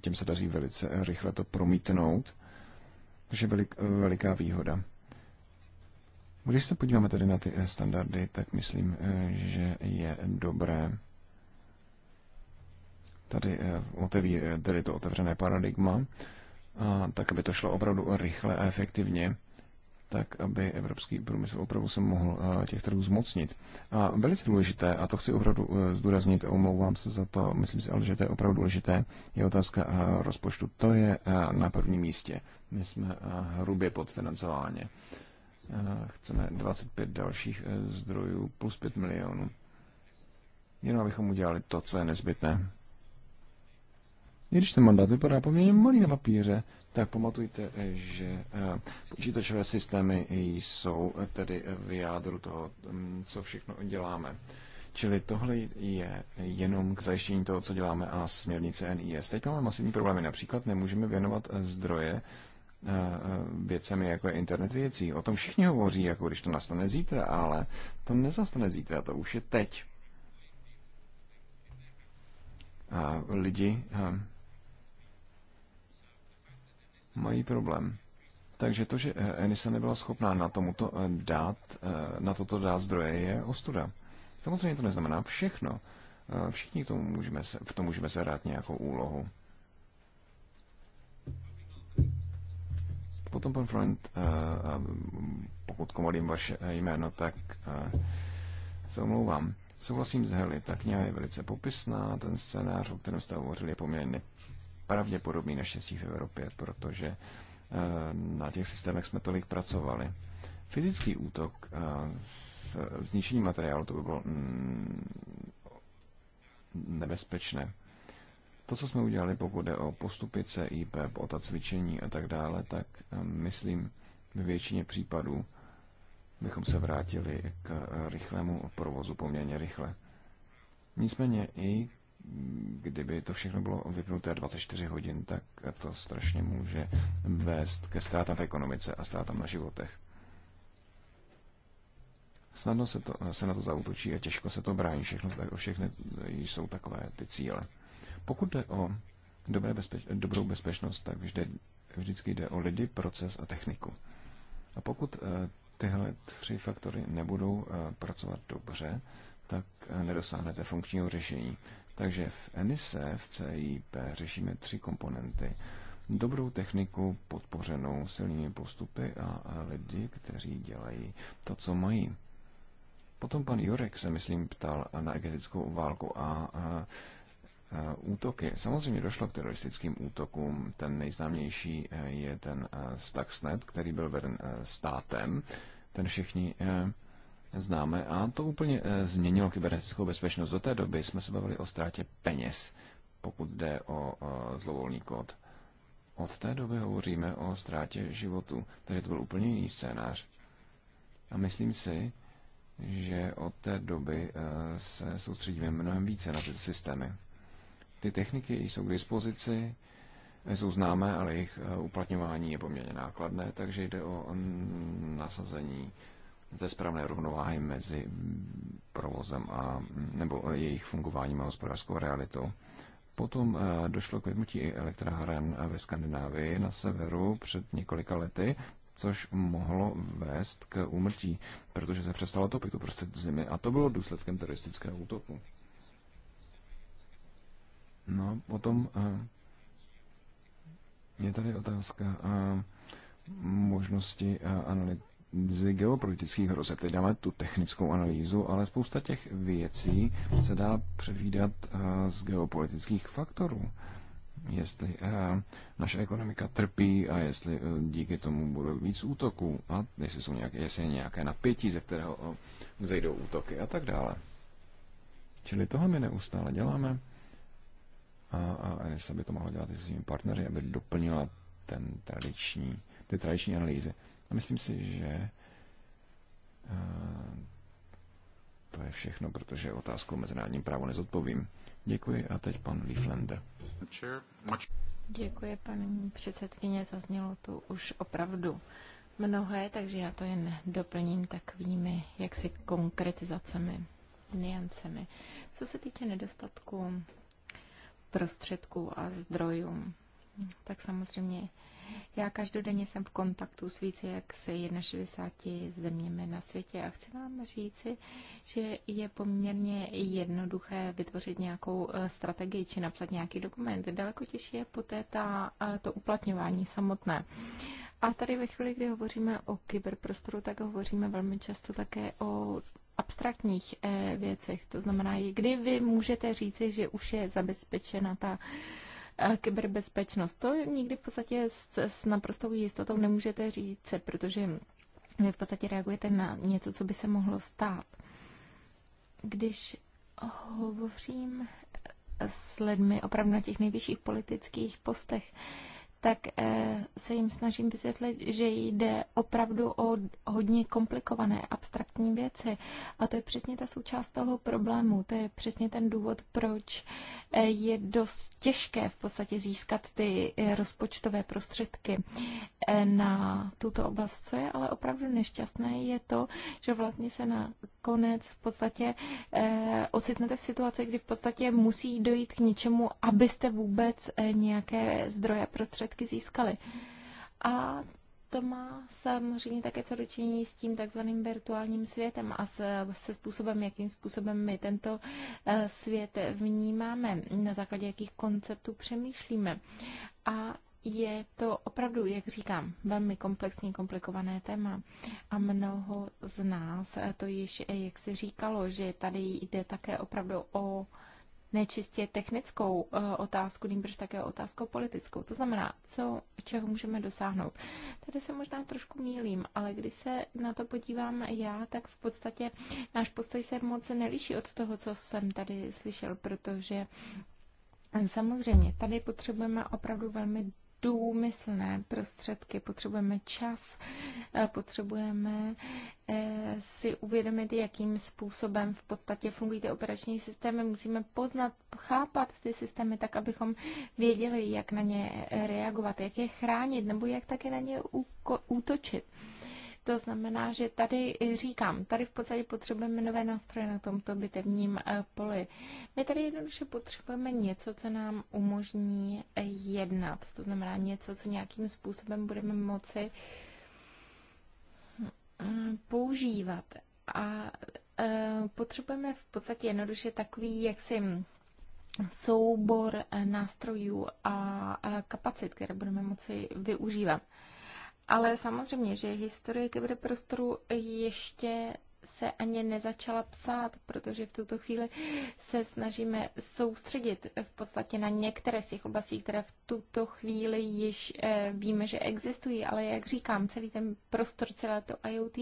Speaker 2: tím se daří velice rychle to promítnout, což je velik, veliká výhoda. Když se podíváme tedy na ty standardy, tak myslím, že je dobré tady eh, oteví, eh, to otevřené paradigma, a tak aby to šlo opravdu rychle a efektivně, tak aby evropský průmysl opravdu se mohl eh, těch trhů zmocnit. A velice důležité, a to chci opravdu zdůraznit, omlouvám se za to, myslím si ale, že to je opravdu důležité, je otázka rozpočtu. To je na prvním místě. My jsme hrubě podfinancováni. Chceme 25 dalších zdrojů plus 5 milionů. Jenom abychom udělali to, co je nezbytné. I když ten mandát vypadá poměrně malý na papíře, tak pamatujte, že eh, počítačové systémy jsou tedy v jádru toho, mm, co všechno děláme. Čili tohle je jenom k zajištění toho, co děláme a směrnice NIS. Teď máme masivní problémy. Například nemůžeme věnovat eh, zdroje eh, věcemi, jako je internet věcí. O tom všichni hovoří, jako když to nastane zítra, ale to nezastane zítra, to už je teď. A lidi mají problém. Takže to, že eh, Enisa nebyla schopná na, tomuto eh, dát, eh, na toto dát zdroje, je ostuda. Samozřejmě to neznamená všechno. Všichni tomu můžeme, v tom můžeme zahrát nějakou úlohu. Potom pan Freund, pokud komolím vaše jméno, tak se omlouvám. Souhlasím s Heli, ta kniha je velice popisná, ten scénář, o kterém jste hovořili, je poměrně pravděpodobný neštěstí v Evropě, protože eh, na těch systémech jsme tolik pracovali. Fyzický útok s eh, zničením materiálu, to by bylo mm, nebezpečné. To, co jsme udělali, pokud jde o postupy CIP, o ta cvičení a tak dále, tak eh, myslím, ve většině případů bychom se vrátili k rychlému provozu poměrně rychle. Nicméně i kdyby to všechno bylo vypnuté 24 hodin, tak to strašně může vést ke ztrátám v ekonomice a ztrátám na životech. Snadno se, to, se na to zautočí a těžko se to brání. Všechno, všechny jsou takové ty cíle. Pokud jde o dobré bezpeč, dobrou bezpečnost, tak vždy, vždycky jde o lidi, proces a techniku. A pokud eh, tyhle tři faktory nebudou eh, pracovat dobře, tak eh, nedosáhnete funkčního řešení. Takže v ENISE, v CIP řešíme tři komponenty. Dobrou techniku podpořenou silnými postupy a lidi, kteří dělají to, co mají. Potom pan Jurek se, myslím, ptal na energetickou válku a, a útoky. Samozřejmě došlo k teroristickým útokům. Ten nejznámější eh, je ten eh, Stuxnet, který byl veden eh, státem. Ten všichni známe a to úplně eh, změnilo kybernetickou bezpečnost. Do té doby jsme se bavili o ztrátě peněz, pokud jde o zlovolný kód. Od té doby hovoříme o ztrátě životu, takže to byl úplně jiný scénář. A myslím si, že od té doby eh, se soustředíme mnohem více na ty systémy. Ty techniky jsou k dispozici, jsou známé, ale jejich eh, uplatňování je poměrně nákladné, takže jde o nasazení té správné rovnováhy mezi provozem a nebo jejich fungováním a hospodářskou realitou. Potom eh, došlo k vypnutí elektráren ve Skandinávii na severu před několika lety, což mohlo vést k úmrtí, protože se přestalo topit uprostřed zimy a to bylo důsledkem teroristického útoku. No, potom eh, je tady otázka eh, možnosti analytiky z geopolitických hrozeb. Teď dáme tu technickou analýzu, ale spousta těch věcí se dá předvídat eh, z geopolitických faktorů. Jestli eh, naše ekonomika trpí a jestli eh, díky tomu bude víc útoků a jestli, jsou nějaké, jestli je nějaké napětí, ze kterého vzejdou útoky a tak dále. Čili tohle my neustále děláme a, a NSA by to mohla dělat i se svými partnery, aby doplnila ten tradiční, ty tradiční analýzy. A myslím si, že eh, to je všechno, protože otázku o mezinárodním právu nezodpovím. Děkuji a teď pan Lieflander.
Speaker 3: Děkuji, paní předsedkyně, zaznělo tu už opravdu mnohé, takže já to jen doplním takovými jaksi konkretizacemi, niancemi. Co se týče nedostatku prostředků a zdrojů, tak samozřejmě já každodenně jsem v kontaktu s více jak se 61 zeměmi na světě a chci vám říci, že je poměrně jednoduché vytvořit nějakou eh, strategii či napsat nějaký dokument. Daleko těžší je poté ta, eh, to uplatňování samotné. A tady ve chvíli, kdy hovoříme o kyberprostoru, tak hovoříme velmi často také o abstraktních eh, věcech. To znamená, kdy vy můžete říci, že už je zabezpečena ta kyberbezpečnost. To nikdy v podstatě s, s naprostou jistotou nemůžete říct, protože vy v podstatě reagujete na něco, co by se mohlo stát. Když hovořím s lidmi opravdu na těch nejvyšších politických postech, tak eh, se jim snažím vysvětlit, že jde opravdu o hodně komplikované abstraktní věci. A to je přesně ta součást toho problému. To je přesně ten důvod, proč eh, je dost těžké v podstatě získat ty eh, rozpočtové prostředky na tuto oblast. Co je ale opravdu nešťastné, je to, že vlastně se na konec v podstatě eh, ocitnete v situaci, kdy v podstatě musí dojít k něčemu, abyste vůbec eh, nějaké zdroje prostředky získali. A to má samozřejmě také co dočinění s tím takzvaným virtuálním světem a se, se způsobem, jakým způsobem my tento eh, svět vnímáme, na základě jakých konceptů přemýšlíme. A je to opravdu, jak říkám, velmi komplexní, komplikované téma a mnoho z nás to již, jak se říkalo, že tady jde také opravdu o nečistě technickou eh, otázku, nýbrž také otázkou politickou. To znamená, co, čeho můžeme dosáhnout. Tady se možná trošku mílím, ale když se na to podívám já, tak v podstatě náš postoj se moc neliší od toho, co jsem tady slyšel, protože Samozřejmě, tady potřebujeme opravdu velmi důmyslné prostředky, potřebujeme čas, eh, potřebujeme eh, si uvědomit, jakým způsobem v podstatě fungují ty operační systémy. Musíme poznat, chápat ty systémy tak, abychom věděli, jak na ně reagovat, jak je chránit nebo jak také na ně útočit. To znamená, že tady říkám, tady v podstatě potřebujeme nové nástroje na tomto bitevním eh, poli. My tady jednoduše potřebujeme něco, co nám umožní eh, jednat. To znamená něco, co nějakým způsobem budeme moci hm, používat. A eh, potřebujeme v podstatě jednoduše takový, jak si soubor nástrojů a kapacit, které budeme moci využívat. Ale samozřejmě, že historie kyberprostoru ještě se ani nezačala psát, protože v tuto chvíli se snažíme soustředit v podstatě na některé z těch oblastí, které v tuto chvíli již eh, víme, že existují, ale jak říkám, celý ten prostor, celé to IoT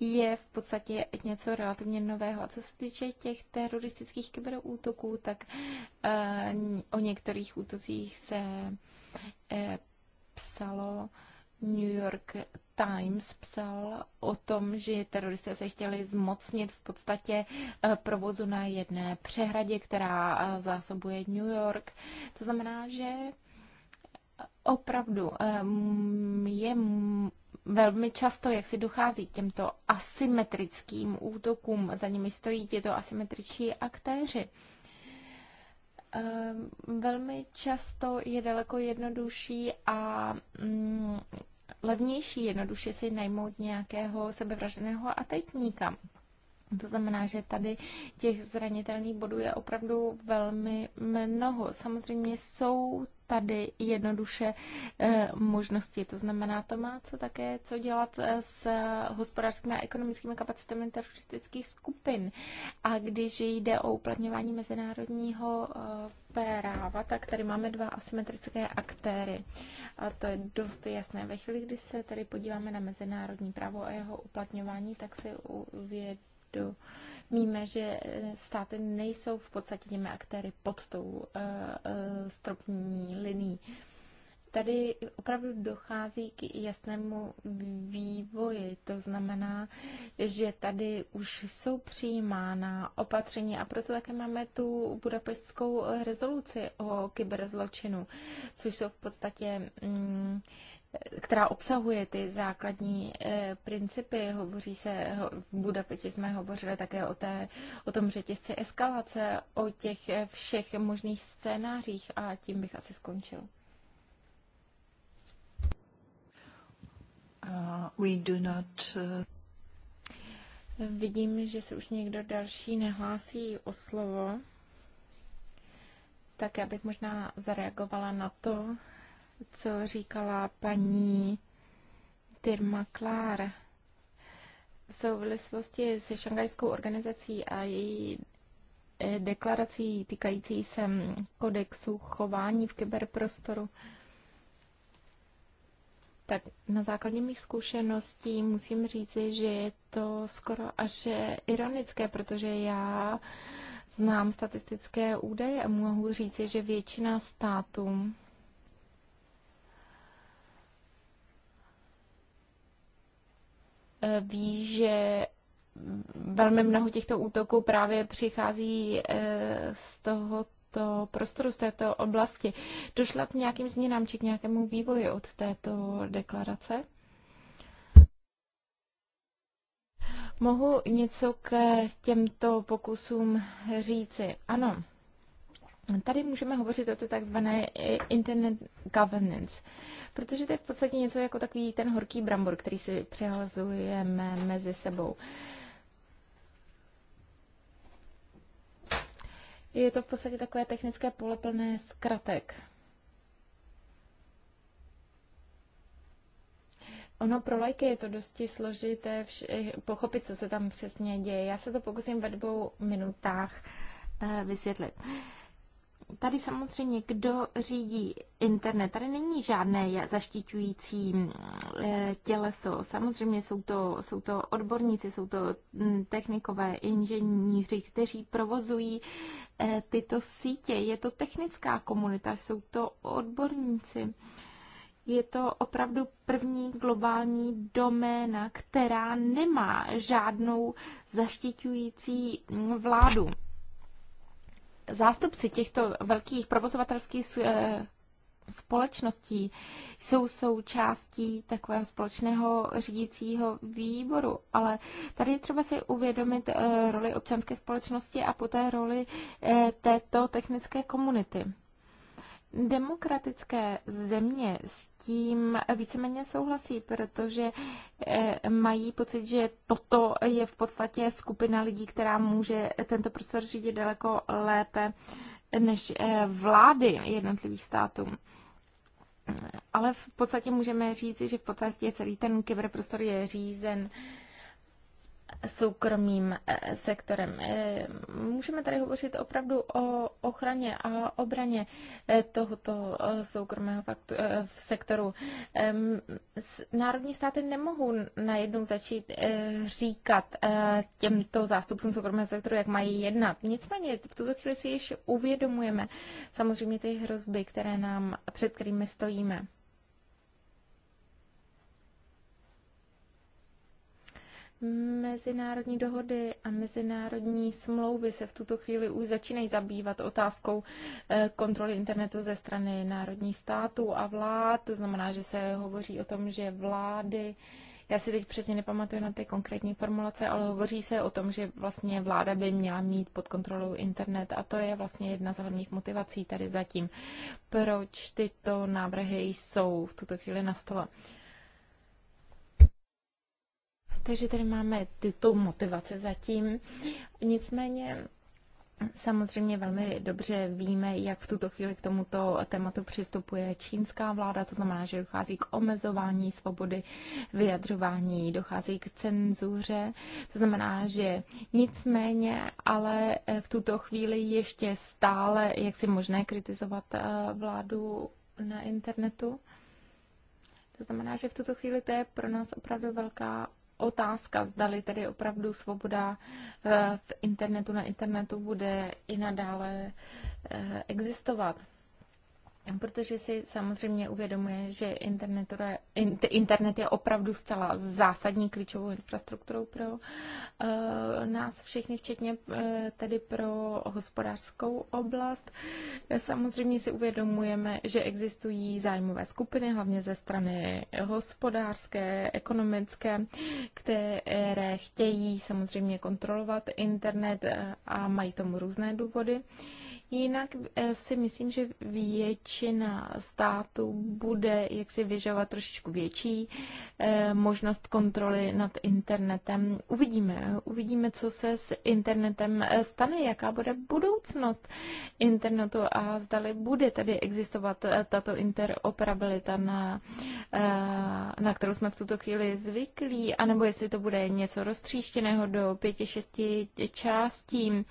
Speaker 3: je v podstatě něco relativně nového. A co se týče těch teroristických kyberútoků, tak eh, o některých útocích se eh, psalo New York Times psal o tom, že teroristé se chtěli zmocnit v podstatě eh, provozu na jedné přehradě, která eh, zásobuje New York. To znamená, že opravdu eh, je velmi často, jak si dochází k těmto asymetrickým útokům, za nimi stojí těto asymetriční aktéři. Velmi často je daleko jednodušší a mm, levnější, jednoduše si najmout nějakého sebevraženého atletníka. To znamená, že tady těch zranitelných bodů je opravdu velmi mnoho. Samozřejmě jsou tady jednoduše eh, možnosti. To znamená, to má co také co dělat eh, s hospodářskými a ekonomickými kapacitami teroristických skupin. A když jde o uplatňování mezinárodního eh, práva, tak tady máme dva asymetrické aktéry. A to je dost jasné. Ve chvíli, kdy se tady podíváme na mezinárodní právo a jeho uplatňování, tak si uvědomíme, dopadu. Víme, že státy nejsou v podstatě těmi aktéry pod tou eh, eh, stropní linií. Tady opravdu dochází k jasnému vývoji. To znamená, že tady už jsou přijímána opatření a proto také máme tu budapeštskou rezoluci o kyberzločinu, což jsou v podstatě mm, která obsahuje ty základní eh, principy. Hovoří se, v Budapešti jsme hovořili také o, té, o tom řetězci eskalace, o těch eh, všech možných scénářích a tím bych asi skončil. Uh, we do not, uh... Vidím, že se už někdo další nehlásí o slovo. Tak já bych možná zareagovala na to, co říkala paní Tirma Klár v souvislosti se šangajskou organizací a její eh, deklarací týkající se mm, kodexu chování v kyberprostoru. Tak na základě mých zkušeností musím říci, že je to skoro až ironické, protože já znám statistické údaje a mohu říci, že většina států Eh, ví, že velmi mnoho těchto útoků právě přichází eh, z tohoto prostoru, z této oblasti. Došla k nějakým změnám či k nějakému vývoji od této deklarace? Mohu něco k těmto pokusům říci? Ano. Tady můžeme hovořit o té takzvané eh, internet governance, protože to je v podstatě něco jako takový ten horký brambor, který si přehazujeme mezi sebou. Je to v podstatě takové technické pole plné zkratek. Ono pro lajky je to dosti složité vš- eh, pochopit, co se tam přesně děje. Já se to pokusím ve dvou minutách eh, vysvětlit tady samozřejmě, kdo řídí internet, tady není žádné zaštiťující mm, e, těleso. Samozřejmě jsou to, jsou to odborníci, jsou to mm, technikové inženýři, kteří provozují e, tyto sítě. Je to technická komunita, jsou to odborníci. Je to opravdu první globální doména, která nemá žádnou zaštiťující mm, vládu zástupci těchto velkých provozovatelských eh, společností jsou součástí takového společného řídícího výboru, ale tady je třeba si uvědomit eh, roli občanské společnosti a poté roli eh, této technické komunity demokratické země s tím víceméně souhlasí, protože eh, mají pocit, že toto je v podstatě skupina lidí, která může tento prostor řídit daleko lépe než eh, vlády jednotlivých států. Ale v podstatě můžeme říci, že v podstatě celý ten kyberprostor je řízen soukromým eh, sektorem. Eh, můžeme tady hovořit opravdu o ochraně a obraně eh, tohoto soukromého faktu, sektoru. Národní státy nemohou najednou začít říkat těmto zástupcům soukromého sektoru, jak mají jednat. Nicméně v tuto chvíli si již uvědomujeme samozřejmě ty hrozby, které nám, před kterými stojíme. Mezinárodní dohody a mezinárodní smlouvy se v tuto chvíli už začínají zabývat otázkou eh, kontroly internetu ze strany národních států a vlád. To znamená, že se hovoří o tom, že vlády já si teď přesně nepamatuju na ty konkrétní formulace, ale hovoří se o tom, že vlastně vláda by měla mít pod kontrolou internet a to je vlastně jedna z hlavních motivací tady zatím, proč tyto návrhy jsou v tuto chvíli na stole. Takže tady máme tu motivaci zatím. Nicméně Samozřejmě velmi dobře víme, jak v tuto chvíli k tomuto tématu přistupuje čínská vláda, to znamená, že dochází k omezování svobody vyjadřování, dochází k cenzuře, to znamená, že nicméně, ale eh, v tuto chvíli ještě stále, jak si možné kritizovat eh, vládu na internetu. To znamená, že v tuto chvíli to je pro nás opravdu velká otázka, zdali tedy opravdu svoboda eh, v internetu, na internetu bude i nadále eh, existovat protože si samozřejmě uvědomuje, že internet, internet je opravdu zcela zásadní klíčovou infrastrukturou pro uh, nás všechny, včetně uh, tedy pro hospodářskou oblast. Samozřejmě si uvědomujeme, že existují zájmové skupiny, hlavně ze strany hospodářské, ekonomické, které chtějí samozřejmě kontrolovat internet uh, a mají tomu různé důvody. Uh, Jinak eh, si myslím, že většina států bude jaksi vyžovat trošičku větší eh, možnost kontroly nad internetem. Uvidíme, uvidíme, co se s internetem eh, stane, jaká bude budoucnost internetu a zdali bude tady existovat tato interoperabilita, na, na kterou jsme v tuto chvíli zvyklí, anebo jestli to bude něco roztříštěného do pěti, šesti částí.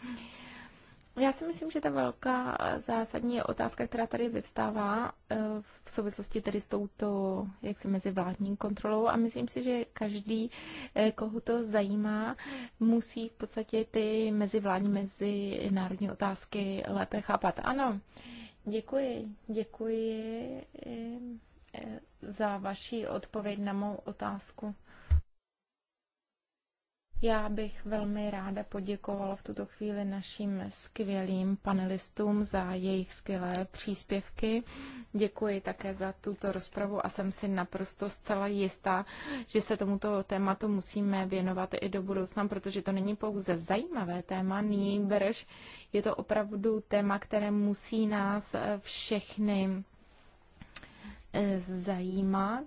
Speaker 3: Já si myslím, že ta velká zásadní otázka, která tady vyvstává eh, v souvislosti tedy s touto jak se mezi vládní kontrolou a myslím si, že každý, eh, koho to zajímá, musí v podstatě ty mezi vládní mezi národní otázky lépe chápat. Ano, děkuji, děkuji eh, za vaši odpověď na mou otázku. Já bych velmi ráda poděkovala v tuto chvíli našim skvělým panelistům za jejich skvělé příspěvky. Děkuji také za tuto rozpravu a jsem si naprosto zcela jistá, že se tomuto tématu musíme věnovat i do budoucna, protože to není pouze zajímavé téma, nýbrž je to opravdu téma, které musí nás všechny eh, zajímat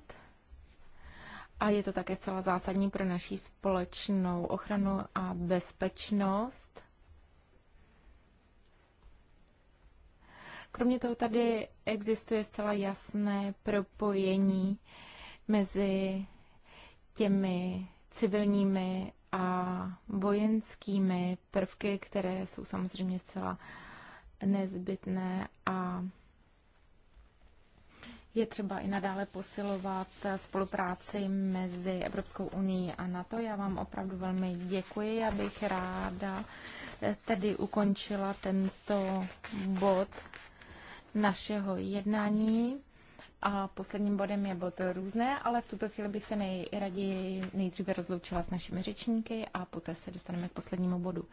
Speaker 3: a je to také celá zásadní pro naší společnou ochranu a bezpečnost. Kromě toho tady existuje zcela jasné propojení mezi těmi civilními a vojenskými prvky, které jsou samozřejmě zcela nezbytné a je třeba i nadále posilovat spolupráci mezi Evropskou unii a NATO. Já vám opravdu velmi děkuji. abych bych ráda tedy ukončila tento bod našeho jednání. A posledním bodem je bod různé, ale v tuto chvíli bych se nejraději nejdříve rozloučila s našimi řečníky a poté se dostaneme k poslednímu bodu.